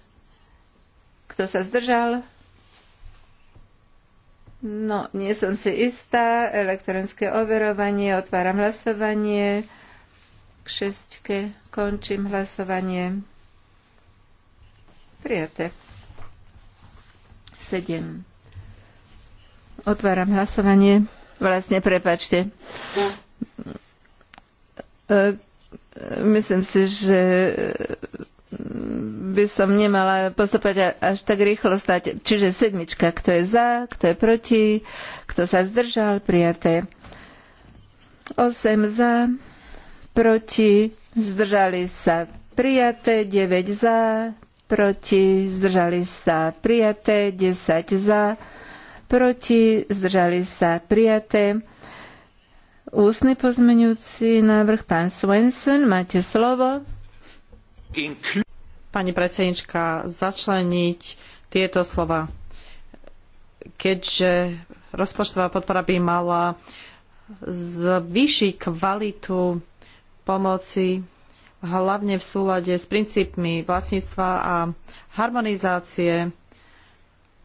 Kto sa zdržal? No, nie som si istá. Elektronické overovanie, otváram hlasovanie. K šestke končím hlasovanie. Prijaté. Sedem. Otváram hlasovanie. Vlastne, prepačte. E, myslím si, že by som nemala postupovať až tak rýchlo stať. Čiže sedmička, kto je za, kto je proti, kto sa zdržal, prijaté. 8 za, proti, zdržali sa prijaté, 9 za, proti, zdržali sa prijaté, desať za, proti, zdržali sa prijaté. Ústny pozmeňujúci návrh, pán Swenson, máte slovo. Pani predsednička, začleniť tieto slova. Keďže rozpočtová podpora by mala zvýšiť kvalitu pomoci, hlavne v súlade s princípmi vlastníctva a harmonizácie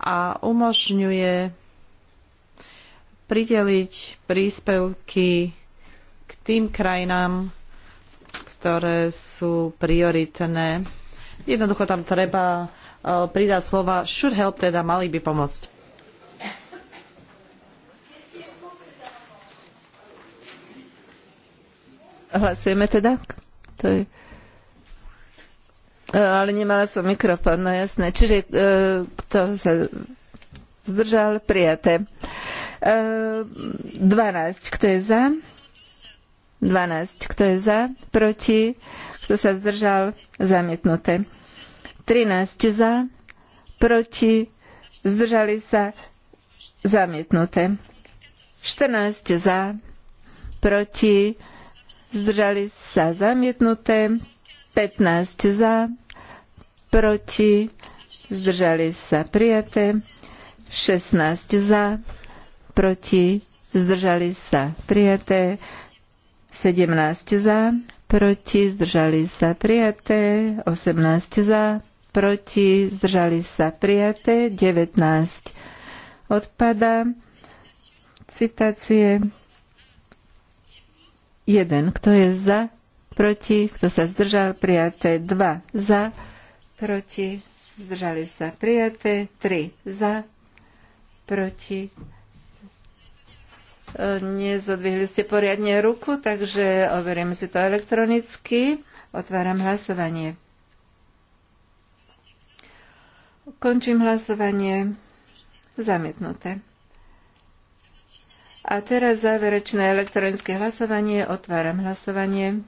a umožňuje prideliť príspevky k tým krajinám, ktoré sú prioritné. Jednoducho tam treba e, pridať slova should help, teda mali by pomôcť. Hlasujeme teda? To je... E, ale nemala som mikrofón, no jasné. Čiže e, kto sa zdržal, prijaté. 12, e, kto je za? 12, kto je za? Proti? Kto sa zdržal? Zamietnuté. 13 za, proti, zdržali sa, zamietnuté. 14 za, proti, zdržali sa, zamietnuté. 15 za, proti, zdržali sa prijaté, 16 za, proti, zdržali sa prijaté, 17 za, proti, zdržali sa prijaté, 18 za, proti, zdržali sa prijaté, 19 odpada, citácie 1, kto je za, proti, kto sa zdržal, prijaté 2 za, proti, zdržali sa prijaté, 3 za, proti. E, Nezodvihli ste poriadne ruku, takže overím si to elektronicky. Otváram hlasovanie. Končím hlasovanie. Zamietnuté. A teraz záverečné elektronické hlasovanie. Otváram hlasovanie.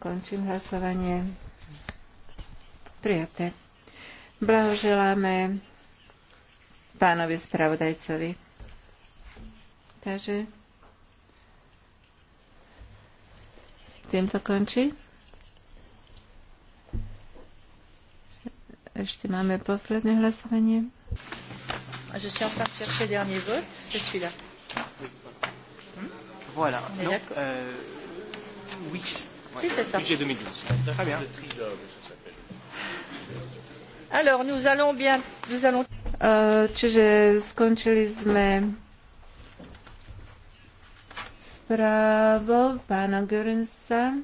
Končím hlasovanie. Prijaté. Blahoželáme pánovi spravodajcovi. Takže týmto končí. Ešte máme posledné hlasovanie. A ah, že si train de chercher le dernier vote, c'est celui-là. Voilà. Donc, euh, oui. Oui, c'est ça. Budget Très bien. Alors, nous allons bien, nous allons... Euh, čiže skončili sme správo pána Görensa.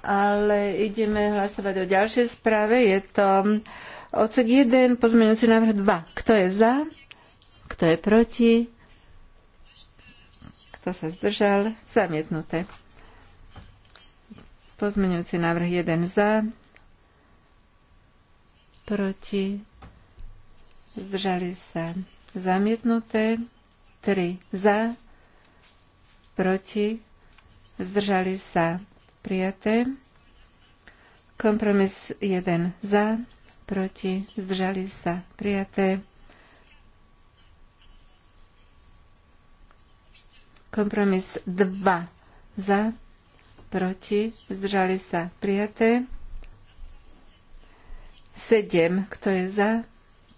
ale ideme hlasovať o ďalšej správe. Je to odsek 1, pozmeňujúci návrh 2. Kto je za? Kto je proti? Kto sa zdržal? Zamietnuté. Pozmeňujúci návrh 1 za. Proti. Zdržali sa. Zamietnuté. 3 za. Proti. Zdržali sa. Prijaté. Kompromis 1 za. Proti. Zdržali sa. Prijaté. Kompromis 2 za, proti, zdržali sa prijaté. 7, kto je za,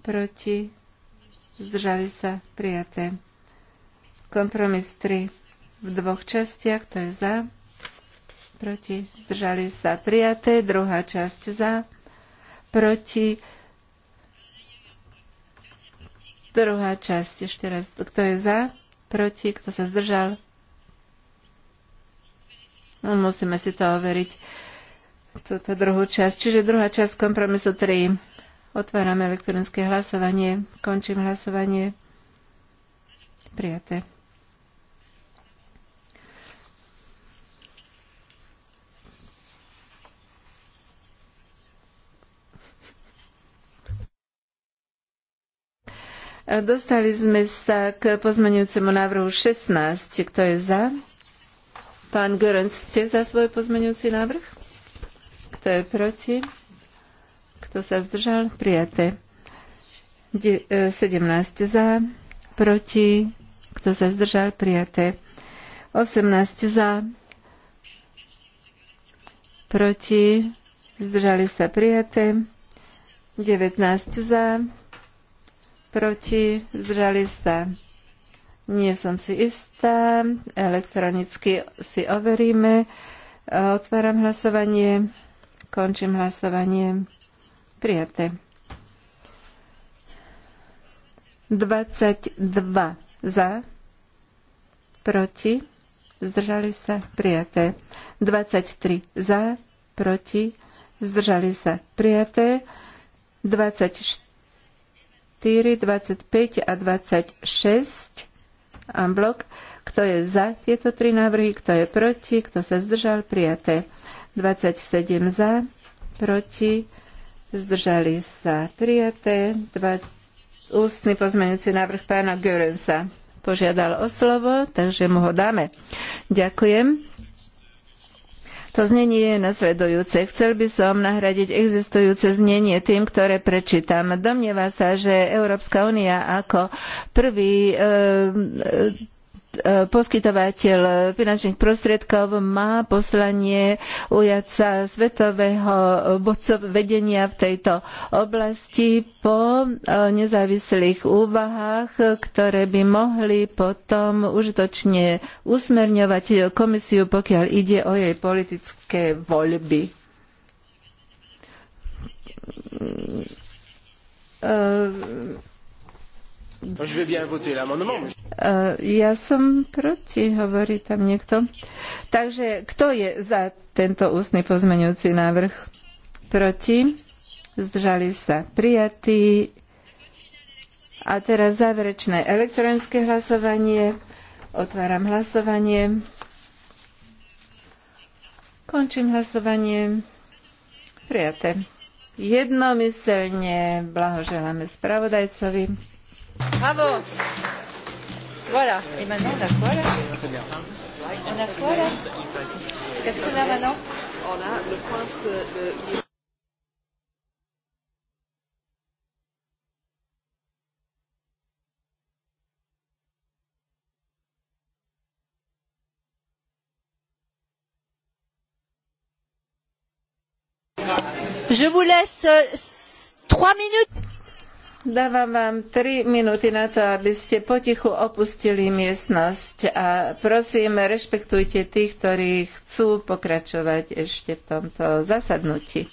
proti, zdržali sa prijaté. Kompromis 3 v dvoch častiach, kto je za, proti, zdržali sa prijaté. Druhá časť za, proti, druhá časť, ešte raz, kto je za, proti, kto sa zdržal. No, musíme si to overiť, túto druhú časť. Čiže druhá časť kompromisu 3. Otváram elektronické hlasovanie, končím hlasovanie. Prijaté. Dostali sme sa k pozmeňujúcemu návrhu 16. Kto je za? Pán Görenc, ste za svoj pozmeňujúci návrh? Kto je proti? Kto sa zdržal? Prijaté. 17 e, za, proti, kto sa zdržal? Prijaté. 18 za, proti, zdržali sa prijaté. 19 za, proti, zdržali sa. Nie som si istá, elektronicky si overíme. Otváram hlasovanie, končím hlasovanie. Prijaté. 22 za, proti, zdržali sa, prijaté. 23 za, proti, zdržali sa, prijaté. 24 25 a 26 amblok. Kto je za tieto tri návrhy, kto je proti, kto sa zdržal, prijaté. 27 za, proti, zdržali sa, prijaté. Dva, ústny pozmenujúci návrh pána Görensa požiadal o slovo, takže mu ho dáme. Ďakujem. To znenie je nasledujúce. Chcel by som nahradiť existujúce znenie tým, ktoré prečítam. Domnieva sa, že Európska únia ako prvý e, Eh, poskytovateľ finančných prostriedkov má poslanie ujať sa svetového vedenia v tejto oblasti po eh, nezávislých úvahách, ktoré by mohli potom užitočne usmerňovať komisiu, pokiaľ ide o jej politické voľby. Uh, No, eh, ja som proti, hovorí tam niekto. Takže kto je za tento ústny pozmeňujúci návrh? Proti? Zdržali sa prijatí. A teraz záverečné elektronické hlasovanie. Otváram hlasovanie. Končím hlasovanie. Prijaté. Jednomyselne blahoželáme spravodajcovi. Bravo. Voilà. Et maintenant, on a quoi là On a quoi là Qu'est-ce qu'on a maintenant On a le prince. Euh, le... Je vous laisse euh, trois minutes. Dávam vám 3 minúty na to, aby ste potichu opustili miestnosť a prosím, rešpektujte tých, ktorí chcú pokračovať ešte v tomto zasadnutí.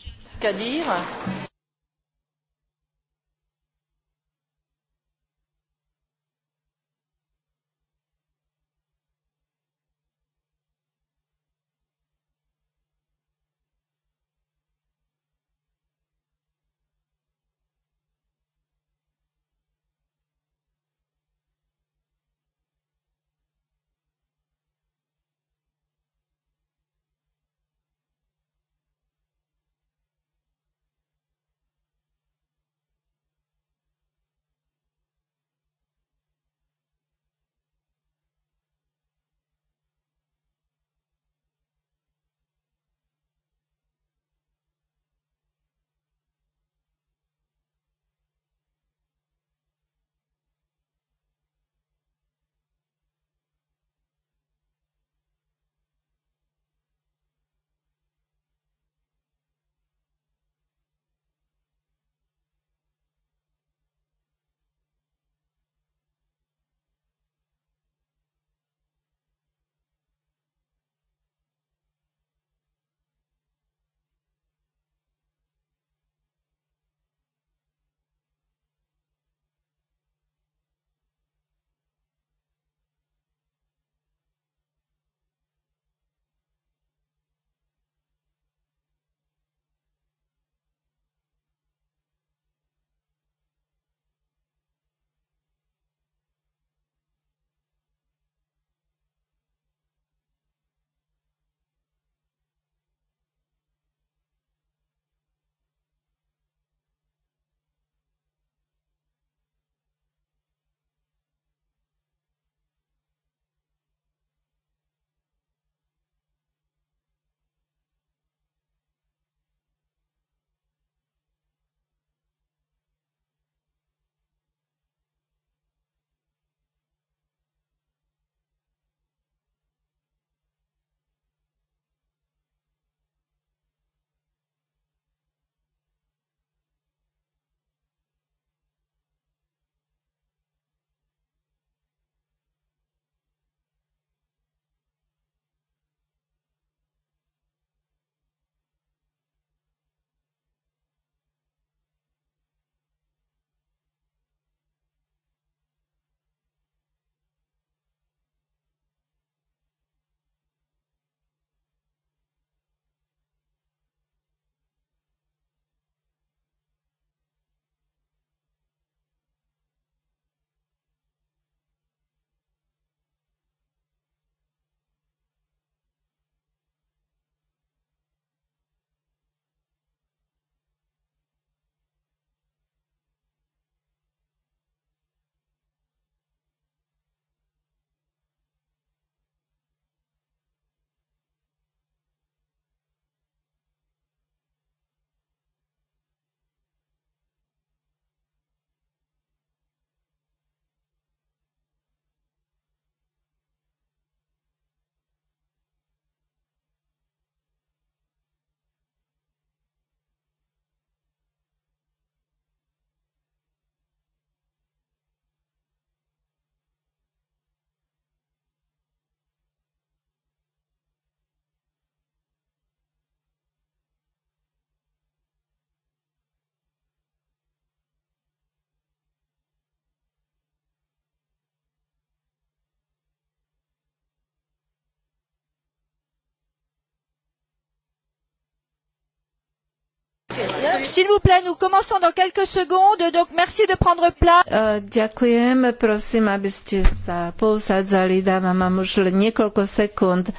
S'il vous plaît, nous commençons dans quelques secondes, donc merci de prendre place. Uh, ďakujem, prosím, aby ste sa pousadzali, dávam vám už len niekoľko sekúnd.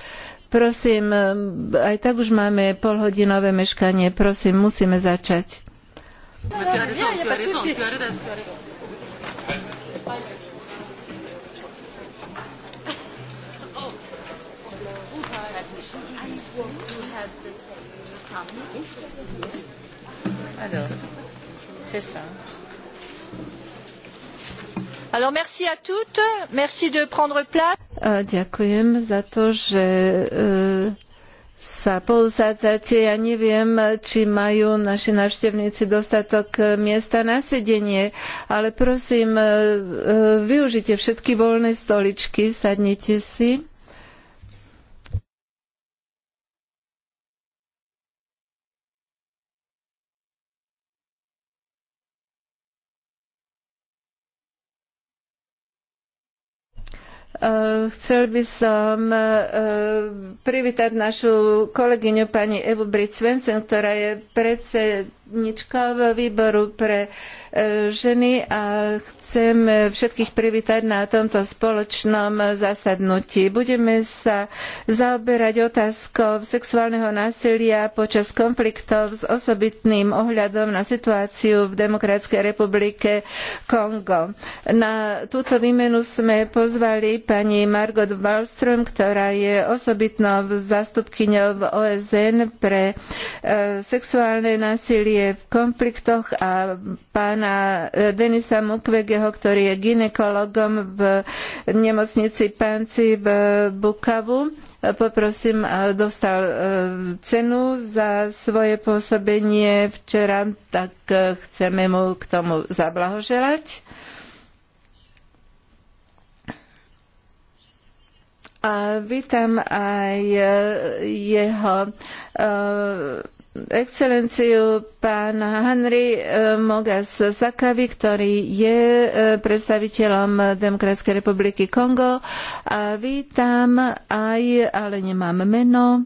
Prosím, e, aj tak už máme polhodinové meškanie, prosím, musíme začať. Alors, c'est ça. Alors merci à toutes, merci de prendre place. A ďakujem za to, že e, sa pousádzate. Ja neviem, či majú naši návštevníci dostatok miesta na sedenie, ale prosím, e, e, využite všetky voľné stoličky, sadnite si. Eh, chcel by som eh, privítať našu kolegyňu pani Evu Brit Svensson, ktorá je predsedom predsedníčka v výboru pre e, ženy a chcem všetkých privítať na tomto spoločnom zasadnutí. Budeme sa zaoberať otázkou sexuálneho násilia počas konfliktov s osobitným ohľadom na situáciu v Demokratskej republike Kongo. Na túto výmenu sme pozvali pani Margot Wallström, ktorá je osobitnou zástupkyňou OSN pre e, sexuálne násilie je v konfliktoch a pána e, Denisa Mukwegeho, ktorý je ginekologom v nemocnici Panci v Bukavu. Poprosím, e, dostal e, cenu za svoje pôsobenie včera, tak chceme mu k tomu zablahoželať. a vítam aj e, jeho e, excelenciu pána Henry e, Mogas Sakavi, ktorý je predstaviteľom Demokratskej republiky Kongo. A vítam aj, ale nemám meno,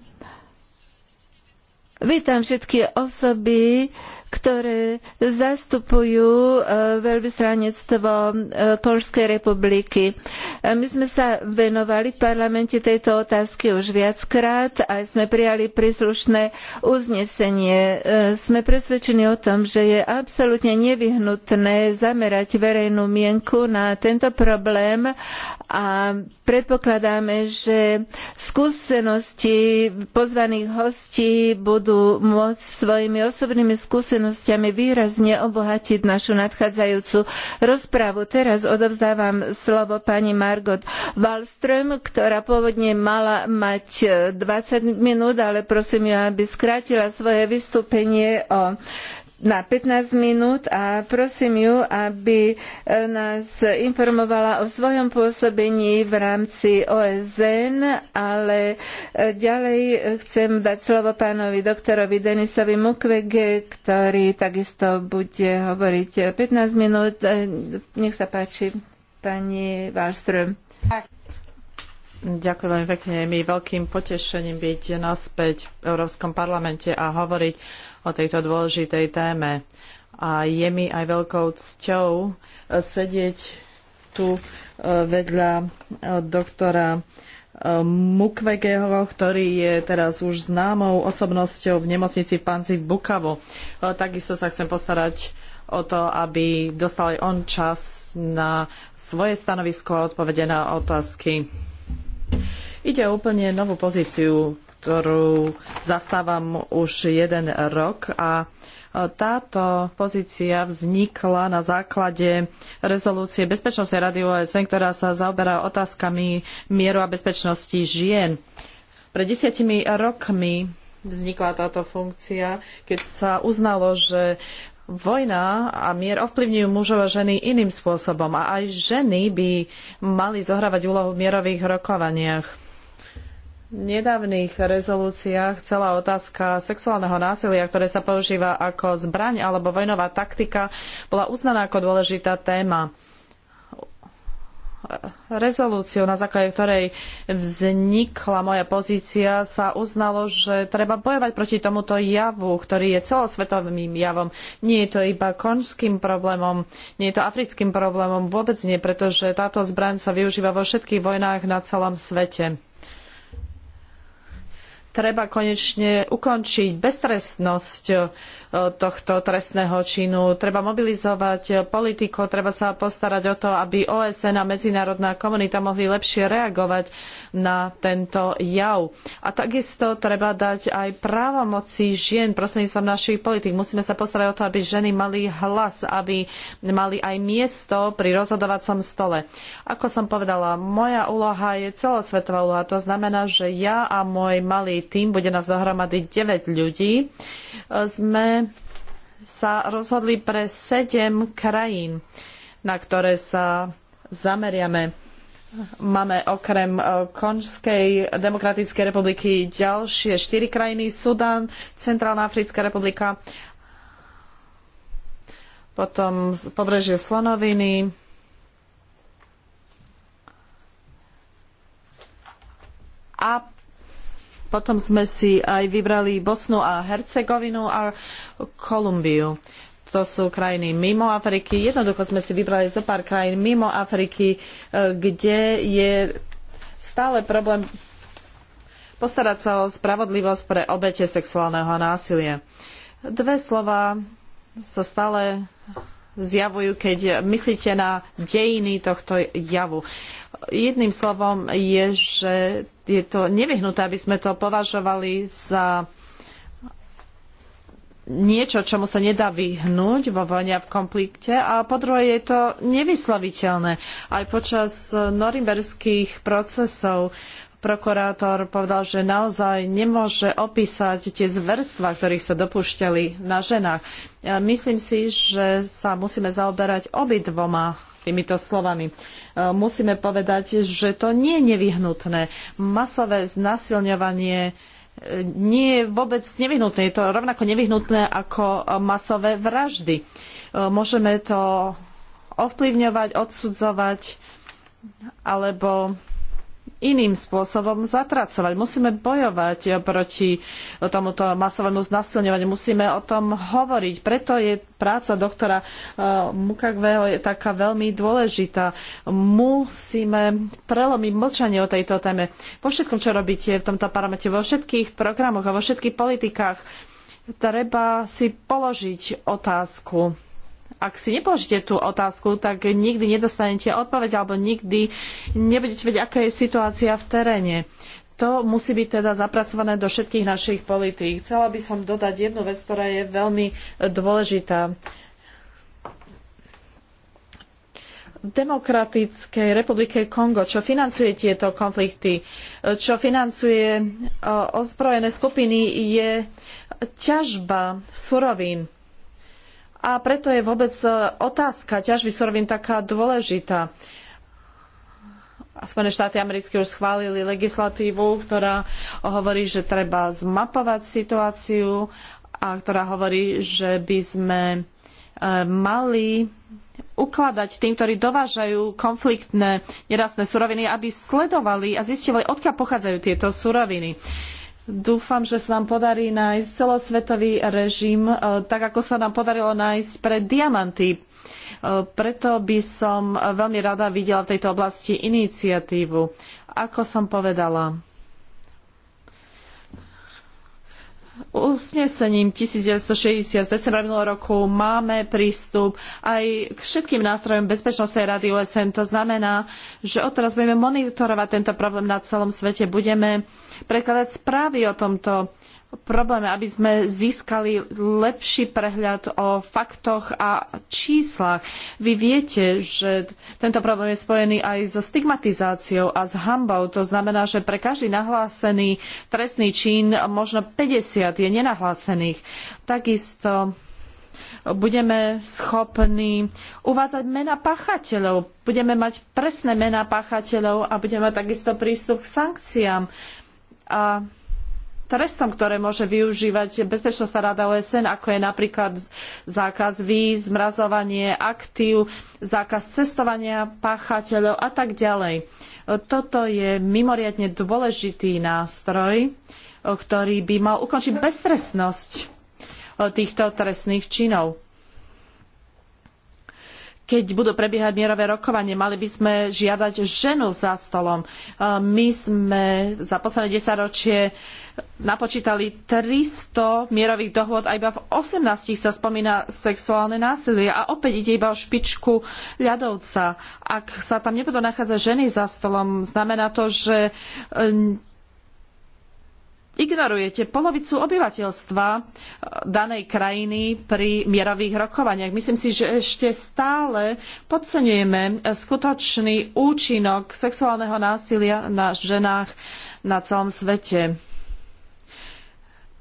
vítam všetky osoby, ktoré zastupujú e, veľvyslanectvo e, Polskej republiky. E, my sme sa venovali v parlamente tejto otázky už viackrát a sme prijali príslušné uznesenie. Sme presvedčení o tom, že je absolútne nevyhnutné zamerať verejnú mienku na tento problém a predpokladáme, že skúsenosti pozvaných hostí budú môcť svojimi osobnými skúsenostiami skúsenostiami výrazne obohatiť našu nadchádzajúcu rozprávu. Teraz odovzdávam slovo pani Margot Wallström, ktorá pôvodne mala mať 20 e, minút, ale prosím ju, aby skrátila svoje vystúpenie o na 15 minút a prosím ju, aby e, nás informovala o svojom pôsobení v rámci OSN, ale e, ďalej chcem dať slovo pánovi doktorovi Denisovi Mukwege, ktorý takisto bude hovoriť 15 minút. E, nech sa páči, pani Wallström. Tak. Ďakujem veľmi pekne. Je mi veľkým potešením byť naspäť v Európskom parlamente a hovoriť o tejto dôležitej téme. A je mi aj veľkou cťou e, sedieť tu e, vedľa e, doktora Mukwegeho, ktorý je teraz už známou osobnosťou v nemocnici Panzi v Bukavu. Takisto sa chcem postarať o to, aby dostal aj on čas na svoje stanovisko a odpovede na otázky. Ide o úplne novú pozíciu, ktorú zastávam už jeden rok a e, táto pozícia vznikla na základe rezolúcie Bezpečnostnej rady OSN, ktorá sa zaoberá otázkami mieru a bezpečnosti žien. Pred desiatimi rokmi vznikla táto funkcia, keď sa uznalo, že vojna a mier ovplyvňujú mužov a ženy iným spôsobom a aj ženy by mali zohrávať úlohu v mierových rokovaniach nedávnych rezolúciách celá otázka sexuálneho násilia, ktoré sa používa ako zbraň alebo vojnová taktika, bola uznaná ako dôležitá téma. Rezolúciou, na základe ktorej vznikla moja pozícia, sa uznalo, že treba bojovať proti tomuto javu, ktorý je celosvetovým javom. Nie je to iba konžským problémom, nie je to africkým problémom, vôbec nie, pretože táto zbraň sa využíva vo všetkých vojnách na celom svete treba konečne ukončiť beztrestnosť tohto trestného činu. Treba mobilizovať politikov, treba sa postarať o to, aby OSN a medzinárodná komunita mohli lepšie reagovať na tento jav. A takisto treba dať aj právomoci žien prostredníctvom našich politik. Musíme sa postarať o to, aby ženy mali hlas, aby mali aj miesto pri rozhodovacom stole. Ako som povedala, moja úloha je celosvetová úloha. To znamená, že ja a môj malý tým, bude nás dohromady 9 ľudí, sme sa rozhodli pre sedem krajín, na ktoré sa zameriame. Máme okrem e, Konžskej demokratickej republiky ďalšie štyri krajiny. Sudan, Centrálna Africká republika, potom pobrežie Slonoviny, a potom sme si aj vybrali Bosnu a Hercegovinu a Kolumbiu. To sú krajiny mimo Afriky. Jednoducho sme si vybrali zo pár krajín mimo Afriky, e, kde je stále problém postarať sa o spravodlivosť pre obete sexuálneho násilia. Dve slova sa stále zjavujú, keď myslíte na dejiny tohto javu. Jedným slovom je, že je to nevyhnuté, aby sme to považovali za niečo, čomu sa nedá vyhnúť vo vojne a v konflikte a po druhé je to nevysloviteľné. Aj počas norimberských procesov prokurátor povedal, že naozaj nemôže opísať tie zverstva, ktorých sa dopúšťali na ženách. Ja myslím si, že sa musíme zaoberať obidvoma týmito slovami. E, musíme povedať, že to nie je nevyhnutné. Masové znasilňovanie e, nie je vôbec nevyhnutné. Je to rovnako nevyhnutné ako masové vraždy. E, môžeme to ovplyvňovať, odsudzovať alebo iným spôsobom zatracovať. Musíme bojovať proti tomuto masovému znasilňovaniu, musíme o tom hovoriť. Preto je práca doktora eh, Mukagveho je taká veľmi dôležitá. Musíme prelomiť mlčanie o tejto téme. Vo všetkom, čo robíte v tomto parlamente, vo všetkých programoch a vo všetkých politikách, treba si položiť otázku ak si nepoložíte tú otázku, tak nikdy nedostanete odpoveď alebo nikdy nebudete vedieť, aká je situácia v teréne. To musí byť teda zapracované do všetkých našich politík. Chcela by som dodať jednu vec, ktorá je veľmi dôležitá. Demokratickej republike Kongo, čo financuje tieto konflikty, čo financuje ozbrojené skupiny, je ťažba surovín a preto je vôbec e, otázka ťažby surovín taká dôležitá. Spojené štáty americké už schválili legislatívu, ktorá hovorí, že treba zmapovať situáciu a ktorá hovorí, že by sme e, mali ukladať tým, ktorí dovážajú konfliktné nerastné suroviny, aby sledovali a zistili, odkiaľ pochádzajú tieto suroviny. Dúfam, že sa nám podarí nájsť celosvetový režim, e, tak ako sa nám podarilo nájsť pre diamanty. E, preto by som veľmi rada videla v tejto oblasti iniciatívu. Ako som povedala, usnesením 1960 z decembra minulého roku máme prístup aj k všetkým nástrojom Bezpečnostnej rady OSN. To znamená, že odteraz budeme monitorovať tento problém na celom svete. Budeme prekladať správy o tomto probléme, aby sme získali lepší prehľad o faktoch a číslach. Vy viete, že tento problém je spojený aj so stigmatizáciou a s hambou. To znamená, že pre každý nahlásený trestný čin možno 50 je nenahlásených. Takisto budeme schopní uvádzať mená páchateľov, budeme mať presné mená páchateľov a budeme mať takisto prístup k sankciám. A trestom, ktoré môže využívať Bezpečnostná rada OSN, ako je napríklad zákaz víz, zmrazovanie aktív, zákaz cestovania páchateľov a tak ďalej. Toto je mimoriadne dôležitý nástroj, ktorý by mal ukončiť beztrestnosť týchto trestných činov keď budú prebiehať mierové rokovanie, mali by sme žiadať ženu za stolom. E, my sme za posledné desaťročie napočítali 300 mierových dohôd a iba v 18 sa spomína sexuálne násilie. A opäť ide iba o špičku ľadovca. Ak sa tam nebudú nachádzať ženy za stolom, znamená to, že e, ignorujete polovicu obyvateľstva eh, danej krajiny pri mierových rokovaniach. Myslím si, že ešte stále podceňujeme eh, skutočný účinok sexuálneho násilia na ženách na celom svete.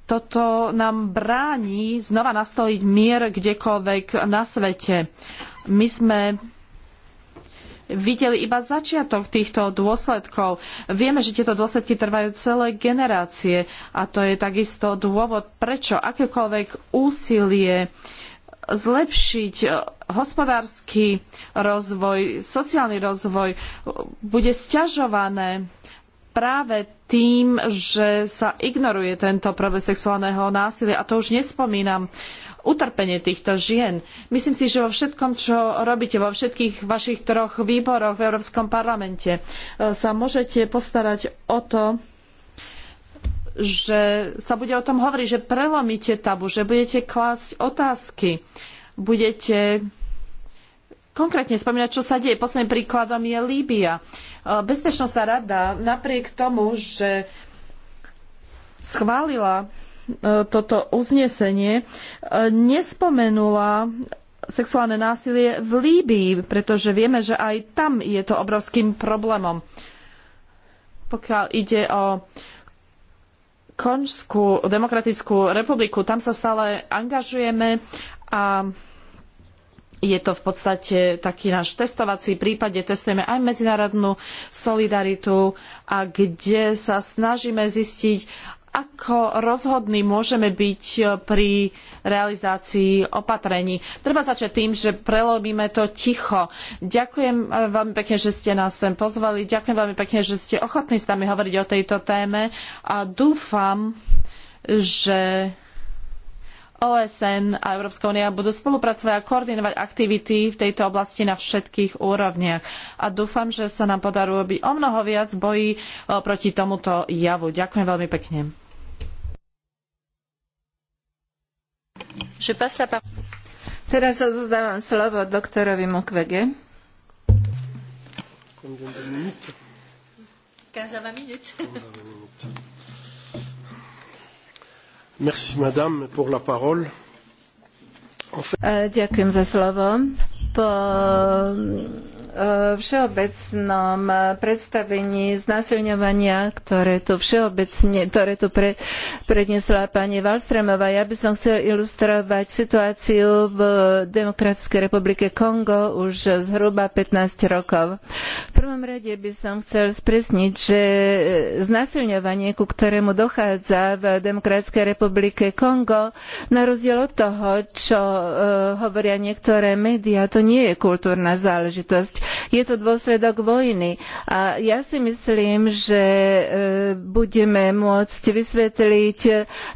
Toto nám bráni znova nastoliť mier kdekoľvek na svete. My sme videli iba začiatok týchto dôsledkov. Vieme, že tieto dôsledky trvajú celé generácie a to je takisto dôvod, prečo akékoľvek úsilie zlepšiť eh, hospodársky rozvoj, sociálny rozvoj eh, bude sťažované práve tým, že sa ignoruje tento problém sexuálneho násilia. A to už nespomínam utrpenie týchto žien. Myslím si, že vo všetkom, čo robíte, vo všetkých vašich troch výboroch v Európskom parlamente e, sa môžete postarať o to, že sa bude o tom hovoriť, že prelomíte tabu, že budete klásť otázky, budete konkrétne spomínať, čo sa deje. Posledným príkladom je Líbia. E, Bezpečnostná rada napriek tomu, že schválila E, toto uznesenie, e, nespomenula sexuálne násilie v Líbii, pretože vieme, že aj tam je to obrovským problémom. Pokiaľ ide o Konžskú demokratickú republiku, tam sa stále angažujeme a je to v podstate taký náš testovací prípad, kde testujeme aj medzinárodnú solidaritu a kde sa snažíme zistiť, ako rozhodní môžeme byť pri realizácii opatrení. Treba začať tým, že prelomíme to ticho. Ďakujem eh, veľmi pekne, že ste nás sem pozvali. Ďakujem veľmi pekne, že ste ochotní s nami hovoriť o tejto téme a dúfam, že OSN a Európska únia budú spolupracovať a koordinovať aktivity v tejto oblasti na všetkých úrovniach. A dúfam, že sa nám podarí robiť o mnoho viac boji eh, proti tomuto javu. Ďakujem veľmi pekne. Teraz odozdávam slovo doktorovi Mukwege. Merci, madame, pour la parole. Eh, ďakujem za slovo. Po všeobecnom predstavení znásilňovania, ktoré tu všeobecne, ktoré tu pre, predniesla pani Wallströmová. Ja by som chcel ilustrovať situáciu v Demokratickej republike Kongo už zhruba 15 rokov. V prvom rade by som chcel spresniť, že znásilňovanie, ku ktorému dochádza v Demokratickej republike Kongo, na rozdiel od toho, čo eh, hovoria niektoré médiá, to nie je kultúrna záležitosť. Je to dôsledok vojny. A ja si myslím, že e, budeme môcť vysvetliť,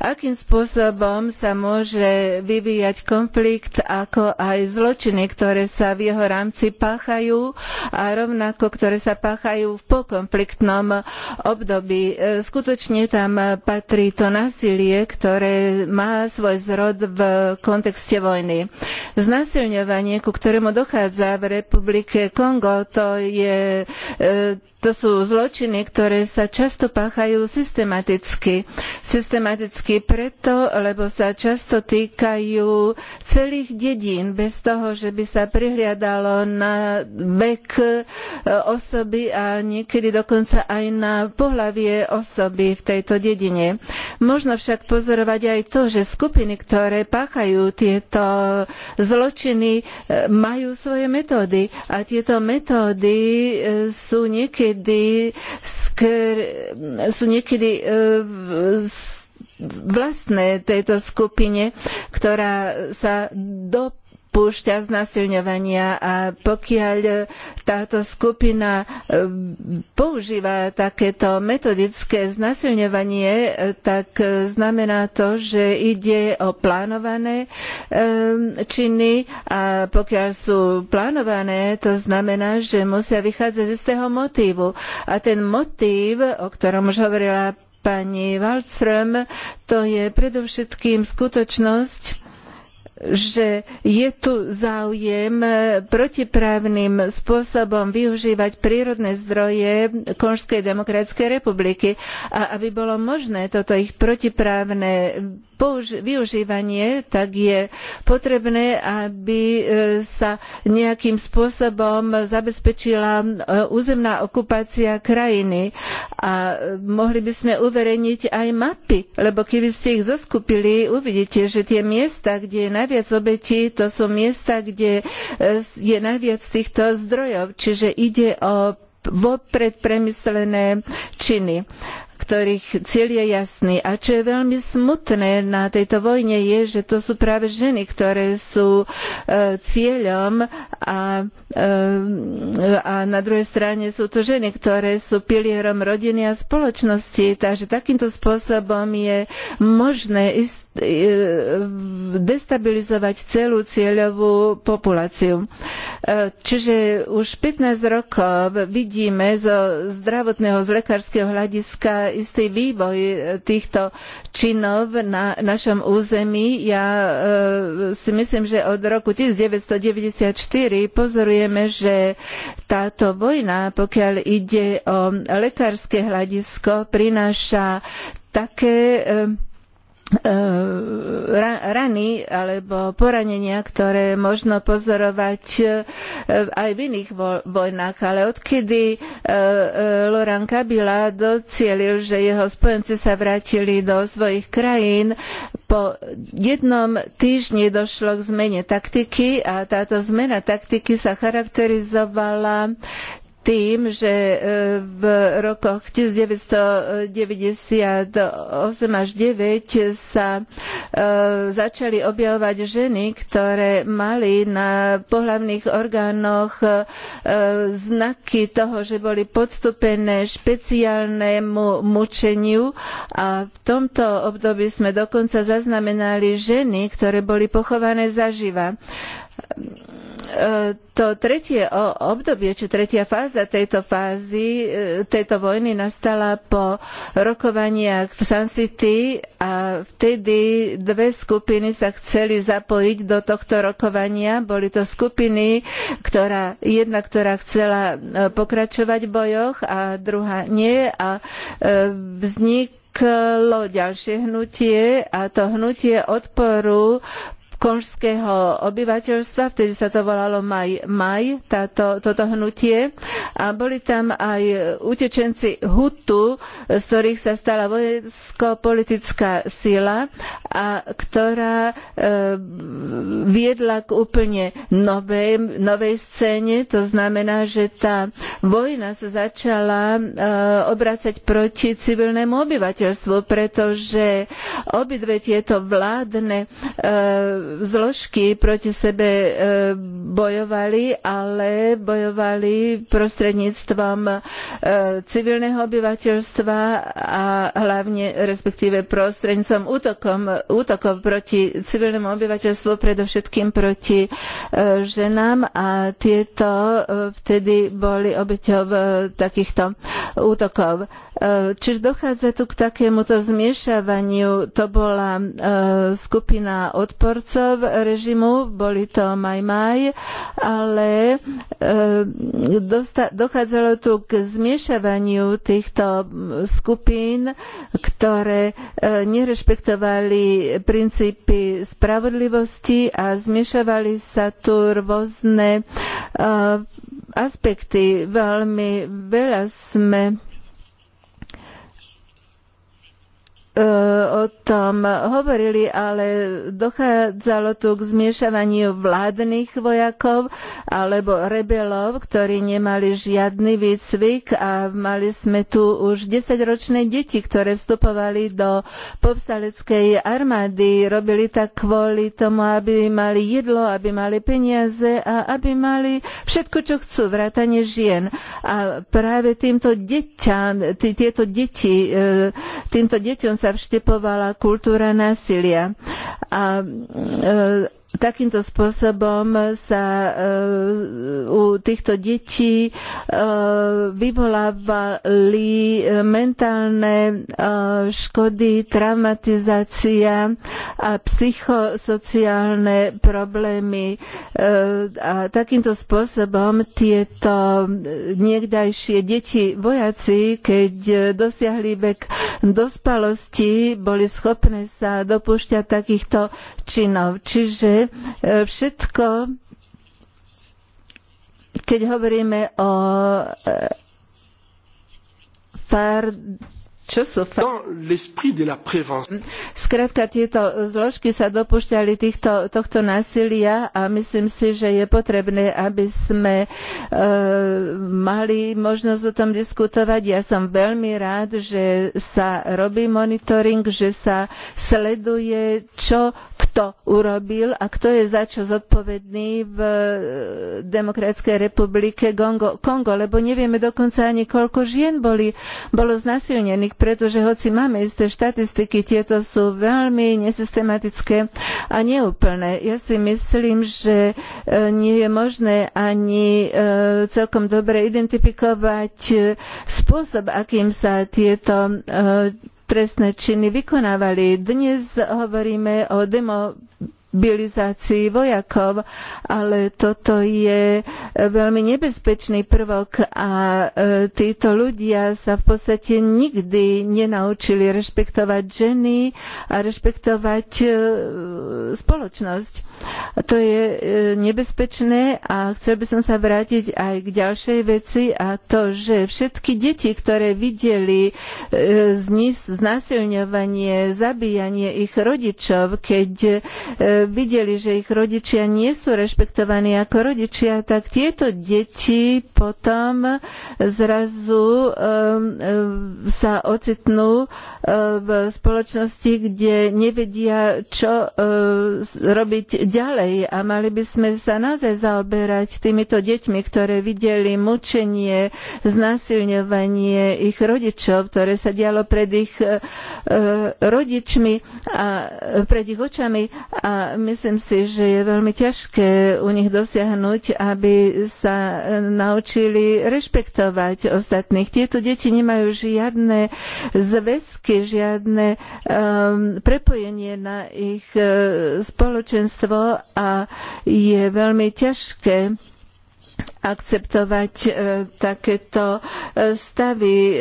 akým spôsobom sa môže vyvíjať konflikt, ako aj zločiny, ktoré sa v jeho rámci páchajú a rovnako, ktoré sa páchajú v pokonfliktnom období. E, skutočne tam patrí to násilie, ktoré má svoj zrod v kontexte vojny. Znásilňovanie, ku ktorému dochádza v Republike Kongo to je e, to sú zločiny, ktoré sa často páchajú systematicky. Systematicky preto, lebo sa často týkajú celých dedín, bez toho, že by sa prihliadalo na vek e, osoby a niekedy dokonca aj na pohlavie osoby v tejto dedine. Možno však pozorovať aj to, že skupiny, ktoré páchajú tieto zločiny, e, majú svoje metódy a tieto metódy e, sú niekedy niekedy, skr, sú niekedy e, vlastné tejto skupine, ktorá sa doplňa dopúšťa znasilňovania a pokiaľ táto skupina e, používa takéto metodické znasilňovanie, e, tak e, znamená to, že ide o plánované činy a pokiaľ sú plánované, to znamená, že musia vychádzať z istého motívu. A ten motív, o ktorom už hovorila pani Wallström, to je predovšetkým skutočnosť, že je tu záujem e, protiprávnym spôsobom využívať prírodné zdroje Konžskej demokratickej republiky a aby bolo možné toto ich protiprávne využívanie, tak je potrebné, aby e, sa nejakým spôsobom zabezpečila e, územná okupácia krajiny. A mohli by sme uverejniť aj mapy, lebo keby ste ich zoskupili, uvidíte, že tie miesta, kde je najviac obetí, to sú miesta, kde e, je najviac týchto zdrojov, čiže ide o vopred premyslené činy ktorých cieľ je jasný. A čo je veľmi smutné na tejto vojne je, že to sú práve ženy, ktoré sú e, cieľom a, e, a na druhej strane sú to ženy, ktoré sú pilierom rodiny a spoločnosti. Takže takýmto spôsobom je možné e, destabilizovať celú cieľovú populáciu. Čiže už 15 rokov vidíme zo zdravotného, z lekárskeho hľadiska istý vývoj týchto činov na našom území. Ja e, si myslím, že od roku 1994 pozorujeme, že táto vojna, pokiaľ ide o lekárske hľadisko, prináša také e, Ehm, rany alebo poranenia, ktoré možno pozorovať ehm, aj v iných vojnách. Ale odkedy ehm, Laurent Kabila docielil, že jeho spojenci sa vrátili do svojich krajín, po jednom týždni došlo k zmene taktiky a táto zmena taktiky sa charakterizovala tým, že e, v rokoch 1998 až 9 sa e, začali objavovať ženy, ktoré mali na pohlavných orgánoch e, znaky toho, že boli podstupené špeciálnemu mučeniu a v tomto období sme dokonca zaznamenali ženy, ktoré boli pochované zaživa. Ehm, e, to tretie obdobie, či tretia fáza tejto fázy, e, tejto vojny nastala po rokovaniach v San City a vtedy dve skupiny sa chceli zapojiť do tohto rokovania. Boli to skupiny, ktorá, jedna, ktorá chcela e, pokračovať v bojoch a druhá nie a vznik vzniklo ďalšie hnutie a to hnutie odporu konžského obyvateľstva, vtedy sa to volalo Maj, Maj táto, toto hnutie. A boli tam aj utečenci Hutu, z ktorých sa stala vojensko-politická sila a ktorá e, viedla k úplne novej, novej scéne. To znamená, že tá vojna sa začala e, obracať proti civilnému obyvateľstvu, pretože obidve tieto vládne e, zložky proti sebe e, bojovali, ale bojovali prostredníctvom e, civilného obyvateľstva a hlavne respektíve prostredníctvom útokom, útokov proti civilnému obyvateľstvu, predovšetkým proti e, ženám a tieto vtedy boli obeťou takýchto útokov. Čiže dochádza tu k takémuto zmiešavaniu. To bola skupina odporcov, zástupcov režimu, boli to maj maj, ale e, dochádzalo tu k zmiešavaniu týchto skupín, ktoré e, nerešpektovali princípy spravodlivosti a zmiešavali sa tu rôzne e, aspekty. Veľmi veľa sme E, o tom hovorili, ale dochádzalo tu k zmiešavaniu vládnych vojakov alebo rebelov, ktorí nemali žiadny výcvik a mali sme tu už desaťročné deti, ktoré vstupovali do povstaleckej armády. Robili tak kvôli tomu, aby mali jedlo, aby mali peniaze a aby mali všetko, čo chcú, vrátane žien. A práve týmto deťam, tieto deti, e, týmto deťom sa sa vštepovala kultúra násilia. A e, takýmto spôsobom sa e, u týchto detí e, vyvolávali mentálne e, škody, traumatizácia a psychosociálne problémy. A takýmto spôsobom tieto niekdajšie deti vojaci, keď dosiahli vek dospalosti, boli schopné sa dopúšťať takýchto činov. Čiže E, všetko, keď hovoríme o e, far, čo sú fa- Skrátka, tieto zložky sa dopúšťali týchto, tohto násilia a myslím si, že je potrebné, aby sme e, mali možnosť o tom diskutovať. Ja som veľmi rád, že sa robí monitoring, že sa sleduje, čo kto urobil a kto je za čo zodpovedný v e, Demokratskej republike Kongo, Kongo lebo nevieme dokonca ani koľko žien boli, bolo znasilnených pretože hoci máme isté štatistiky, tieto sú veľmi nesystematické a neúplné. Ja si myslím, že e, nie je možné ani e, celkom dobre identifikovať e, spôsob, akým sa tieto trestné činy vykonávali. Dnes hovoríme o demo mobilizácii vojakov, ale toto je e, veľmi nebezpečný prvok a e, títo ľudia sa v podstate nikdy nenaučili rešpektovať ženy a rešpektovať e, spoločnosť. A to je nebezpečné a chcel by som sa vrátiť aj k ďalšej veci a to, že všetky deti, ktoré videli znásilňovanie, zabíjanie ich rodičov, keď videli, že ich rodičia nie sú rešpektovaní ako rodičia, tak tieto deti potom zrazu um, um, sa ocitnú uh, v spoločnosti, kde nevedia, čo uh, robiť ďalej. A mali by sme sa naozaj zaoberať týmito deťmi, ktoré videli mučenie, znásilňovanie ich rodičov, ktoré sa dialo pred ich uh, rodičmi a pred ich očami a myslím si, že je veľmi ťažké u nich dosiahnuť, aby sa e, naučili rešpektovať ostatných. Tieto deti nemajú žiadne zväzky, žiadne um, prepojenie na ich uh, spoločenstvo a je veľmi ťažké akceptovať e, takéto e, stavy. E,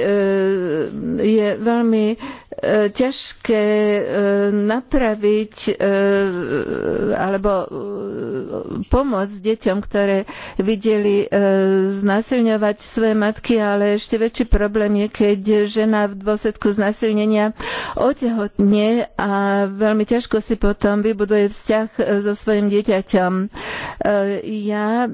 je veľmi ťažké napraviť alebo pomôcť deťom, ktoré videli znásilňovať svoje matky, ale ešte väčší problém je, keď žena v dôsledku znásilnenia otehotne a veľmi ťažko si potom vybuduje vzťah so svojim dieťaťom. Ja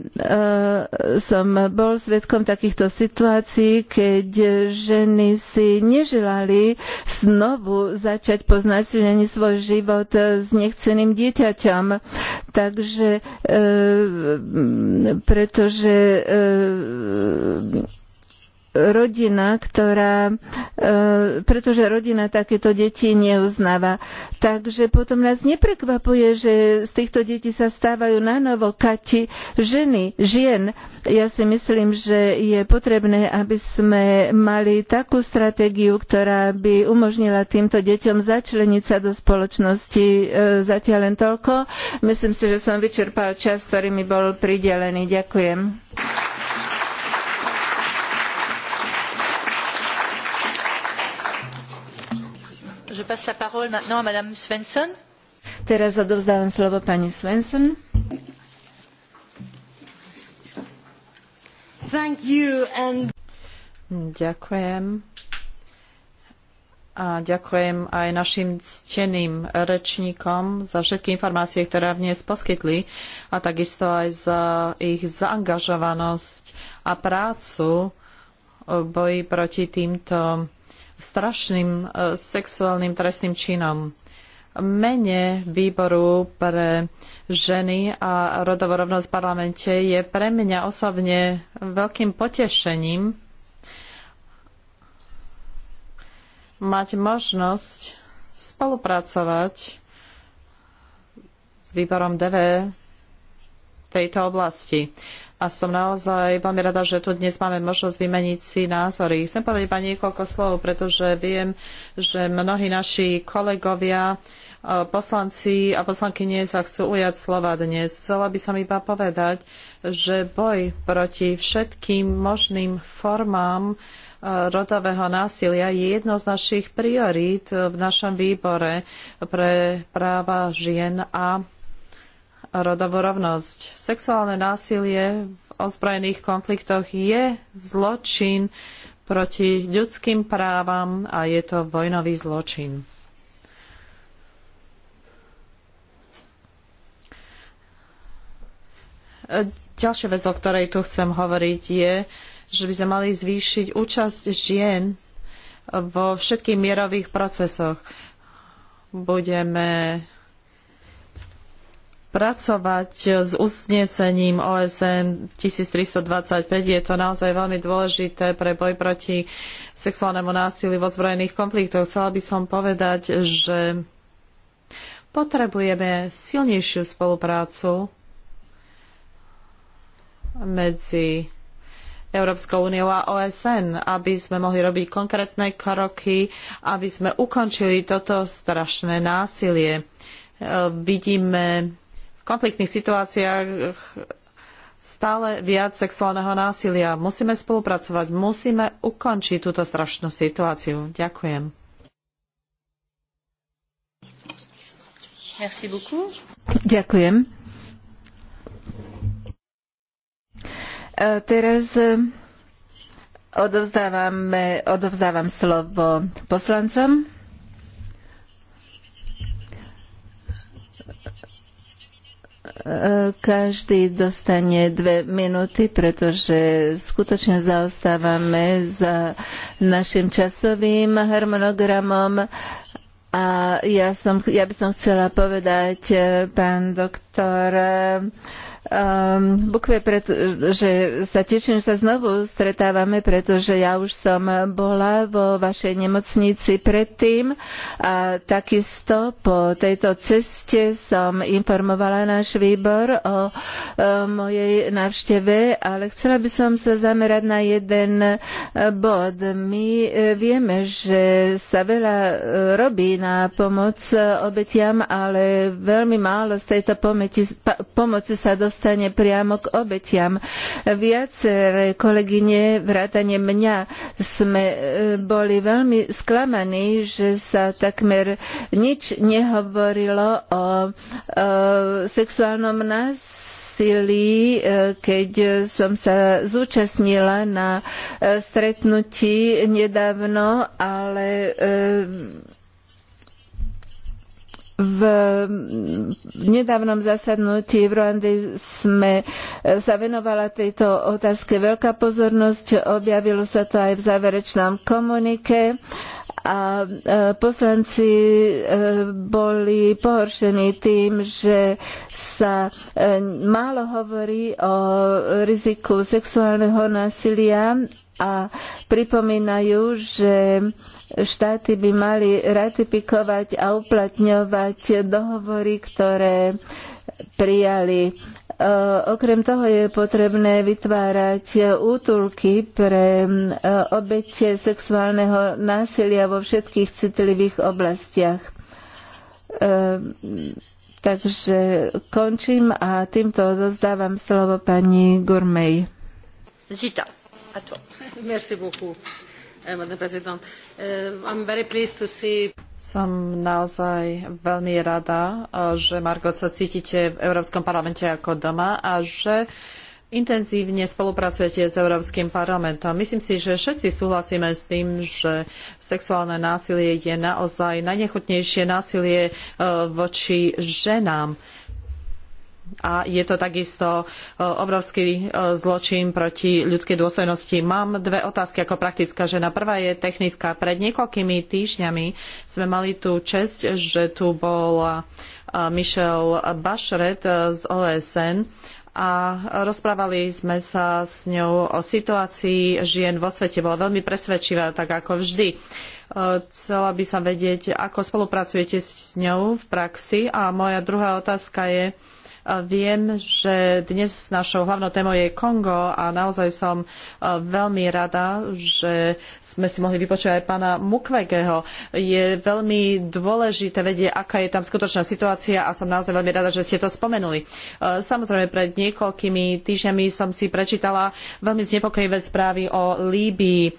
som bol svetkom takýchto situácií, keď ženy si neželali znovu začať po znásilnení svoj život s nechceným dieťaťom. Takže, e, pretože e, rodina, ktorá, e, pretože rodina takéto deti neuznáva. Takže potom nás neprekvapuje, že z týchto detí sa stávajú na novo kati ženy, žien. Ja si myslím, že je potrebné, aby sme mali takú stratégiu, ktorá by umožnila týmto deťom začleniť sa do spoločnosti. E, zatiaľ len toľko. Myslím si, že som vyčerpal čas, ktorý mi bol pridelený. Ďakujem. Je passe la parole maintenant à Madame Svensson. Teraz odovzdávam slovo pani Svensson. Thank you and... Ďakujem. A ďakujem aj našim cteným rečníkom za všetky informácie, ktoré dnes poskytli a takisto aj za ich zaangažovanosť a prácu v boji proti týmto strašným e, sexuálnym trestným činom. Mene výboru pre ženy a rodovú rovnosť v parlamente je pre mňa osobne veľkým potešením mať možnosť spolupracovať s výborom DV v tejto oblasti a som naozaj veľmi rada, že tu dnes máme možnosť vymeniť si názory. Chcem povedať iba niekoľko slov, pretože viem, že mnohí naši kolegovia, e, poslanci a poslankyne sa chcú ujať slova dnes. Chcela by som iba povedať, že boj proti všetkým možným formám e, rodového násilia je jedno z našich priorít v našom výbore pre práva žien a rodovú rovnosť. Sexuálne násilie v ozbrojených konfliktoch je zločin proti ľudským právam a je to vojnový zločin. Ďalšia vec, o ktorej tu chcem hovoriť, je, že by sme mali zvýšiť účasť žien vo všetkých mierových procesoch. Budeme pracovať s uznesením OSN 1325. Je to naozaj veľmi dôležité pre boj proti sexuálnemu násiliu vo zbrojených konfliktoch. Chcela by som povedať, že potrebujeme silnejšiu spoluprácu medzi Európskou úniou a OSN, aby sme mohli robiť konkrétne kroky, aby sme ukončili toto strašné násilie. Vidíme konfliktných situáciách stále viac sexuálneho násilia. Musíme spolupracovať, musíme ukončiť túto strašnú situáciu. Ďakujem. Ďakujem. E, teraz e, e, odovzdávam slovo poslancom. Každý dostane dve minúty, pretože skutočne zaostávame za našim časovým harmonogramom. A ja, som, ja by som chcela povedať, eh, pán doktor, um, bukve, pretože sa teším, že sa znovu stretávame, pretože ja už som bola vo vašej nemocnici predtým a takisto po tejto ceste som informovala náš výbor o, o ehm, mojej návšteve, ale chcela by som sa zamerať na jeden e, bod. My e, vieme, že sa veľa e, robí na pomoc obetiam, ale veľmi málo z tejto pomoci sa dostáva dostane priamo k obetiam. Viaceré kolegyne, vrátane mňa, sme e, boli veľmi sklamaní, že sa takmer nič nehovorilo o, o e, sexuálnom nás násilí, e, keď som sa zúčastnila na stretnutí nedávno, ale v nedávnom zasadnutí v Rwande sme e, sa venovala tejto otázke veľká pozornosť, objavilo sa to aj v záverečnom komunike a e, poslanci e, boli pohoršení tým, že sa málo hovorí o riziku sexuálneho násilia a pripomínajú, že štáty by mali ratifikovať a uplatňovať dohovory, ktoré prijali. E, okrem toho je potrebné vytvárať útulky pre e, obete sexuálneho násilia vo všetkých citlivých oblastiach. E, takže končím a týmto dozdávam slovo pani Gurmej. Zita, a to. Merci beaucoup, eh, Madame eh, I'm very pleased to see som naozaj veľmi rada, eh, že Margot sa cítite v Európskom parlamente ako doma a že intenzívne spolupracujete s Európskym parlamentom. Myslím si, že všetci súhlasíme s tým, že sexuálne násilie je naozaj najnechutnejšie násilie voči ženám a je to takisto e, obrovský e, zločin proti ľudskej dôstojnosti. Mám dve otázky ako praktická žena. Prvá je technická. Pred niekoľkými týždňami sme mali tú česť, že tu bol e, Michel Bachelet z OSN a rozprávali sme sa s ňou o situácii žien vo svete. Bola veľmi presvedčivá, tak ako vždy. Chcela by som vedieť, ako spolupracujete s ňou v praxi. A moja druhá otázka je, Viem, že dnes našou hlavnou témou je Kongo a naozaj som e, veľmi rada, že sme si mohli vypočuť aj pána Mukwegeho. Je veľmi dôležité vedieť, aká je tam skutočná situácia a som naozaj veľmi rada, že ste to spomenuli. E, samozrejme, pred niekoľkými týždňami som si prečítala veľmi znepokojivé správy o Líbii. E,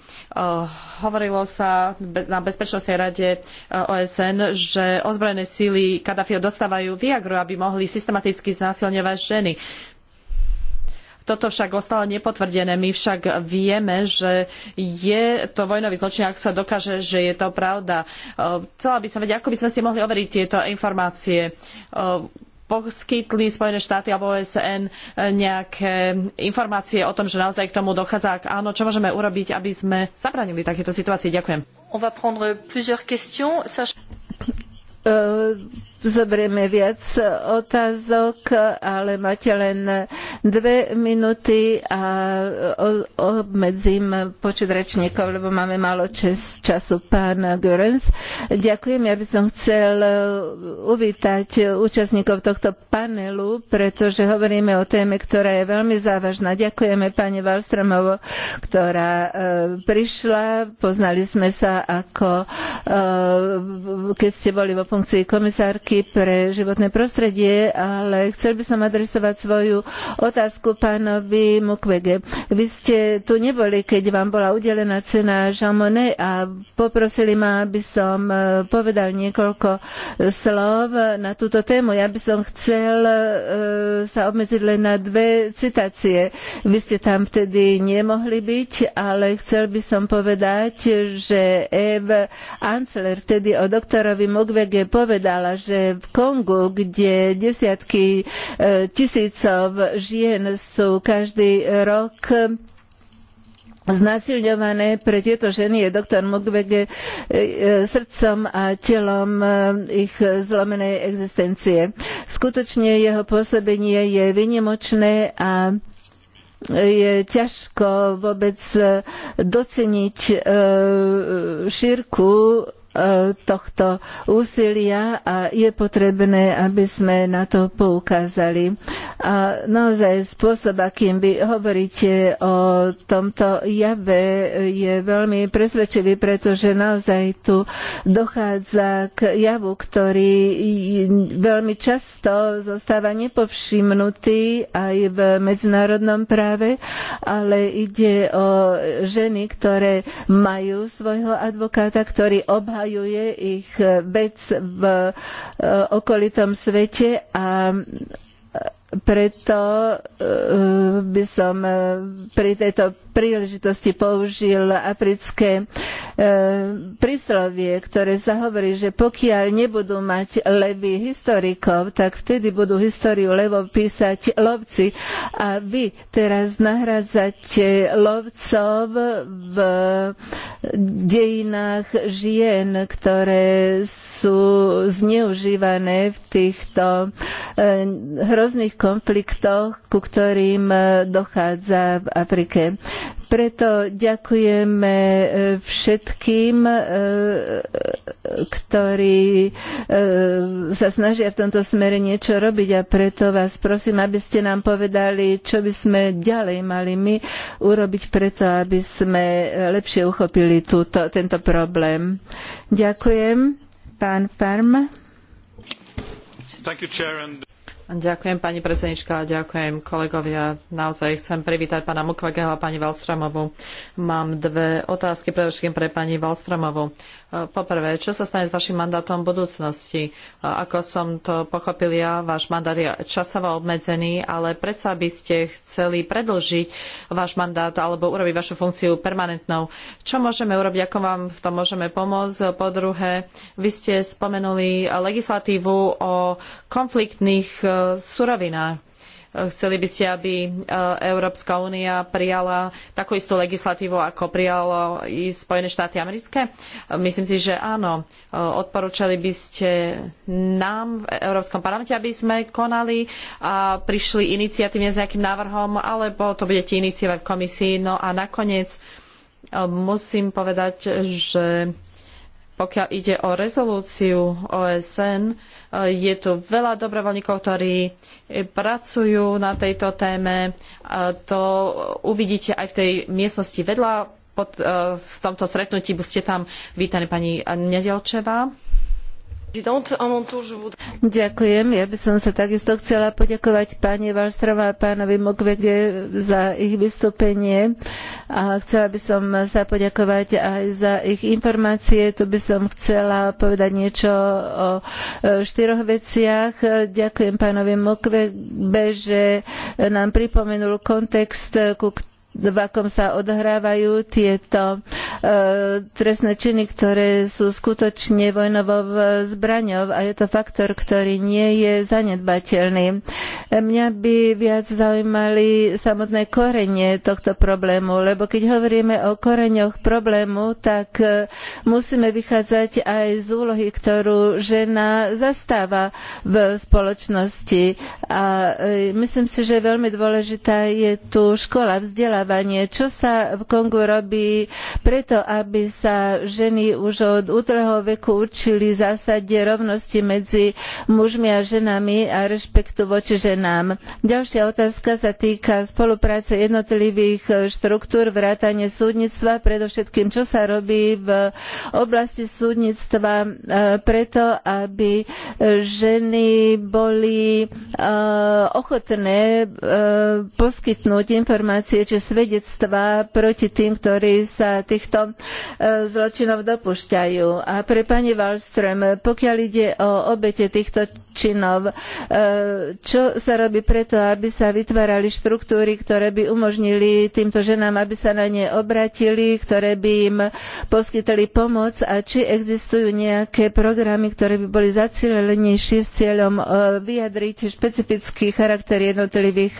hovorilo sa na Bezpečnostnej rade OSN, že ozbrojené síly Kadafiho dostávajú Viagru, aby mohli systematicky znásilňovať ženy. Toto však ostalo nepotvrdené. My však vieme, že je to vojnový zločin, ak sa dokáže, že je to pravda. E, chcela by som vedieť, ako by sme si mohli overiť tieto informácie. E, poskytli Spojené štáty alebo OSN e, nejaké informácie o tom, že naozaj k tomu dochádza? Ak áno, čo môžeme urobiť, aby sme zabranili takéto situácii? Ďakujem. On va prendre plusieurs questions. Uh zoberieme viac otázok, ale máte len dve minúty a obmedzím počet rečníkov, lebo máme málo čas, času. Pán Görens, ďakujem. Ja by som chcel uvítať účastníkov tohto panelu, pretože hovoríme o téme, ktorá je veľmi závažná. Ďakujeme pani Valstromovo, ktorá e, prišla. Poznali sme sa ako e, keď ste boli vo funkcii komisárky politiky pre životné prostredie, ale chcel by som adresovať svoju otázku pánovi Mukwege. Vy ste tu neboli, keď vám bola udelená cena Jean Monnet a poprosili ma, aby som e, povedal niekoľko slov na túto tému. Ja by som chcel e, sa obmedziť len na dve citácie. Vy ste tam vtedy nemohli byť, ale chcel by som povedať, že Eve Ancler vtedy o doktorovi Mukwege povedala, že v Kongu, kde desiatky e, tisícov žien sú každý rok znásilňované. Pre tieto ženy je doktor Mukwege e, srdcom a telom e, ich zlomenej existencie. Skutočne jeho pôsobenie je vynimočné a je ťažko vôbec doceniť šírku tohto úsilia a je potrebné, aby sme na to poukázali. A naozaj spôsob, akým vy hovoríte o tomto jave, je veľmi presvedčivý, pretože naozaj tu dochádza k javu, ktorý veľmi často zostáva nepovšimnutý aj v medzinárodnom práve, ale ide o ženy, ktoré majú svojho advokáta, ktorý obhajuje obhajuje ich vec v e, okolitom svete a preto e, by som pri tejto príležitosti použil africké E, príslovie, ktoré sa hovorí, že pokiaľ nebudú mať levy historikov, tak vtedy budú históriu levov písať lovci. A vy teraz nahrádzate lovcov v dejinách žien, ktoré sú zneužívané v týchto e, hrozných konfliktoch, ku ktorým e, dochádza v Afrike. Preto ďakujeme všetkým všetkým, e, ktorí e, sa snažia v tomto smere niečo robiť a preto vás prosím, aby ste nám povedali, čo by sme ďalej mali my urobiť preto, aby sme lepšie uchopili túto, tento problém. Ďakujem. Pán Parm. Thank you, Chair, and... Ďakujem pani predsednička, ďakujem kolegovia. Naozaj chcem privítať pána Mukwegeho a pani Valstromovu. Mám dve otázky predovšetkým pre pani Valstromovu. E, poprvé, čo sa stane s vašim mandátom v budúcnosti? E, ako som to pochopil ja, váš mandát je časovo obmedzený, ale predsa by ste chceli predlžiť váš mandát alebo urobiť vašu funkciu permanentnou. Čo môžeme urobiť, ako vám v tom môžeme pomôcť? Po druhé, vy ste spomenuli legislatívu o konfliktných e, surovinách. Chceli by ste, aby e, Európska únia prijala takú istú legislatívu, ako prijalo i Spojené štáty americké? Myslím si, že áno. E, odporúčali by ste nám v Európskom parlamente, aby sme konali a prišli iniciatívne s nejakým návrhom, alebo to budete iniciovať v komisii. No a nakoniec e, musím povedať, že pokiaľ ide o rezolúciu OSN, e, je tu veľa dobrovoľníkov, ktorí pracujú na tejto téme. E, to uvidíte aj v tej miestnosti vedľa. Pod, e, v tomto stretnutí ste tam vítaní pani Nedelčeva Ďakujem. Ja by som sa takisto chcela poďakovať pani Valstrova a pánovi Mukwege za ich vystúpenie a chcela by som sa poďakovať aj za ich informácie. Tu by som chcela povedať niečo o e, štyroch veciach. Ďakujem pánovi Mukwege, že nám pripomenul kontext, ku ktorému v akom sa odhrávajú tieto e, trestné činy, ktoré sú skutočne vojnovou e, zbraňou a je to faktor, ktorý nie je zanedbateľný. E, mňa by viac zaujímali samotné korenie tohto problému, lebo keď hovoríme o koreňoch problému, tak e, musíme vychádzať aj z úlohy, ktorú žena zastáva v spoločnosti. A e, myslím si, že veľmi dôležitá je tu škola, vzdelávanie vzdelávanie. Čo sa v Kongu robí preto, aby sa ženy už od útleho veku učili zásade rovnosti medzi mužmi a ženami a rešpektu voči ženám? Ďalšia otázka sa týka spolupráce jednotlivých štruktúr, vrátane súdnictva, predovšetkým čo sa robí v oblasti súdnictva e, preto, aby ženy boli e, ochotné e, poskytnúť informácie či svedectvá proti tým, ktorí sa týchto e, zločinov dopúšťajú. A pre pani Wallström, pokiaľ ide o obete týchto činov, e, čo sa robí preto, aby sa vytvárali štruktúry, ktoré by umožnili týmto ženám, aby sa na ne obratili, ktoré by im poskytli pomoc a či existujú nejaké programy, ktoré by boli zacielenejšie s cieľom e, vyjadriť špecifický charakter jednotlivých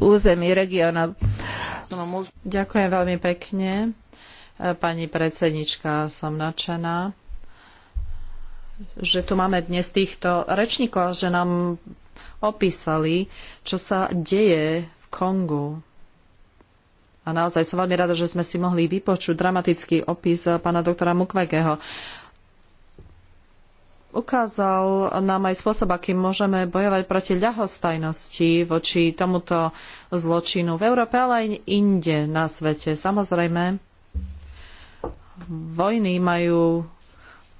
území, regiónov. Ďakujem veľmi pekne. Pani predsednička, som nadšená, že tu máme dnes týchto rečníkov, že nám opísali, čo sa deje v Kongu. A naozaj som veľmi rada, že sme si mohli vypočuť dramatický opis eh, pána doktora Mukwegeho ukázal nám aj spôsob, akým môžeme bojovať proti ľahostajnosti voči tomuto zločinu v Európe, ale aj inde na svete. Samozrejme, vojny majú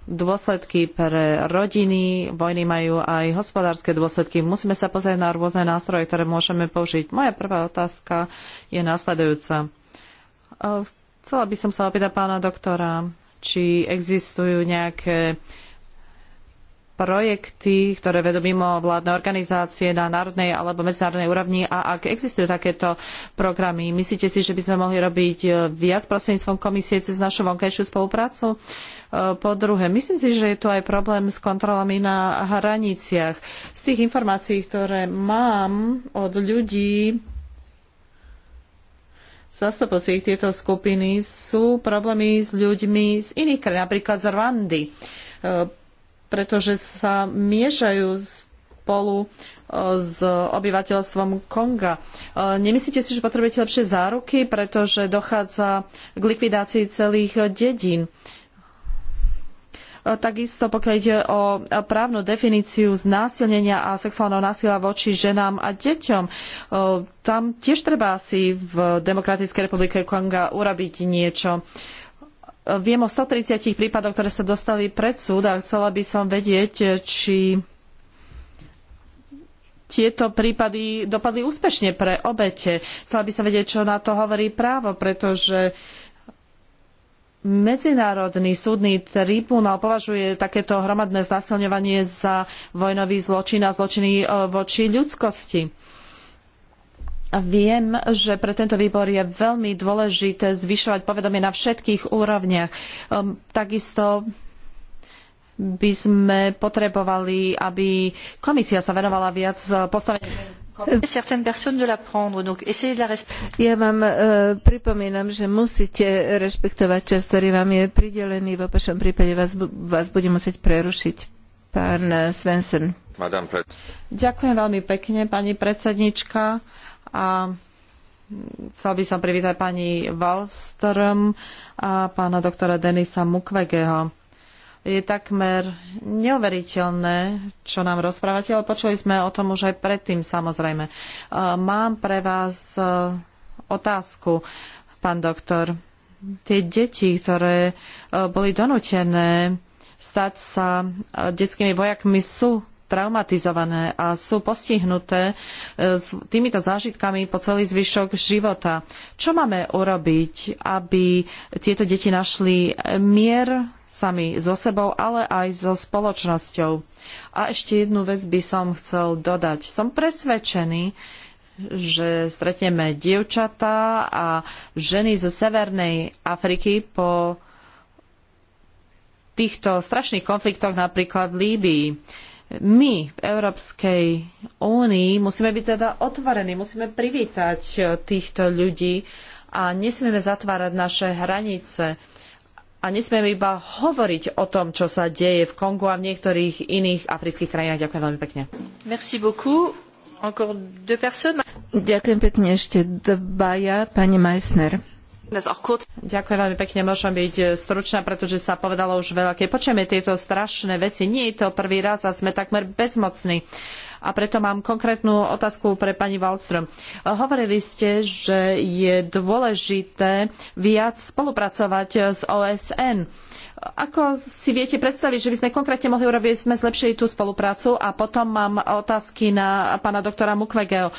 dôsledky pre rodiny, vojny majú aj hospodárske dôsledky. Musíme sa pozrieť na rôzne nástroje, ktoré môžeme použiť. Moja prvá otázka je následujúca. Chcela by som sa opýtať pána doktora, či existujú nejaké projekty, ktoré vedú mimo vládne organizácie na národnej alebo medzinárodnej úrovni a ak existujú takéto programy, myslíte si, že by sme mohli robiť e, viac prostredníctvom komisie cez našu vonkajšiu spoluprácu? E, po druhé, myslím si, že je tu aj problém s kontrolami na hraniciach. Z tých informácií, ktoré mám od ľudí, zastupujúcich tieto skupiny, sú problémy s ľuďmi z iných krajín, napríklad z Rwandy e, pretože sa miešajú spolu e, s obyvateľstvom Konga. E, nemyslíte si, že potrebujete lepšie záruky, pretože dochádza k likvidácii celých dedín? E, takisto pokiaľ ide o právnu definíciu znásilnenia a sexuálneho násilia voči ženám a deťom, tam tiež treba asi v Demokratickej republike Konga urobiť niečo. Viem o 130 prípadoch, ktoré sa dostali pred súd a chcela by som vedieť, či tieto prípady dopadli úspešne pre obete. Chcela by som vedieť, čo na to hovorí právo, pretože Medzinárodný súdny tribunál považuje takéto hromadné znásilňovanie za vojnový zločin a zločiny e, voči ľudskosti Viem, že pre tento výbor je veľmi dôležité zvyšovať povedomie na všetkých úrovniach. Ehm, takisto by sme potrebovali, aby komisia sa venovala viac eh, postaveniu Ja vám eh, pripomínam, že musíte rešpektovať čas, ktorý vám je pridelený. V opačnom prípade vás, vás budem musieť prerušiť. Pán eh, Svensson. Ďakujem veľmi pekne, pani predsednička a chcel by som privítať pani Wallström a pána doktora Denisa Mukwegeho. Je takmer neuveriteľné, čo nám rozprávate, ale počuli sme o tom už aj predtým, samozrejme. Mám pre vás e, otázku, pán doktor. Tie deti, ktoré e, boli donútené stať sa e, detskými vojakmi, sú traumatizované a sú postihnuté e, s týmito zážitkami po celý zvyšok života. Čo máme urobiť, aby tieto deti našli mier sami so sebou, ale aj so spoločnosťou? A ešte jednu vec by som chcel dodať. Som presvedčený, že stretneme dievčatá a ženy zo Severnej Afriky po týchto strašných konfliktoch, napríklad v Líbii my v Európskej únii musíme byť teda otvorení, musíme privítať e, týchto ľudí a nesmieme zatvárať naše hranice. A nesmieme iba hovoriť o tom, čo sa deje v Kongu a v niektorých iných afrických krajinách. Ďakujem veľmi pekne. Merci beaucoup. Encore deux personnes. Ďakujem pekne ešte dvaja, pani Meissner. Ďakujem veľmi pekne, môžem byť e, stručná, pretože sa povedalo už veľa. Keď počujeme tieto strašné veci, nie je to prvý raz a sme takmer bezmocní. Uh, a preto mám konkrétnu otázku pre pani Waldström. Hovorili ste, že je dôležité viac spolupracovať s OSN. Ako si viete predstaviť, že by sme konkrétne mohli urobiť, sme zlepšili tú spoluprácu a potom mám otázky na pána doktora Mukwegeho.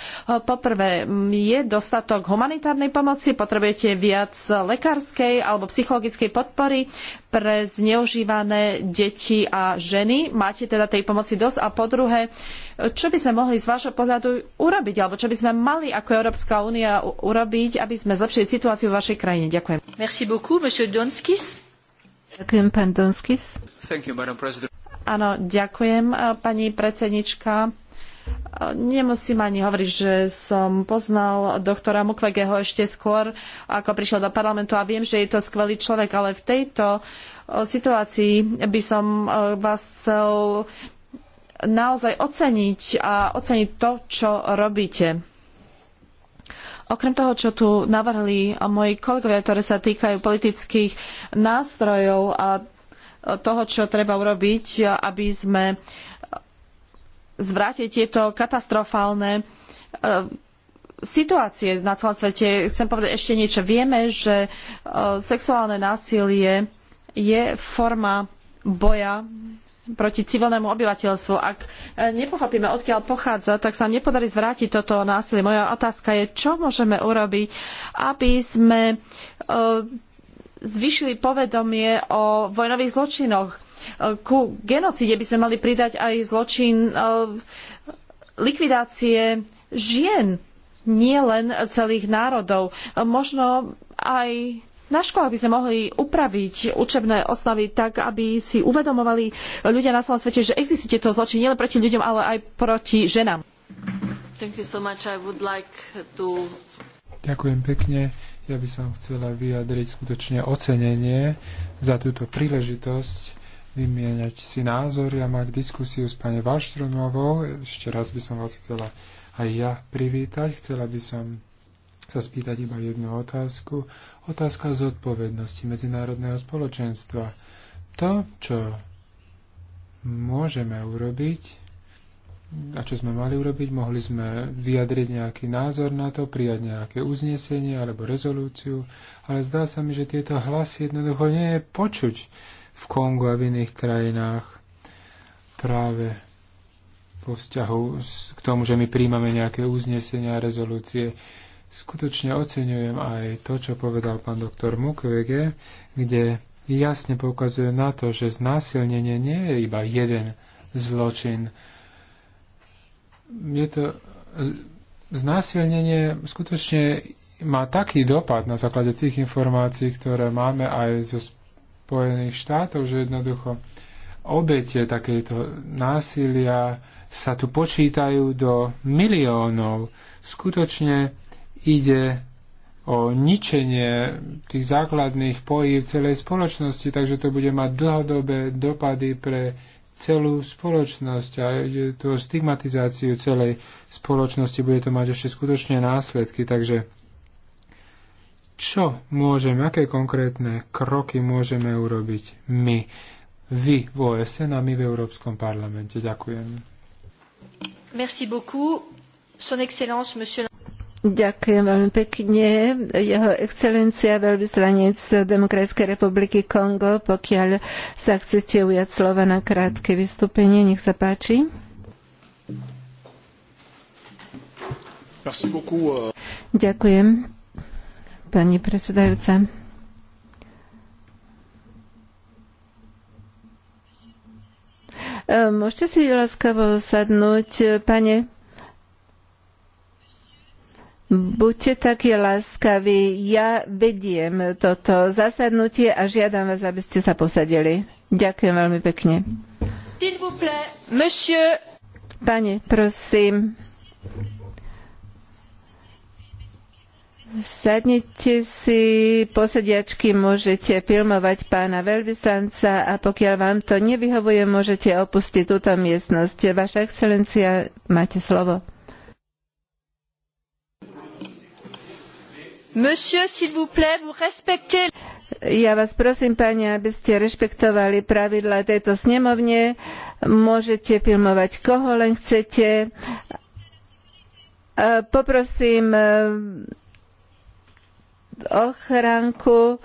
Poprvé, je dostatok humanitárnej pomoci, potrebujete viac lekárskej alebo psychologickej podpory, pre zneužívané deti a ženy? Máte teda tej pomoci dosť? A po druhé, čo by sme mohli z vášho pohľadu urobiť, alebo čo by sme mali ako Európska únia urobiť, aby sme zlepšili situáciu v vašej krajine? Ďakujem. Merci beaucoup, monsieur Donskis. Ďakujem, pán Donskis. Thank you, madam president. Áno, ďakujem, pani predsednička. Nemusím ani hovoriť, že som poznal doktora Mukwegeho ešte skôr, ako prišiel do parlamentu a viem, že je to skvelý človek, ale v tejto eh, situácii by som eh, vás chcel naozaj oceniť a oceniť to, čo robíte. Okrem toho, čo tu navrhli moji kolegovia, ktoré sa týkajú politických nástrojov a toho, čo treba urobiť, aby sme uh, zvrátiť tieto katastrofálne eh, situácie na celom svete. Chcem povedať ešte niečo. Vieme, že eh, sexuálne násilie je forma boja proti civilnému obyvateľstvu. Ak eh, nepochopíme, odkiaľ pochádza, tak sa nám nepodarí zvrátiť toto násilie. Moja otázka je, čo môžeme urobiť, aby sme zvyšili povedomie o vojnových zločinoch. E, ku genocíde by sme mali pridať aj zločin e, likvidácie žien, nie len celých národov. E, možno aj na školách by sme mohli upraviť učebné osnovy tak, aby si uvedomovali ľudia na celom svete, že existuje tieto zločiny nielen proti ľuďom, ale aj proti ženám. So like to... Ďakujem pekne. Ja by som chcela vyjadriť skutočne ocenenie za túto príležitosť vymieňať si názory a mať diskusiu s pani Valštrunovou. Ešte raz by som vás chcela aj ja privítať. Chcela by som sa spýtať iba jednu otázku. Otázka zodpovednosti medzinárodného spoločenstva. To, čo môžeme urobiť, a čo sme mali urobiť, mohli sme vyjadriť nejaký názor na to, prijať nejaké uznesenie alebo rezolúciu, ale zdá sa mi, že tieto hlasy jednoducho nie je počuť v Kongu a v iných krajinách práve po vzťahu k tomu, že my príjmame nejaké uznesenia a rezolúcie. Skutočne oceňujem aj to, čo povedal pán doktor Mukwege, kde jasne poukazuje na to, že znásilnenie nie je iba jeden zločin, je to znásilnenie skutočne má taký dopad na základe tých informácií, ktoré máme aj zo Spojených štátov, že jednoducho obete takéto násilia sa tu počítajú do miliónov. Skutočne ide o ničenie tých základných pojív celej spoločnosti, takže to bude mať dlhodobé dopady pre celú spoločnosť a tú tu stigmatizáciu celej spoločnosti, bude to mať ešte skutočne následky, takže čo môžeme, aké konkrétne kroky môžeme urobiť my, vy v OSN a my v Európskom parlamente. Ďakujem. Merci beaucoup. Son excellence, monsieur... Ďakujem veľmi pekne. Jeho excelencia, veľvyslanec Demokratickej republiky Kongo, pokiaľ sa chcete ujať slova na krátke vystúpenie, nech sa páči. Euh. Ďakujem, pani predsedajúca. Môžete si láskavo sadnúť, pane Buďte takí láskaví, ja vediem toto zasadnutie a žiadam vás, aby ste sa posadili. Ďakujem veľmi pekne. Pane, prosím. Sadnite si posediačky, môžete filmovať pána veľvyslanca a pokiaľ vám to nevyhovuje, môžete opustiť túto miestnosť. Vaša excelencia, máte slovo. Ja vás prosím, pani, aby ste rešpektovali pravidlá tejto snemovne. Môžete filmovať koho len chcete. E, poprosím e, ochránku.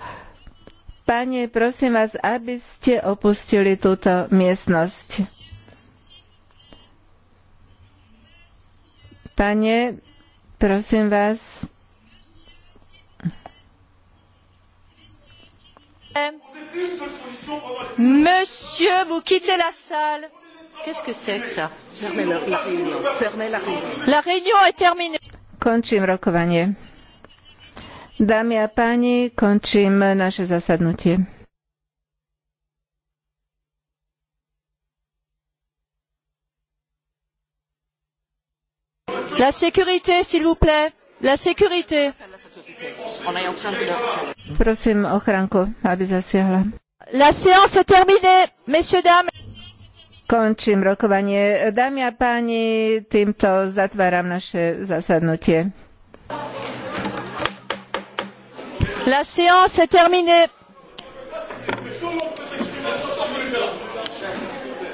Pane, prosím vás, aby ste opustili túto miestnosť. Pane, prosím vás. Euh, monsieur, vous quittez la salle. Qu'est-ce que c'est que ça La réunion est terminée. Končím rokovanie. Dámy a páni, končím naše zasadnutie. La sécurité, s'il vous plaît. La sécurité. Ona je občanku Prosím aby zasiahla. La séance est terminée, messieurs, dames. Končím rokovanie. Dámy a páni, týmto zatváram naše zasadnutie. La séance est terminée.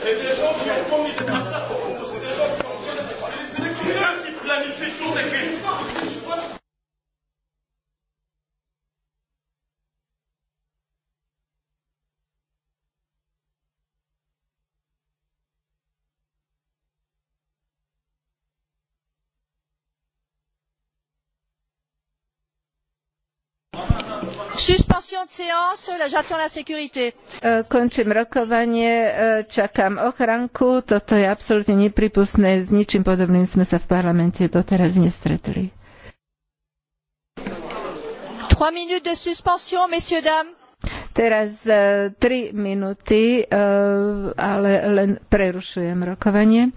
C'est des gens qui planifient tous ces crimes. E, končím rokovanie, e, čakám ochranku. Toto je absolútne nepripustné. S ničím podobným sme sa v parlamente doteraz nestretli. 3 de suspension, messieurs, dames. Teraz e, tri minúty, ale len prerušujem rokovanie.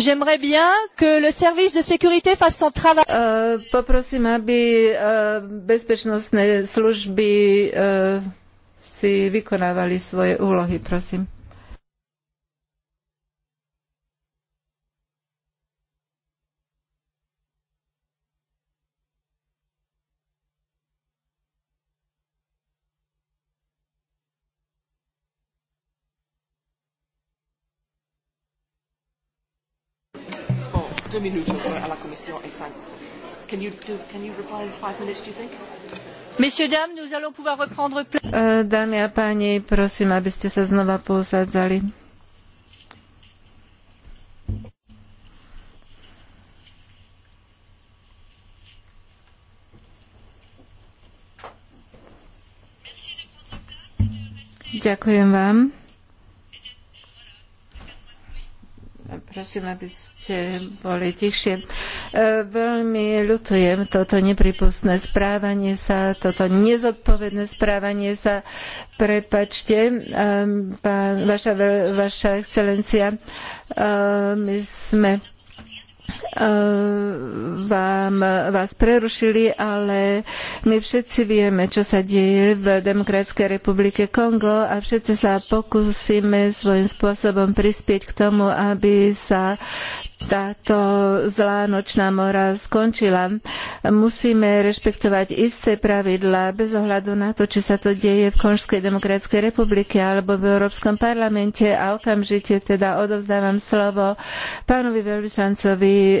J'aimerais bien que le service de sécurité fasse son travail. Uh, poprosím, aby uh, bezpečnostné služby uh, si vykonávali svoje úlohy, prosím. deux minutes à la Commission et cinq. Can you, do, can you reply in five minutes, do you think? Messieurs, dames, nous allons pouvoir reprendre place. Euh, dámy a páni, prosím, aby ste sa znova posadzali. Ďakujem vám. Prosím, aby ste boli tichšie. E, veľmi ľutujem toto nepripustné správanie sa, toto nezodpovedné správanie sa. Prepačte, e, pán, vaša, vaša excelencia, e, my sme Eh, vám, vás prerušili, ale my všetci vieme, čo sa deje v Demokratskej republike Kongo a všetci sa pokúsime svojím spôsobom prispieť k tomu, aby sa táto zlá nočná mora skončila. Musíme rešpektovať isté pravidlá bez ohľadu na to, či sa to deje v Konžskej demokratskej republike alebo v Európskom parlamente a okamžite teda odovzdávam slovo pánovi veľvyslancovi eh,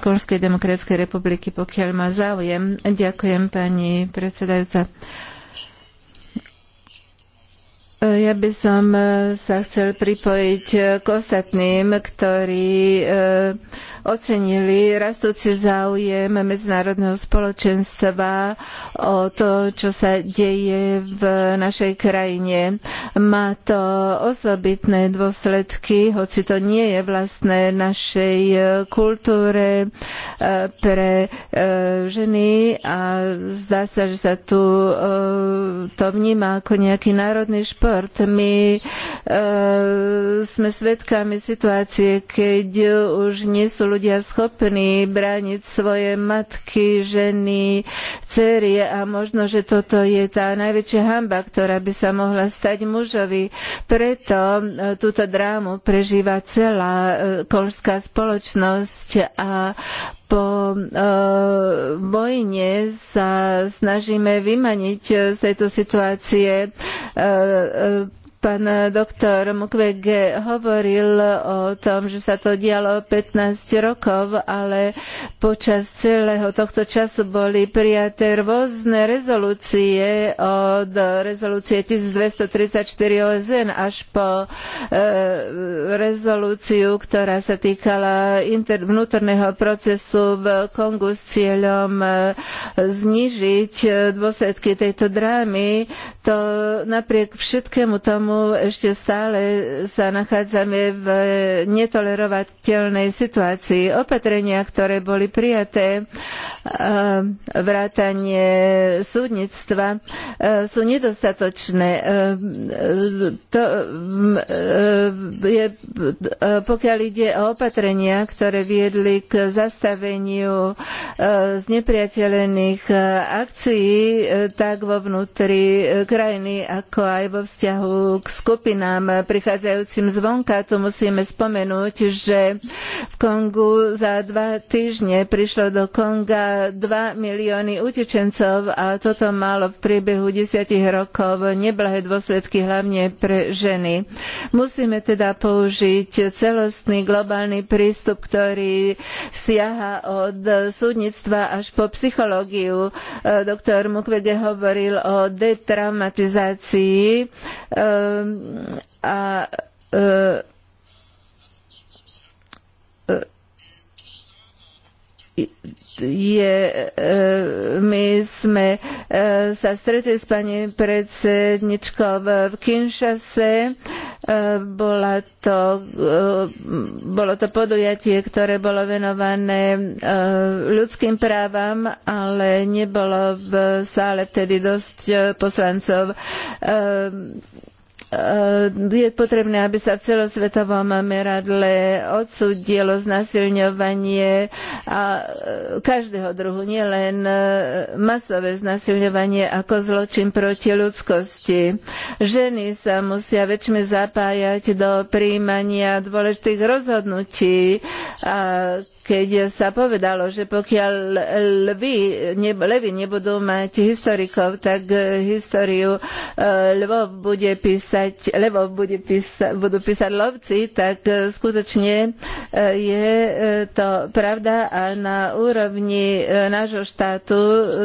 Konžskej demokratskej republiky, pokiaľ má záujem. Ďakujem pani predsedajúca. Ja by som e, sa chcel pripojiť e, k ostatným, ktorí e, ocenili rastúci záujem medzinárodného spoločenstva o to, čo sa deje v našej krajine. Má to osobitné dôsledky, hoci to nie je vlastné našej kultúre pre ženy a zdá sa, že sa tu to vníma ako nejaký národný šport šport. My e, sme svedkami situácie, keď už nie sú ľudia schopní brániť svoje matky, ženy, dcery a možno, že toto je tá najväčšia hamba, ktorá by sa mohla stať mužovi. Preto e, túto drámu prežíva celá e, kolská spoločnosť a po e, vojne sa snažíme vymaniť z tejto situácie e, e, Pán eh, doktor Mukwege hovoril o tom, že sa to dialo 15 rokov, ale počas celého tohto času boli prijaté rôzne rezolúcie od rezolúcie 1234 OSN až po e, rezolúciu, ktorá sa týkala inter, vnútorného procesu v Kongu s cieľom eh, znížiť dôsledky tejto drámy. To napriek všetkému tomu tomu ešte stále sa nachádzame v netolerovateľnej situácii. Opatrenia, ktoré boli prijaté, e, vrátanie súdnictva, e, sú nedostatočné. E, to je, pokiaľ ide o opatrenia, ktoré viedli k zastaveniu znepriateľených akcií, tak vo vnútri krajiny, ako aj vo vzťahu k skupinám prichádzajúcim zvonka, tu musíme spomenúť, že v Kongu za dva týždne prišlo do Konga 2 milióny utečencov a toto malo v priebehu desiatich rokov neblahé dôsledky hlavne pre ženy. Musíme teda použiť celostný globálny prístup, ktorý siaha od súdnictva až po psychológiu. E, doktor Mukwege hovoril o detraumatizácii e, a e, e, je, e, my sme sa stretli s pani predsedničkou v Kinshase. Bola to, bolo to podujatie, ktoré bolo venované ľudským právam, ale nebolo v sále vtedy dosť poslancov Eh, je potrebné, aby sa v celosvetovom meradle odsúdilo znasilňovanie a eh, každého druhu, nielen eh, masové znasilňovanie ako zločin proti ľudskosti. Ženy sa musia väčšmi zapájať do príjmania dôležitých rozhodnutí a keď sa povedalo, že pokiaľ lvy, ne, nebudú mať historikov, tak históriu lvov bude písať písať, lebo bude budú písať lovci, tak e, skutočne e, je e, to pravda a na úrovni nášho štátu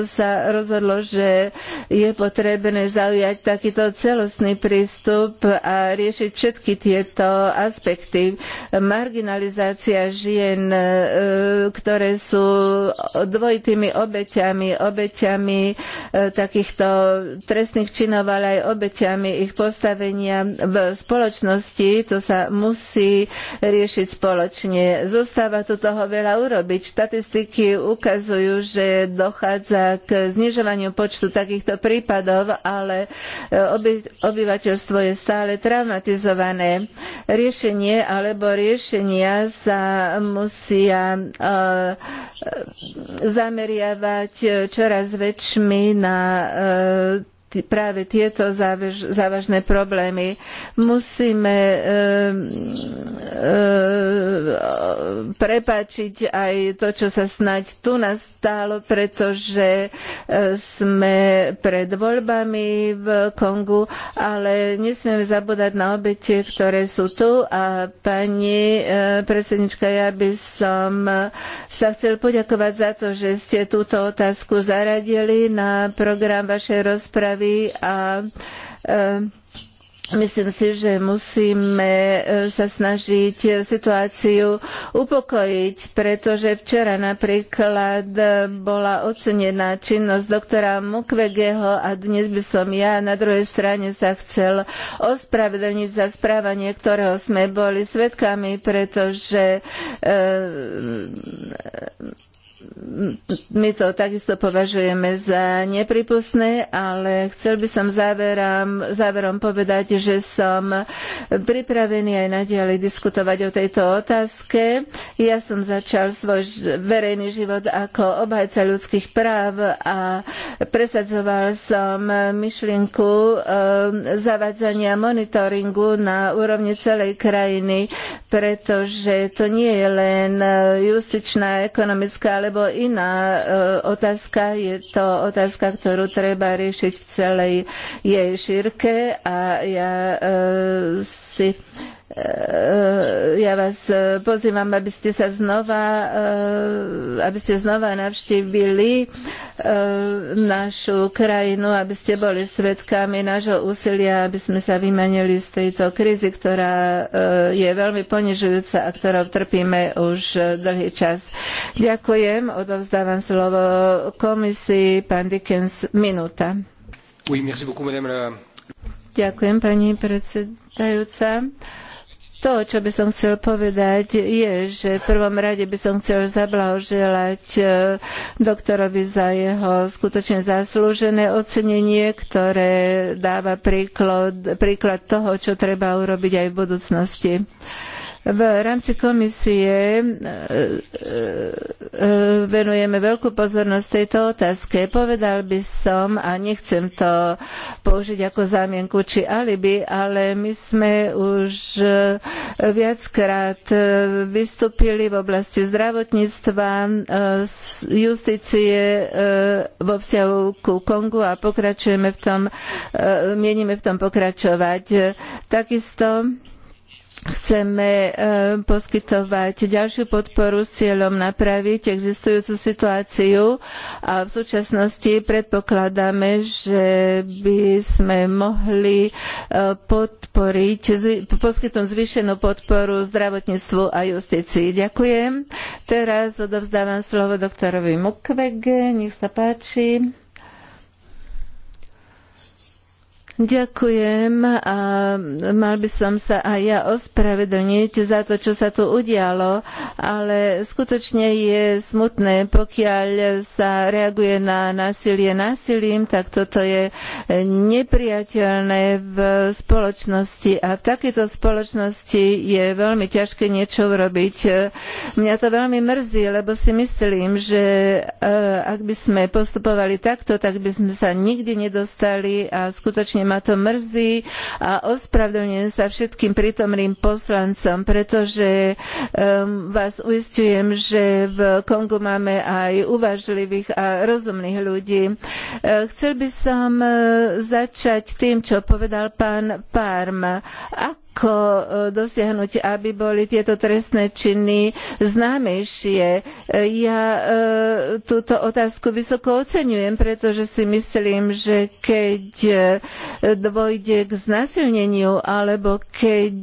sa rozhodlo, že je potrebné zaujať takýto celostný prístup a riešiť všetky tieto aspekty. Marginalizácia žien, ktoré sú dvojitými obeťami, obeťami takýchto trestných činov, ale aj obeťami ich postavenia postavenia v spoločnosti, to sa musí riešiť spoločne. Zostáva tu toho veľa urobiť. Štatistiky ukazujú, že dochádza k znižovaniu počtu takýchto prípadov, ale e, oby, obyvateľstvo je stále traumatizované. Riešenie alebo riešenia sa musia uh, zameriavať čoraz väčšmi na uh, práve tieto závažné problémy. Musíme e, eh, e, eh, prepačiť aj to, čo sa snať tu nastalo, pretože eh, sme pred voľbami v Kongu, ale nesmieme zabúdať na obete, ktoré sú tu a pani predsednička, ja by som sa chcel poďakovať za to, že ste túto otázku zaradili na program vašej rozpravy správy a e, Myslím si, že musíme e, sa snažiť situáciu upokojiť, pretože včera napríklad e, bola ocenená činnosť doktora Mukwegeho a dnes by som ja na druhej strane sa chcel ospravedlniť za správanie, ktorého sme boli svedkami, pretože e, my to takisto považujeme za nepripustné, ale chcel by som záverom, záverom povedať, že som pripravený aj naďalej diskutovať o tejto otázke. Ja som začal svoj verejný život ako obhajca ľudských práv a presadzoval som myšlienku eh, zavadzania monitoringu na úrovni celej krajiny, pretože to nie je len eh, justičná, ekonomická alebo alebo iná e, otázka. Je to otázka, ktorú treba riešiť v celej jej šírke a ja e, všetci. E, ja vás e, pozývam, aby ste sa znova, e, aby ste znova navštívili našu krajinu, aby ste boli svetkami nášho úsilia, aby sme sa vymenili z tejto krízy, ktorá je veľmi ponižujúca a ktorou trpíme už dlhý čas. Ďakujem, odovzdávam slovo komisii, pán Dickens, minúta. Oui, merci beaucoup, madame la Ďakujem, pani predsedajúca. To, čo by som chcel povedať, je, že v prvom rade by som chcel zablahoželať e, doktorovi za jeho skutočne zaslúžené ocenenie, ktoré dáva príklad, príklad toho, čo treba urobiť aj v budúcnosti. V rámci komisie e, e, e, venujeme veľkú pozornosť tejto otázke. Povedal by som, a nechcem to použiť ako zámienku či alibi, ale my sme už viackrát vystúpili v oblasti zdravotníctva, justície vo vzťahu ku Kongu a pokračujeme v tom, mienime v tom pokračovať. Takisto chceme e, poskytovať ďalšiu podporu s cieľom napraviť existujúcu situáciu a v súčasnosti predpokladáme, že by sme mohli e, podporiť, poskytnúť zvýšenú podporu zdravotníctvu a justícii. Ďakujem. Teraz odovzdávam slovo doktorovi Mukwege. Nech sa páči. Ďakujem a mal by som sa aj ja ospravedlniť za to, čo sa tu udialo, ale skutočne je smutné, pokiaľ sa reaguje na násilie násilím, tak toto je nepriateľné v spoločnosti a v takejto spoločnosti je veľmi ťažké niečo urobiť. Mňa to veľmi mrzí, lebo si myslím, že e, ak by sme postupovali takto, tak by sme sa nikdy nedostali a skutočne ma to mrzí a ospravedlňujem sa všetkým prítomným poslancom, pretože um, vás uistujem, že v Kongu máme aj uvažlivých a rozumných ľudí. Ehm, chcel by som ehm, začať tým, čo povedal pán Parma. Ako ako e, dosiahnuť, aby boli tieto trestné činy známejšie. E, ja e, túto otázku vysoko oceňujem, pretože si myslím, že keď dôjde k znásilneniu alebo keď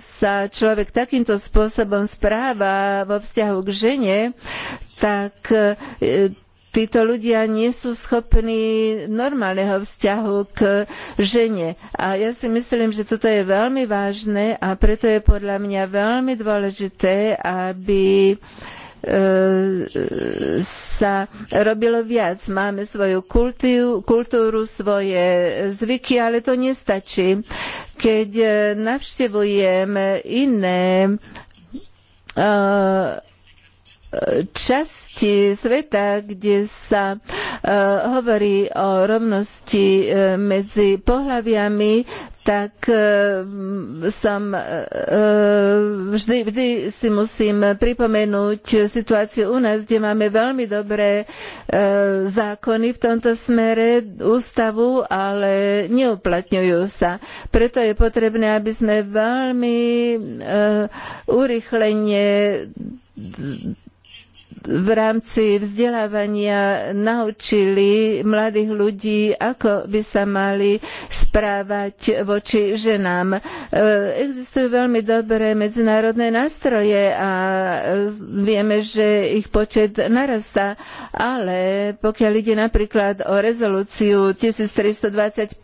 sa človek takýmto spôsobom správa vo vzťahu k žene, tak títo ľudia nie sú schopní normálneho vzťahu k žene. A ja si myslím, že toto je veľmi vážne a preto je podľa mňa veľmi dôležité, aby e, sa robilo viac. Máme svoju kultúru, kultúru, svoje zvyky, ale to nestačí. Keď e, navštevujem iné uh, časti sveta, kde sa e, hovorí o rovnosti e, medzi pohľaviami, tak e, som vždy, vždy si musím pripomenúť situáciu u nás, kde máme veľmi dobré zákony v tomto smere, ústavu, ale neuplatňujú sa. Preto je potrebné, aby sme veľmi urychlenie v rámci vzdelávania naučili mladých ľudí, ako by sa mali správať voči ženám. E, existujú veľmi dobré medzinárodné nástroje a vieme, že ich počet narastá, ale pokiaľ ide napríklad o rezolúciu 1325,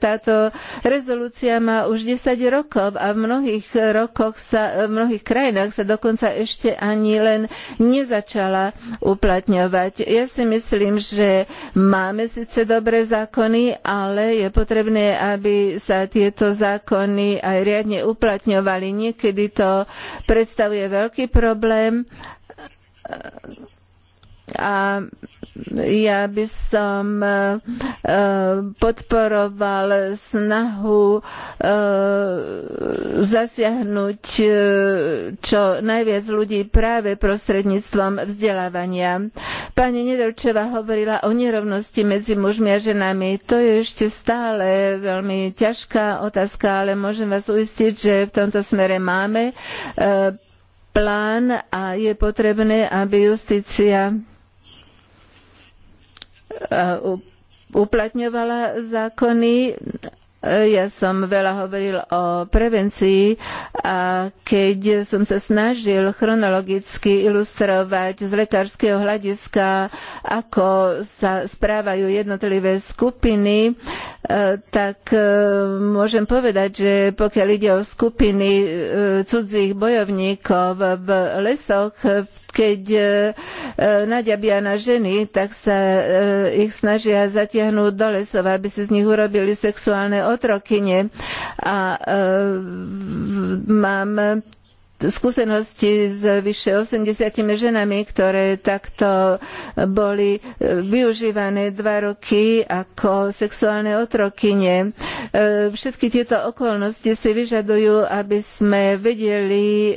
táto rezolúcia má už 10 rokov a v mnohých, rokoch sa, v mnohých krajinách sa dokonca ešte ani len nezačala začala uplatňovať. Ja si myslím, že máme síce dobré zákony, ale je potrebné, aby sa tieto zákony aj riadne uplatňovali. Niekedy to predstavuje veľký problém a ja by som e, e, podporoval snahu e, zasiahnuť čo najviac ľudí práve prostredníctvom vzdelávania. Pani Nedorčeva hovorila o nerovnosti medzi mužmi a ženami. To je ešte stále veľmi ťažká otázka, ale môžem vás uistiť, že v tomto smere máme plán a je potrebné, aby justícia E, uplatňovala zákony ja som veľa hovoril o prevencii a keď som sa snažil chronologicky ilustrovať z lekárskeho hľadiska, ako sa správajú jednotlivé skupiny, e, tak e, môžem povedať, že pokiaľ ide o skupiny e, cudzích bojovníkov v lesoch, keď naďabia na ženy, tak sa ich snažia zatiahnuť do lesov, aby si z nich urobili sexuálne otrokyne. A e, mám skúsenosti s vyše 80 ženami, ktoré takto boli využívané dva roky ako sexuálne otrokyne. E, všetky tieto okolnosti si vyžadujú, aby sme vedeli e,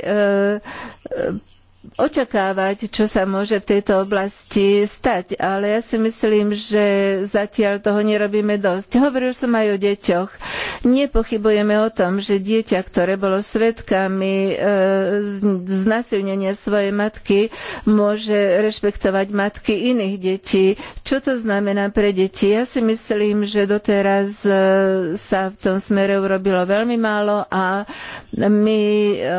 očakávať, čo sa môže v tejto oblasti stať, ale ja si myslím, že zatiaľ toho nerobíme dosť. Hovoril som aj o deťoch. Nepochybujeme o tom, že dieťa, ktoré bolo svetkami e, znasilnenia svojej matky, môže rešpektovať matky iných detí. Čo to znamená pre deti? Ja si myslím, že doteraz e, sa v tom smere urobilo veľmi málo a my e, e, e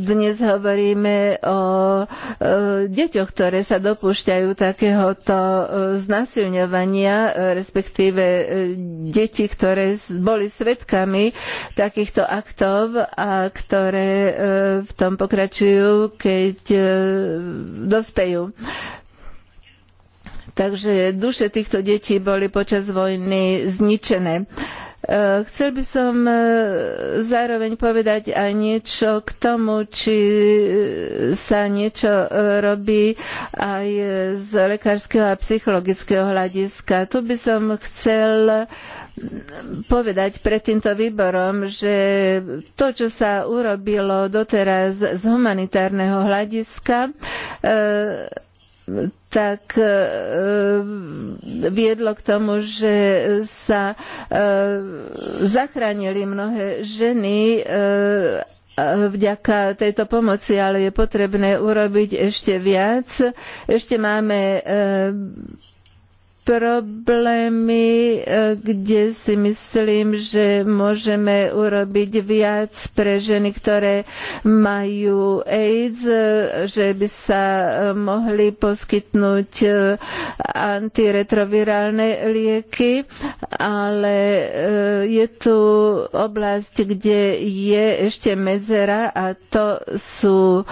dnes hovoríme hovoríme o e, deťoch, ktoré sa dopúšťajú takéhoto e, znasilňovania, e, respektíve deti, ktoré boli svetkami takýchto aktov a ktoré v tom pokračujú, keď dospejú. Takže duše týchto detí boli počas vojny zničené. Uh, Eh, chcel by som eh, zároveň povedať aj niečo k tomu, či eh, sa niečo robí aj z lekárskeho a psychologického hľadiska. Tu by som chcel povedať pred týmto výborom, že to, čo sa urobilo doteraz z humanitárneho hľadiska, tak e, e, viedlo k tomu, že sa e, zachránili mnohé ženy vďaka tejto pomoci, ale je potrebné urobiť ešte viac. Ešte máme problémy, e, kde si myslím, že môžeme urobiť viac pre ženy, ktoré majú AIDS, e, že by sa e, mohli poskytnúť antiretrovirálne lieky, ale je tu oblasť, kde je ešte medzera a to sú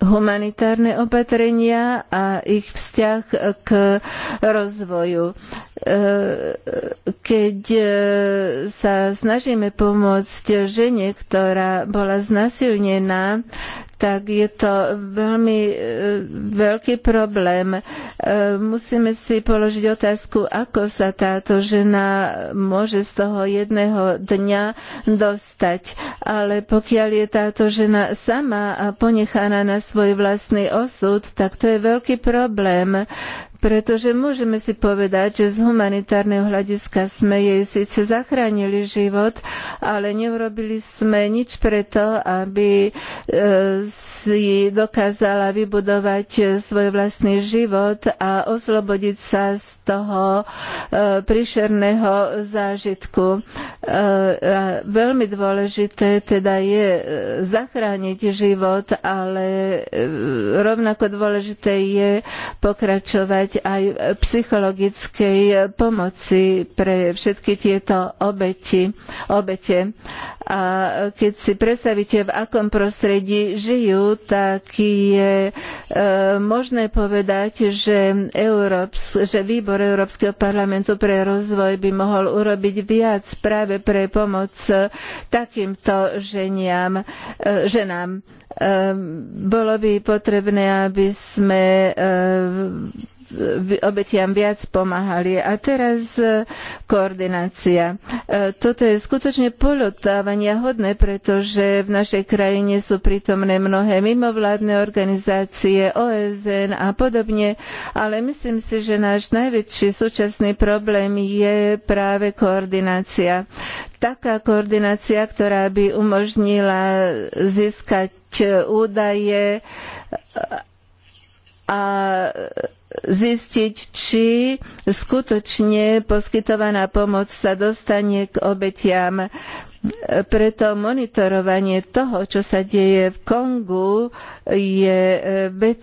humanitárne opatrenia a ich vzťah k rozvoju. E, keď e, sa snažíme pomôcť žene, ktorá bola znasilnená, tak je to veľmi e, veľký problém. E, musíme si položiť otázku, ako sa táto žena môže z toho jedného dňa dostať. Ale pokiaľ je táto žena sama a ponechaná na svoj vlastný osud, tak to je veľký problém pretože môžeme si povedať, že z humanitárneho hľadiska sme jej síce zachránili život, ale neurobili sme nič preto, aby e, si dokázala vybudovať e, svoj vlastný život a oslobodiť sa z toho e, príšerného zážitku. Veľmi dôležité teda je zachrániť život, ale rovnako dôležité je pokračovať venovať aj psychologickej pomoci pre všetky tieto obeti, obete. A keď si predstavíte, v akom prostredí žijú, tak je e, možné povedať, že, Európs, že výbor Európskeho parlamentu pre rozvoj by mohol urobiť viac práve pre pomoc takýmto ženiam, e, ženám. E, bolo by potrebné, aby sme e, obetiam viac pomáhali. A teraz e, koordinácia. E, toto je skutočne polotávania hodné, pretože v našej krajine sú prítomné mnohé mimovládne organizácie, OSN a podobne, ale myslím si, že náš najväčší súčasný problém je práve koordinácia. Taká koordinácia, ktorá by umožnila získať údaje a zistiť, či skutočne poskytovaná pomoc sa dostane k obetiam. Preto monitorovanie toho, čo sa deje v Kongu, je e, vec,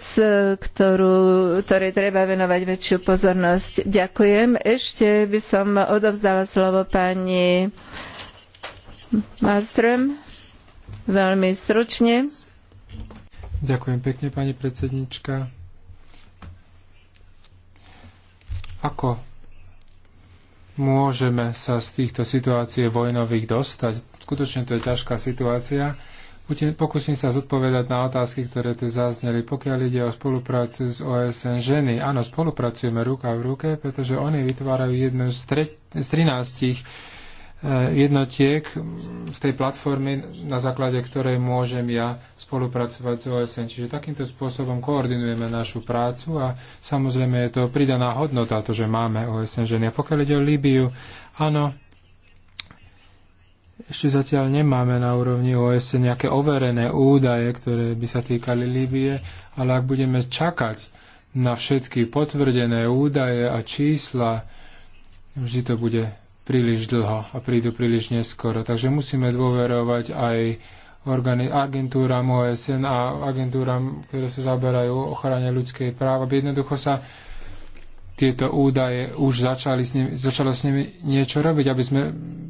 ktorú, ktorej treba venovať väčšiu pozornosť. Ďakujem. Ešte by som odovzdala slovo pani Malström veľmi stručne. Ďakujem pekne, pani predsednička. Ako môžeme sa z týchto situácií vojnových dostať? Skutočne to je ťažká situácia. Pokúsim sa zodpovedať na otázky, ktoré tu zazneli. Pokiaľ ide o spoluprácu s OSN ženy, áno, spolupracujeme ruka v ruke, pretože oni vytvárajú jednu z, tre- z 13 Eh, jednotiek mm, z tej platformy, na základe ktorej môžem ja spolupracovať s OSN. Čiže takýmto spôsobom koordinujeme našu prácu a samozrejme je to pridaná hodnota, to, že máme OSN ženy. A pokiaľ ide o Líbiu, áno, ešte zatiaľ nemáme na úrovni OSN nejaké overené údaje, ktoré by sa týkali Líbie, ale ak budeme čakať na všetky potvrdené údaje a čísla, vždy to bude príliš dlho a prídu príliš neskoro. Takže musíme dôverovať aj agentúram OSN a agentúram, ktoré sa zaberajú ochrane ľudskej práv. aby jednoducho sa tieto údaje už začali s nimi, začalo s nimi niečo robiť, aby sme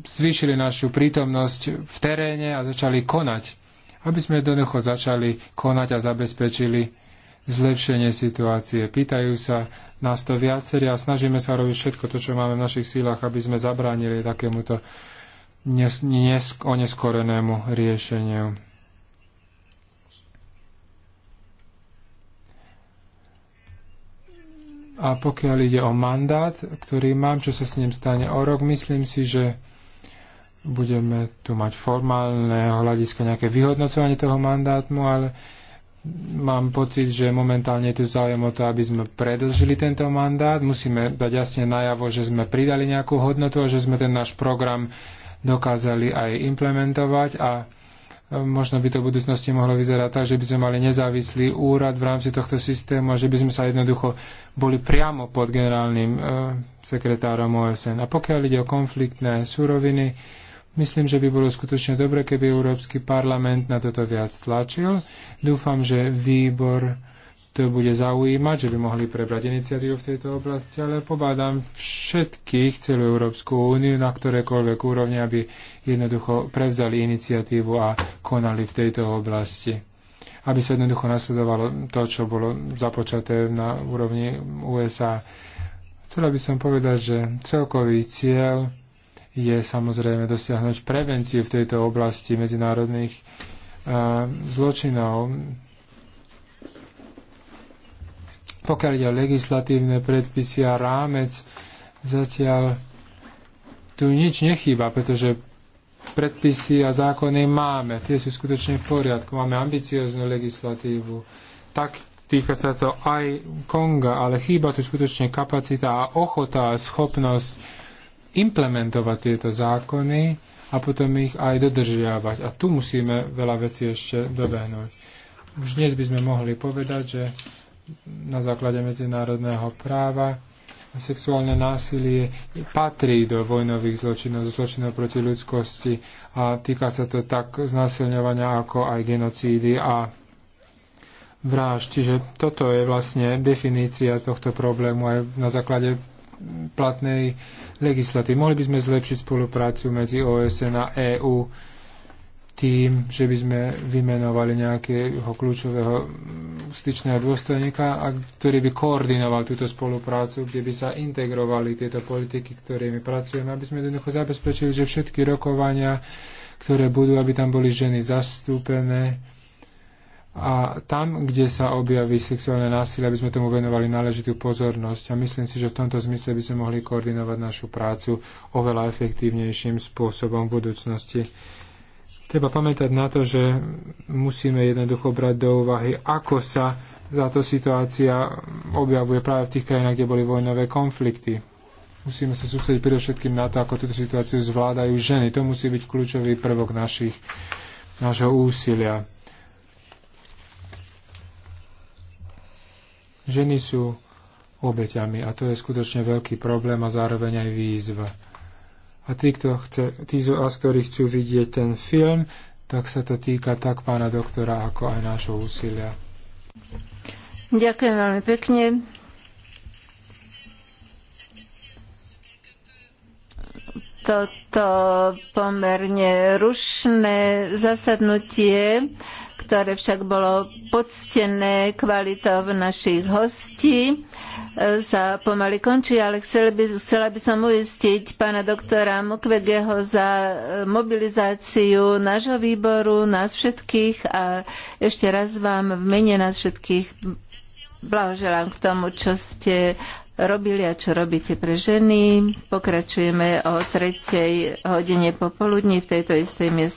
zvýšili našu prítomnosť v teréne a začali konať. Aby sme jednoducho začali konať a zabezpečili zlepšenie situácie. Pýtajú sa nás to viacerí a snažíme sa robiť všetko to, čo máme v našich sílach, aby sme zabránili takémuto nes- nes- oneskorenému riešeniu. A pokiaľ ide o mandát, ktorý mám, čo sa s ním stane o rok, myslím si, že budeme tu mať formálne hľadiska nejaké vyhodnocovanie toho mandátu, ale mám pocit, že momentálne je tu záujem o to, aby sme predlžili tento mandát. Musíme dať jasne najavo, že sme pridali nejakú hodnotu a že sme ten náš program dokázali aj implementovať a e, možno by to v budúcnosti mohlo vyzerať tak, že by sme mali nezávislý úrad v rámci tohto systému a že by sme sa jednoducho boli priamo pod generálnym e, sekretárom OSN. A pokiaľ ide o konfliktné suroviny, Myslím, že by bolo skutočne dobre, keby Európsky parlament na toto viac tlačil. Dúfam, že výbor to bude zaujímať, že by mohli prebrať iniciatívu v tejto oblasti, ale pobádam všetkých, celú Európsku úniu, na ktorékoľvek úrovni, aby jednoducho prevzali iniciatívu a konali v tejto oblasti. Aby sa jednoducho nasledovalo to, čo bolo započaté na úrovni USA. Chcela by som povedať, že celkový cieľ je samozrejme dosiahnuť prevenciu v tejto oblasti medzinárodných uh, zločinov. Pokiaľ ide o legislatívne predpisy a rámec, zatiaľ tu nič nechýba, pretože predpisy a zákony máme. Tie sú skutočne v poriadku. Máme ambicioznú legislatívu. Tak týka sa to aj Konga, ale chýba tu skutočne kapacita a ochota a schopnosť implementovať tieto zákony a potom ich aj dodržiavať. A tu musíme veľa vecí ešte dobehnúť. Už dnes by sme mohli povedať, že na základe medzinárodného práva sexuálne násilie patrí do vojnových zločinov, do zločinov proti ľudskosti a týka sa to tak znásilňovania ako aj genocídy a vražd. Čiže toto je vlastne definícia tohto problému aj na základe platnej legislatívy. Mohli by sme zlepšiť spoluprácu medzi OSN a EÚ tým, že by sme vymenovali nejakého kľúčového styčného dôstojníka, a ktorý by koordinoval túto spoluprácu, kde by sa integrovali tieto politiky, ktorými pracujeme, aby sme jednoducho zabezpečili, že všetky rokovania, ktoré budú, aby tam boli ženy zastúpené, a tam, kde sa objaví sexuálne násilie, aby sme tomu venovali náležitú pozornosť. A myslím si, že v tomto zmysle by sme mohli koordinovať našu prácu oveľa efektívnejším spôsobom v budúcnosti. Treba pamätať na to, že musíme jednoducho brať do úvahy, ako sa táto situácia objavuje práve v tých krajinách, kde boli vojnové konflikty. Musíme sa sústrediť predovšetkým na to, ako túto situáciu zvládajú ženy. To musí byť kľúčový prvok našich, nášho úsilia Ženy sú obeťami a to je skutočne veľký problém a zároveň aj výzva. A tí, kto chce, tí z vás, ktorí chcú vidieť ten film, tak sa to týka tak pána doktora, ako aj nášho úsilia. Ďakujem veľmi pekne. Toto pomerne rušné zasadnutie ktoré však bolo poctené kvalitou našich hostí, e, sa pomaly končí, ale chcela by, chcela by som uistiť pána doktora Mukwegeho za e, mobilizáciu nášho výboru, nás všetkých a ešte raz vám v mene nás všetkých blahoželám k tomu, čo ste robili a čo robíte pre ženy. Pokračujeme o tretej hodine popoludní v tejto istej miestnosti.